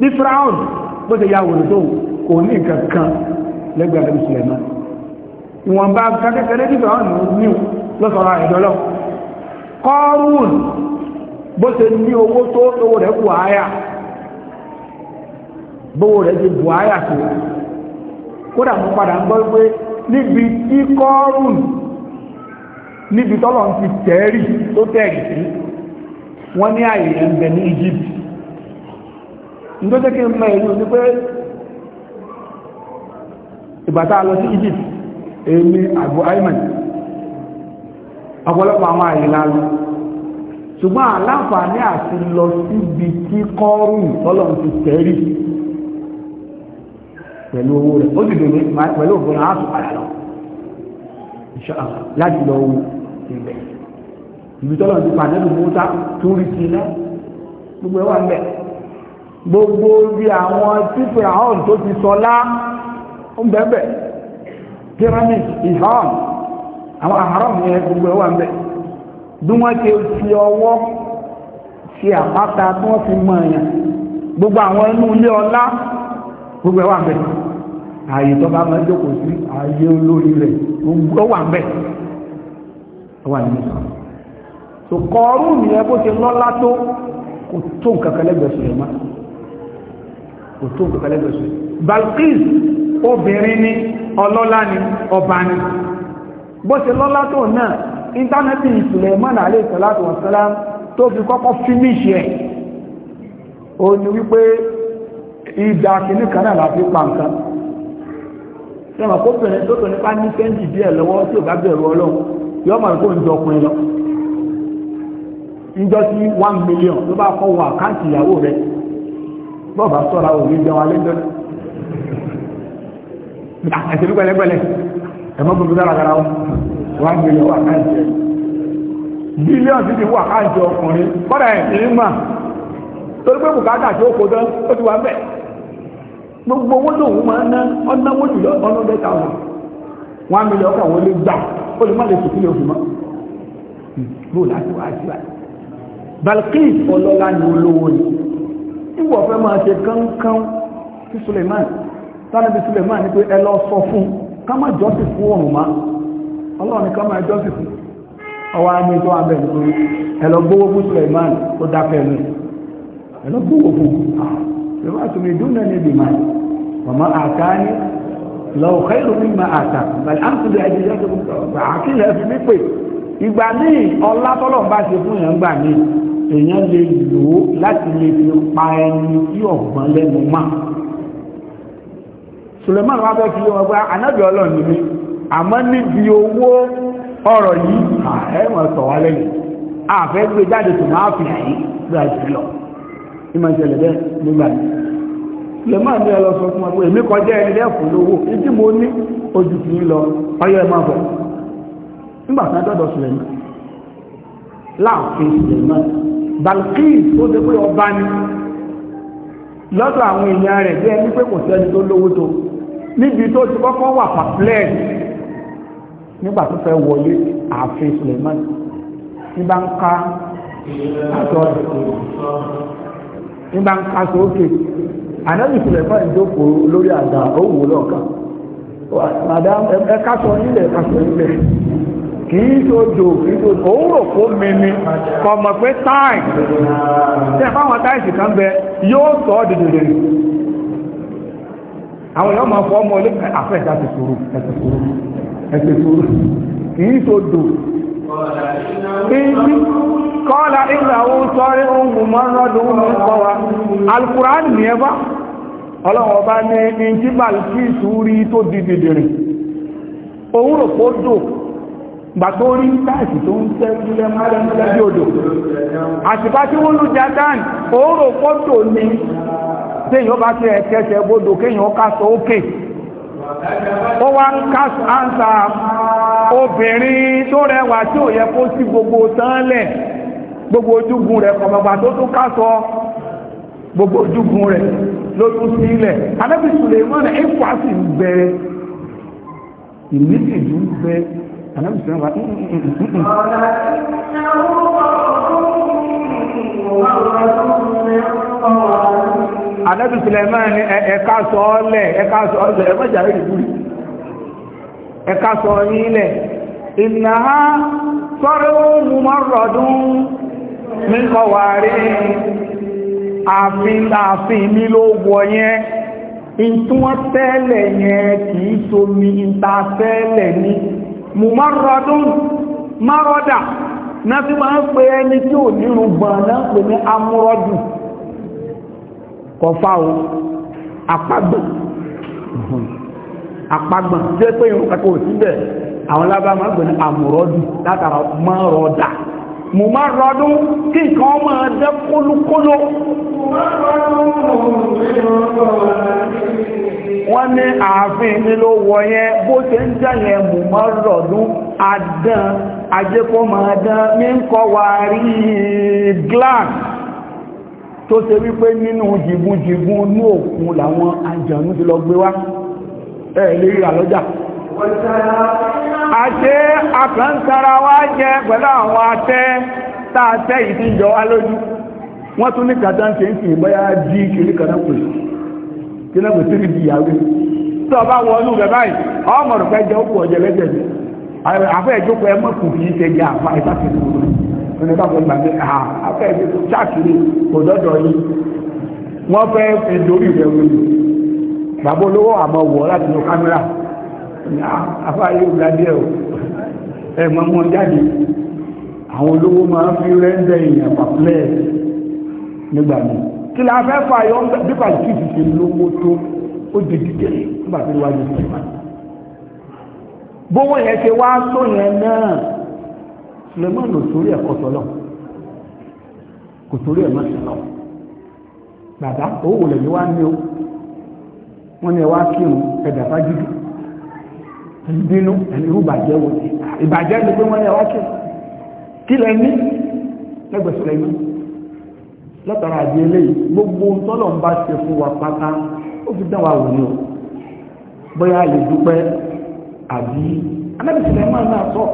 ní firaun bó ṣe ya wòlò tó kò ní nǹkan kan lẹ́gbẹ̀ẹ́ àlẹ́bí sẹ́yà ìwọ̀nba kákẹ́kẹ́ lẹ́bí firaun ní lọ́sọ̀rọ̀ àìdọ́lọ́ bó ṣe ní owó tó rẹ̀ kù bówó rẹ̀ ti bù níbi tọ́lọ̀ ti tẹ́rì tó tẹ́rì sí wọ́n ní àyè ń ní Egypt nítorí kí n mọ̀ èyí ní pé ìbàtà lọ sí Egypt èmi àgbò ayman ọ̀pọ̀lọpọ̀ àwọn àyè lálọ́ ṣùgbọ́n aláǹfààní àti lọ síbi tí tọ́lọ̀ ti pẹ̀lú owó rẹ̀ ó pẹ̀lú òfin láti lọ sí ibẹ̀ ibi tọ́lọ̀ ti pàdánù mọ́tà tó rí sí iná gbogbo ẹ̀ wà ńbẹ̀ gbogbo bí àwọn tífẹ̀ àwọn tó ti sọlá ń bẹ̀bẹ̀ pyramid ihram àwọn àhárọ̀ yẹn gbogbo ẹ̀ wà ńbẹ̀ bí wọ́n ti fi ọwọ́ ṣe àpáta tí wọ́n fi mọ èèyàn gbogbo àwọn inú ilé ọlá gbogbo ẹ̀ wà ńbẹ̀ tó bá máa jókòó sí ààyè olórí rẹ̀ gbogbo wà ńbẹ̀ wà ní so kọrún nìyẹn bó ti lọla tó kò tó nǹkan kan lẹ́gbẹ̀ẹ́ Suleiman kò tó obìnrin ni ọlọ́lá ni ọba ni bó ti lọ́lá tó náà íńtánẹ́ẹ̀tì Suleiman alayhi salatu wa salam tó fi kọ́kọ́ fíníṣì ẹ̀ o ni wípé ìdá kìíní kan náà láti pa nǹkan ṣe mọ̀ yọ́ mọ̀ kó ń jọ ọkùnrin lọ níjọ́ sí one million ló bá kọ́ wọ àkáǹtì ìyàwó rẹ̀ bọ́ọ̀bá sọ́ra òní jẹun alẹ́ jọ àṣẹlú pẹ̀lẹ́pẹ̀lẹ́ ẹ̀mọ́ gbogbo dára gara wọn one million wọ àkáǹtì rẹ̀ bílíọ̀n ti ti wọ àkáǹtì ọkùnrin bọ́dà ẹ̀ ní mà torí pé bùkátà tí ó kó dán ó ti wà bẹ́ẹ̀ gbogbo owó lòun máa ná ọ́n náwó jùlọ ọlọ́dẹ́ta wọn wọ́n mílíọ̀ ọkọ̀ àwọn olè gbà ó lè má lè sùkú lè fún mọ́ bó láti wá sí àti Balqis ọlọ́lá ni olówó ni ìwọ̀ fẹ́ máa ṣe kánkán sí Suleiman tánàbí Suleiman ní pé ẹ lọ sọ fún ká má jọ́sì fún òun má ọlọ́run ní ká má jọ́sì fún ọwọ́ ní tó wà bẹ́ẹ̀ nítorí ẹ gbówó fún Suleiman ó dákẹ́ mi ẹ gbówó fún Suleiman ah, tó lọ khairu mimma àtà bàlẹ̀ àmì bí ẹ̀jẹ̀ yẹn tó àkílẹ̀ fi mí pè ìgbà míì ọlá tọ́lọ̀ ń bá ṣe fún èèyàn gbà míì èèyàn lè lò ó láti lè fi pa ẹni tí ọ̀gbọ́n lẹ́nu mọ́ Suleiman wa fẹ́ fi yọ ọgbà anábì ọlọ́run ni mí àmọ́ níbi owó ọ̀rọ̀ yìí àẹ́mọ̀ sọ̀ wá lẹ́yìn àfẹ́ gbé jáde tó máa fi àyè gbé àjẹ́ lọ ìmọ̀ ìṣẹ̀lẹ̀ bẹ́ẹ̀ nígbà yìí lè máa ní ẹlọ sọ fún wa pé èmi kọjá ẹni lẹ́ẹ̀kùn lówó ìdí mo ní ojú kì í lọ ọyọ ẹ máa bọ̀ nígbà tí wọ́n dọ́dọ̀ Suleiman láàfin Suleiman Balqis tó ṣe pé ọba ni lọ́dọ̀ àwọn èèyàn rẹ̀ bí ẹni pé kò sẹ́ni tó lówó tó níbi tó ti kọ́kọ́ wà pàpẹ́ẹ̀ nígbà tó fẹ́ wọlé ààfin Suleiman ní bá ń ká àjọ rẹ̀ ń ká sókè ànábì Sulaiman ìjókòó lórí àga òwò lọ́ọ̀kan madam ẹ kásọ nílẹ̀ kásọ nílẹ̀ kì í tó jò kì í tó jò òun rò kó mi ni kò mọ̀ pé táì tẹ fáwọn táìsì kan bẹ yóò sọ ọ́ dìdìdì àwọn èèyàn máa fọ ọmọ ilé àfẹ́ ìdá ti sòrò ẹ̀sẹ̀ sòrò ẹ̀sẹ̀ sòrò kì í tó jò kọ́ọ̀lá ìrìnàwó sọ́rí ohun mọ́rọ̀dún ohun kọwa alkùrán ní ẹbá ọlọ́wọ́ bá ní ìjíbàl sí ìsúrí tó dìdìdìrì ohun rò kó dò gbà tó rí táìsì tó ń tẹ́lẹ̀ mọ́rẹ̀ bí odò àtìpá tí wọ́n lú játán ohun rò kó dò ní téèyàn bá ti ẹ̀kẹ́ṣẹ́ bodò kéèyàn kásọ ókè ó wá ń kásọ ánsà obìnrin tó rẹwà tí ò yẹ kó sí gbogbo tán gbogbo ojúgun rẹ̀ kọ̀mọ̀gbà tó tún kásọ gbogbo ojúgun rẹ̀ ló tún sí ilẹ̀ anábì Suleiman ifá sì ń bẹ ìmísìdú ń bẹ anábì ẹ̀ka sọ ẹ̀ka sọ ẹ̀ka sọ ọ́ ní ilẹ̀ ìnáhá sọ́rọ̀ mú ní kọwà rí ààfin láàfin ní ló wọ yẹn in tí wọ́n tẹ́lẹ̀ yẹn kì í somi ìta tẹ́lẹ̀ ní mú márọ́dún márọ́dà náà tí máa ń pe ẹni tí ò nírun gbọ̀n náà pè ní amúrọ́dù kọfà o àpagbọ̀n àpagbọ̀n tí ó pé ìrùn kàkó síbẹ̀ àwọn lábá máa ń pè ní amúrọ́dù látara márọ́dà mo má rọdún kí nǹkan ọmọ ẹ̀dẹ́ kólúkóló wọ́n ní ààfin mi ló wọ yẹn bó ṣe ń jẹ́ yẹn mo má rọdún adán ajẹ́kọ́ máa dán mí ń kọ́ wa rí gland tó ṣe wípé nínú jìbújìbú ní òkun làwọn àjànú ti lọ gbé wá ẹ̀ẹ́lẹ́rìí àlọ́jà àṣé àkàntara wa jẹ pẹ̀lú àwọn atẹ́ tá a tẹ́ yìí ti ń jọ wá lójú wọ́n tún ní kàtà ń ṣe ń fi bóyá jí kiri kan náà pè kí náà pè sí ibi ìyàwó tó o bá wọnú rẹ báyìí ọmọ rẹ fẹ́ jẹ ó kú ọjẹ lẹ́jẹ̀ mi àfẹ́ ìjókòó ẹ mọ̀ kù kì í ṣe jẹ àfa ìfàkìlì wọn ní báwo gbàgbé ha afẹ́ ìjókòó ṣáàkiri kò dọ́dọ̀ yìí wọ́n fẹ́ fi dórí rẹ̀ wọlé bàbá olówó àmọ́ wọ̀ láti lo kámẹ́rà afáyé ògbádé ẹ̀ ẹ̀mọ́ mọ́ jáde àwọn olówó máa ń fi rẹ́ńdẹ̀ èèyàn pàpẹ́lẹ̀ nígbà mi kí la fẹ́ fà yọ nípa ìtìsì ṣe lówó tó ó di dídẹ̀ nígbà tó wájú sí ìgbà bówó yẹn ṣe wá tó yẹn náà Suleiman lò sórí ẹ̀kọ́ sọlọ kò sórí ẹ̀ mọ́sẹ̀ lọ bàbá owó lẹ́yìn wá ní o wọ́n ní ẹ wá kírun ẹ̀dà bá jíjù ń bínú ẹni irú ìbàjẹ́ wo ni ìbàjẹ́ ni pé wọ́n yẹ wákẹ́ kí lẹ ní lẹ́gbẹ̀sílẹ̀ ní látara àdí eléyìí gbogbo tọ́lọ̀ ń bá ṣe fún wa pátá ó fi dán wa wò ní o bóyá lè dúpẹ́ àbí anábìsílẹ̀ máa náà sọ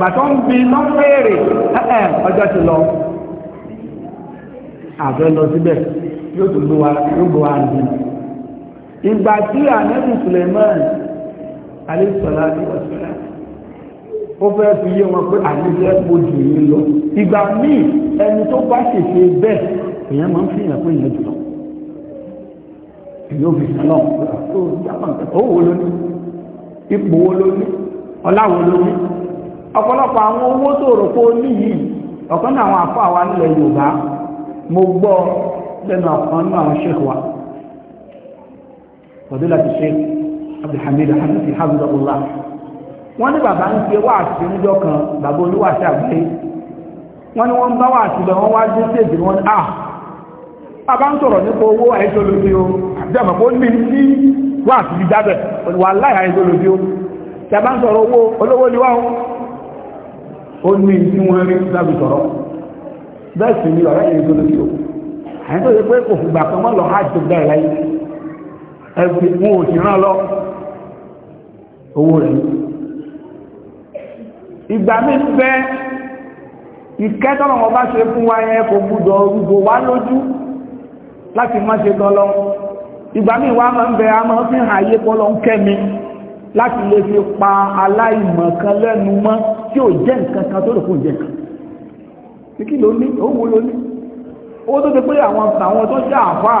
bàtọ́ ń bi lọ́pẹ̀ẹ̀rẹ̀ ẹ̀ẹ́ ọjọ́ ti lọ àbẹ́ lọ síbẹ̀ yóò tún lówà yóò gbọ́ àdìyàn ìgbà tí ànábì Suleiman alẹ́sọ̀lá ní ọ̀sọ̀lá ó fẹ́ fi yé wọn pé àníṣẹ́ pọ̀ jù yín lọ ìgbà míì ẹni tó bá ṣèṣe bẹ́ẹ̀ èèyàn máa ń fi hàn pé èèyàn jùlọ èèyàn fi hàn náà ó yàgbọ́n ó wò ló ní ipò wo ló ní ọlá wo ló ní ọ̀pọ̀lọpọ̀ àwọn owó tó rò pé ó ní yìí ọ̀kan náà àwọn àfọ àwa nílẹ̀ Yorùbá mo gbọ́ lẹ́nu ọ̀kan náà àwọn ṣèkọ̀ọ́ fọ̀dúlà ti ṣe abdulhamid hamid hamidullah wọ́n ní bàbá ń ṣe wáàsí níjọ́ kan bàbá olúwàṣà gbé wọ́n ní wọ́n bá wáàsí lọ wọ́n wá dé stéèjì wọn à bàbá ń sọ̀rọ̀ nípa owó àìsọ́lódé o àti àmọ́ kó ní sí wáàsí ti dábẹ̀ wà láì àìsọ́lódé o tí a bá ń sọ̀rọ̀ owó olówó ni wáhùn ó ní tí wọ́n rí láti sọ̀rọ̀ bẹ́ẹ̀ sì ni ọ̀rẹ́ yẹn o àyẹ́tọ́ pé kò kan mọ́ lọ ẹgbẹ̀ wọn ò sì rán lọ owó rẹ̀ ìgbà mi bẹ́ ìkẹ́ tọ́nà wọn bá ṣe fún wa yẹn kò gbúdọ̀ gbogbo wá lójú láti má ṣe tán lọ ìgbà mi wá máa ń bẹ a máa fi hàn ayé pọ́lọ́ ń kẹ́mi láti lè fi pa aláìmọ̀ kan lẹ́nu mọ́ tí ò jẹ́ nǹkan kan tó lè fún jẹ́ kan kí ló ní owó ló ní owó tó ti pé àwọn àwọn tó jẹ́ àfáà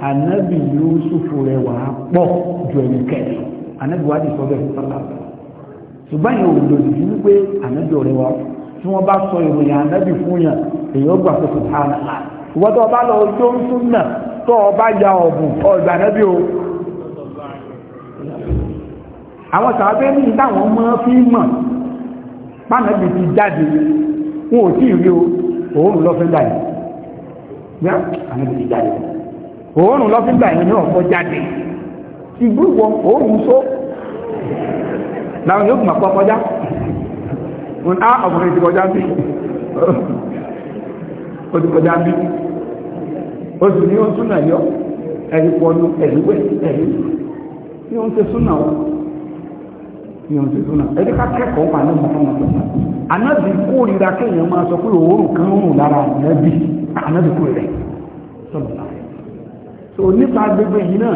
anabi yusufu rẹ̀ wà á pọ̀ ju ẹni kẹ́ẹ̀ anabi wa ti sọ bẹ́ẹ̀ sọ́lá ṣùgbọ́n yẹn ò lòdì sí wípé anabi ọ̀rẹ́ wa tí wọ́n bá sọ ìròyìn anabi fún yàn èèyàn gbà pé kò tán àná ìwọ́n tó ọba lọ ọjọ́ ń tún nà tó ọba ya ọ̀bùn ọ̀gbà anabi o àwọn sàbẹ́ ní ìdáwọn mọ́ fi mọ̀ pánàbì ti jáde wọn ò tí ì rí o òun lọ́fẹ́ dà jáde òórùn lọ́fíńdà yìí ní ọ̀pọ̀ jáde ìgbú wọ òórùn só láwọn yóò kùmà pọ́ kọjá wọn á ah, ọkùnrin ti kọjá bí o ti kọjá bí sì ní oṣù náà yọ ẹ̀rí pọ̀lú ẹ̀ríwẹ̀ ẹ̀rí ní oun ṣe súnà wọn ní oun ṣe súnà ẹ̀rí ká kẹ́kọ̀ọ́ pa ní ọmọ tó nípa gbogbo yìí náà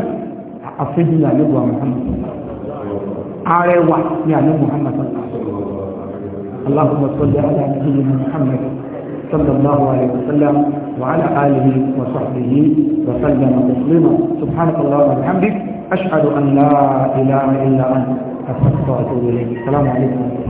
àfẹ́jì ní àlébù Muhammad ààrẹ wà ní àlébù صلى الله عليه وسلم وعلى آله وصحبه وسلم تسليما سبحانك اللهم وبحمدك أشهد أن لا إله إلا أنت أستغفرك وأتوب إليك السلام عليكم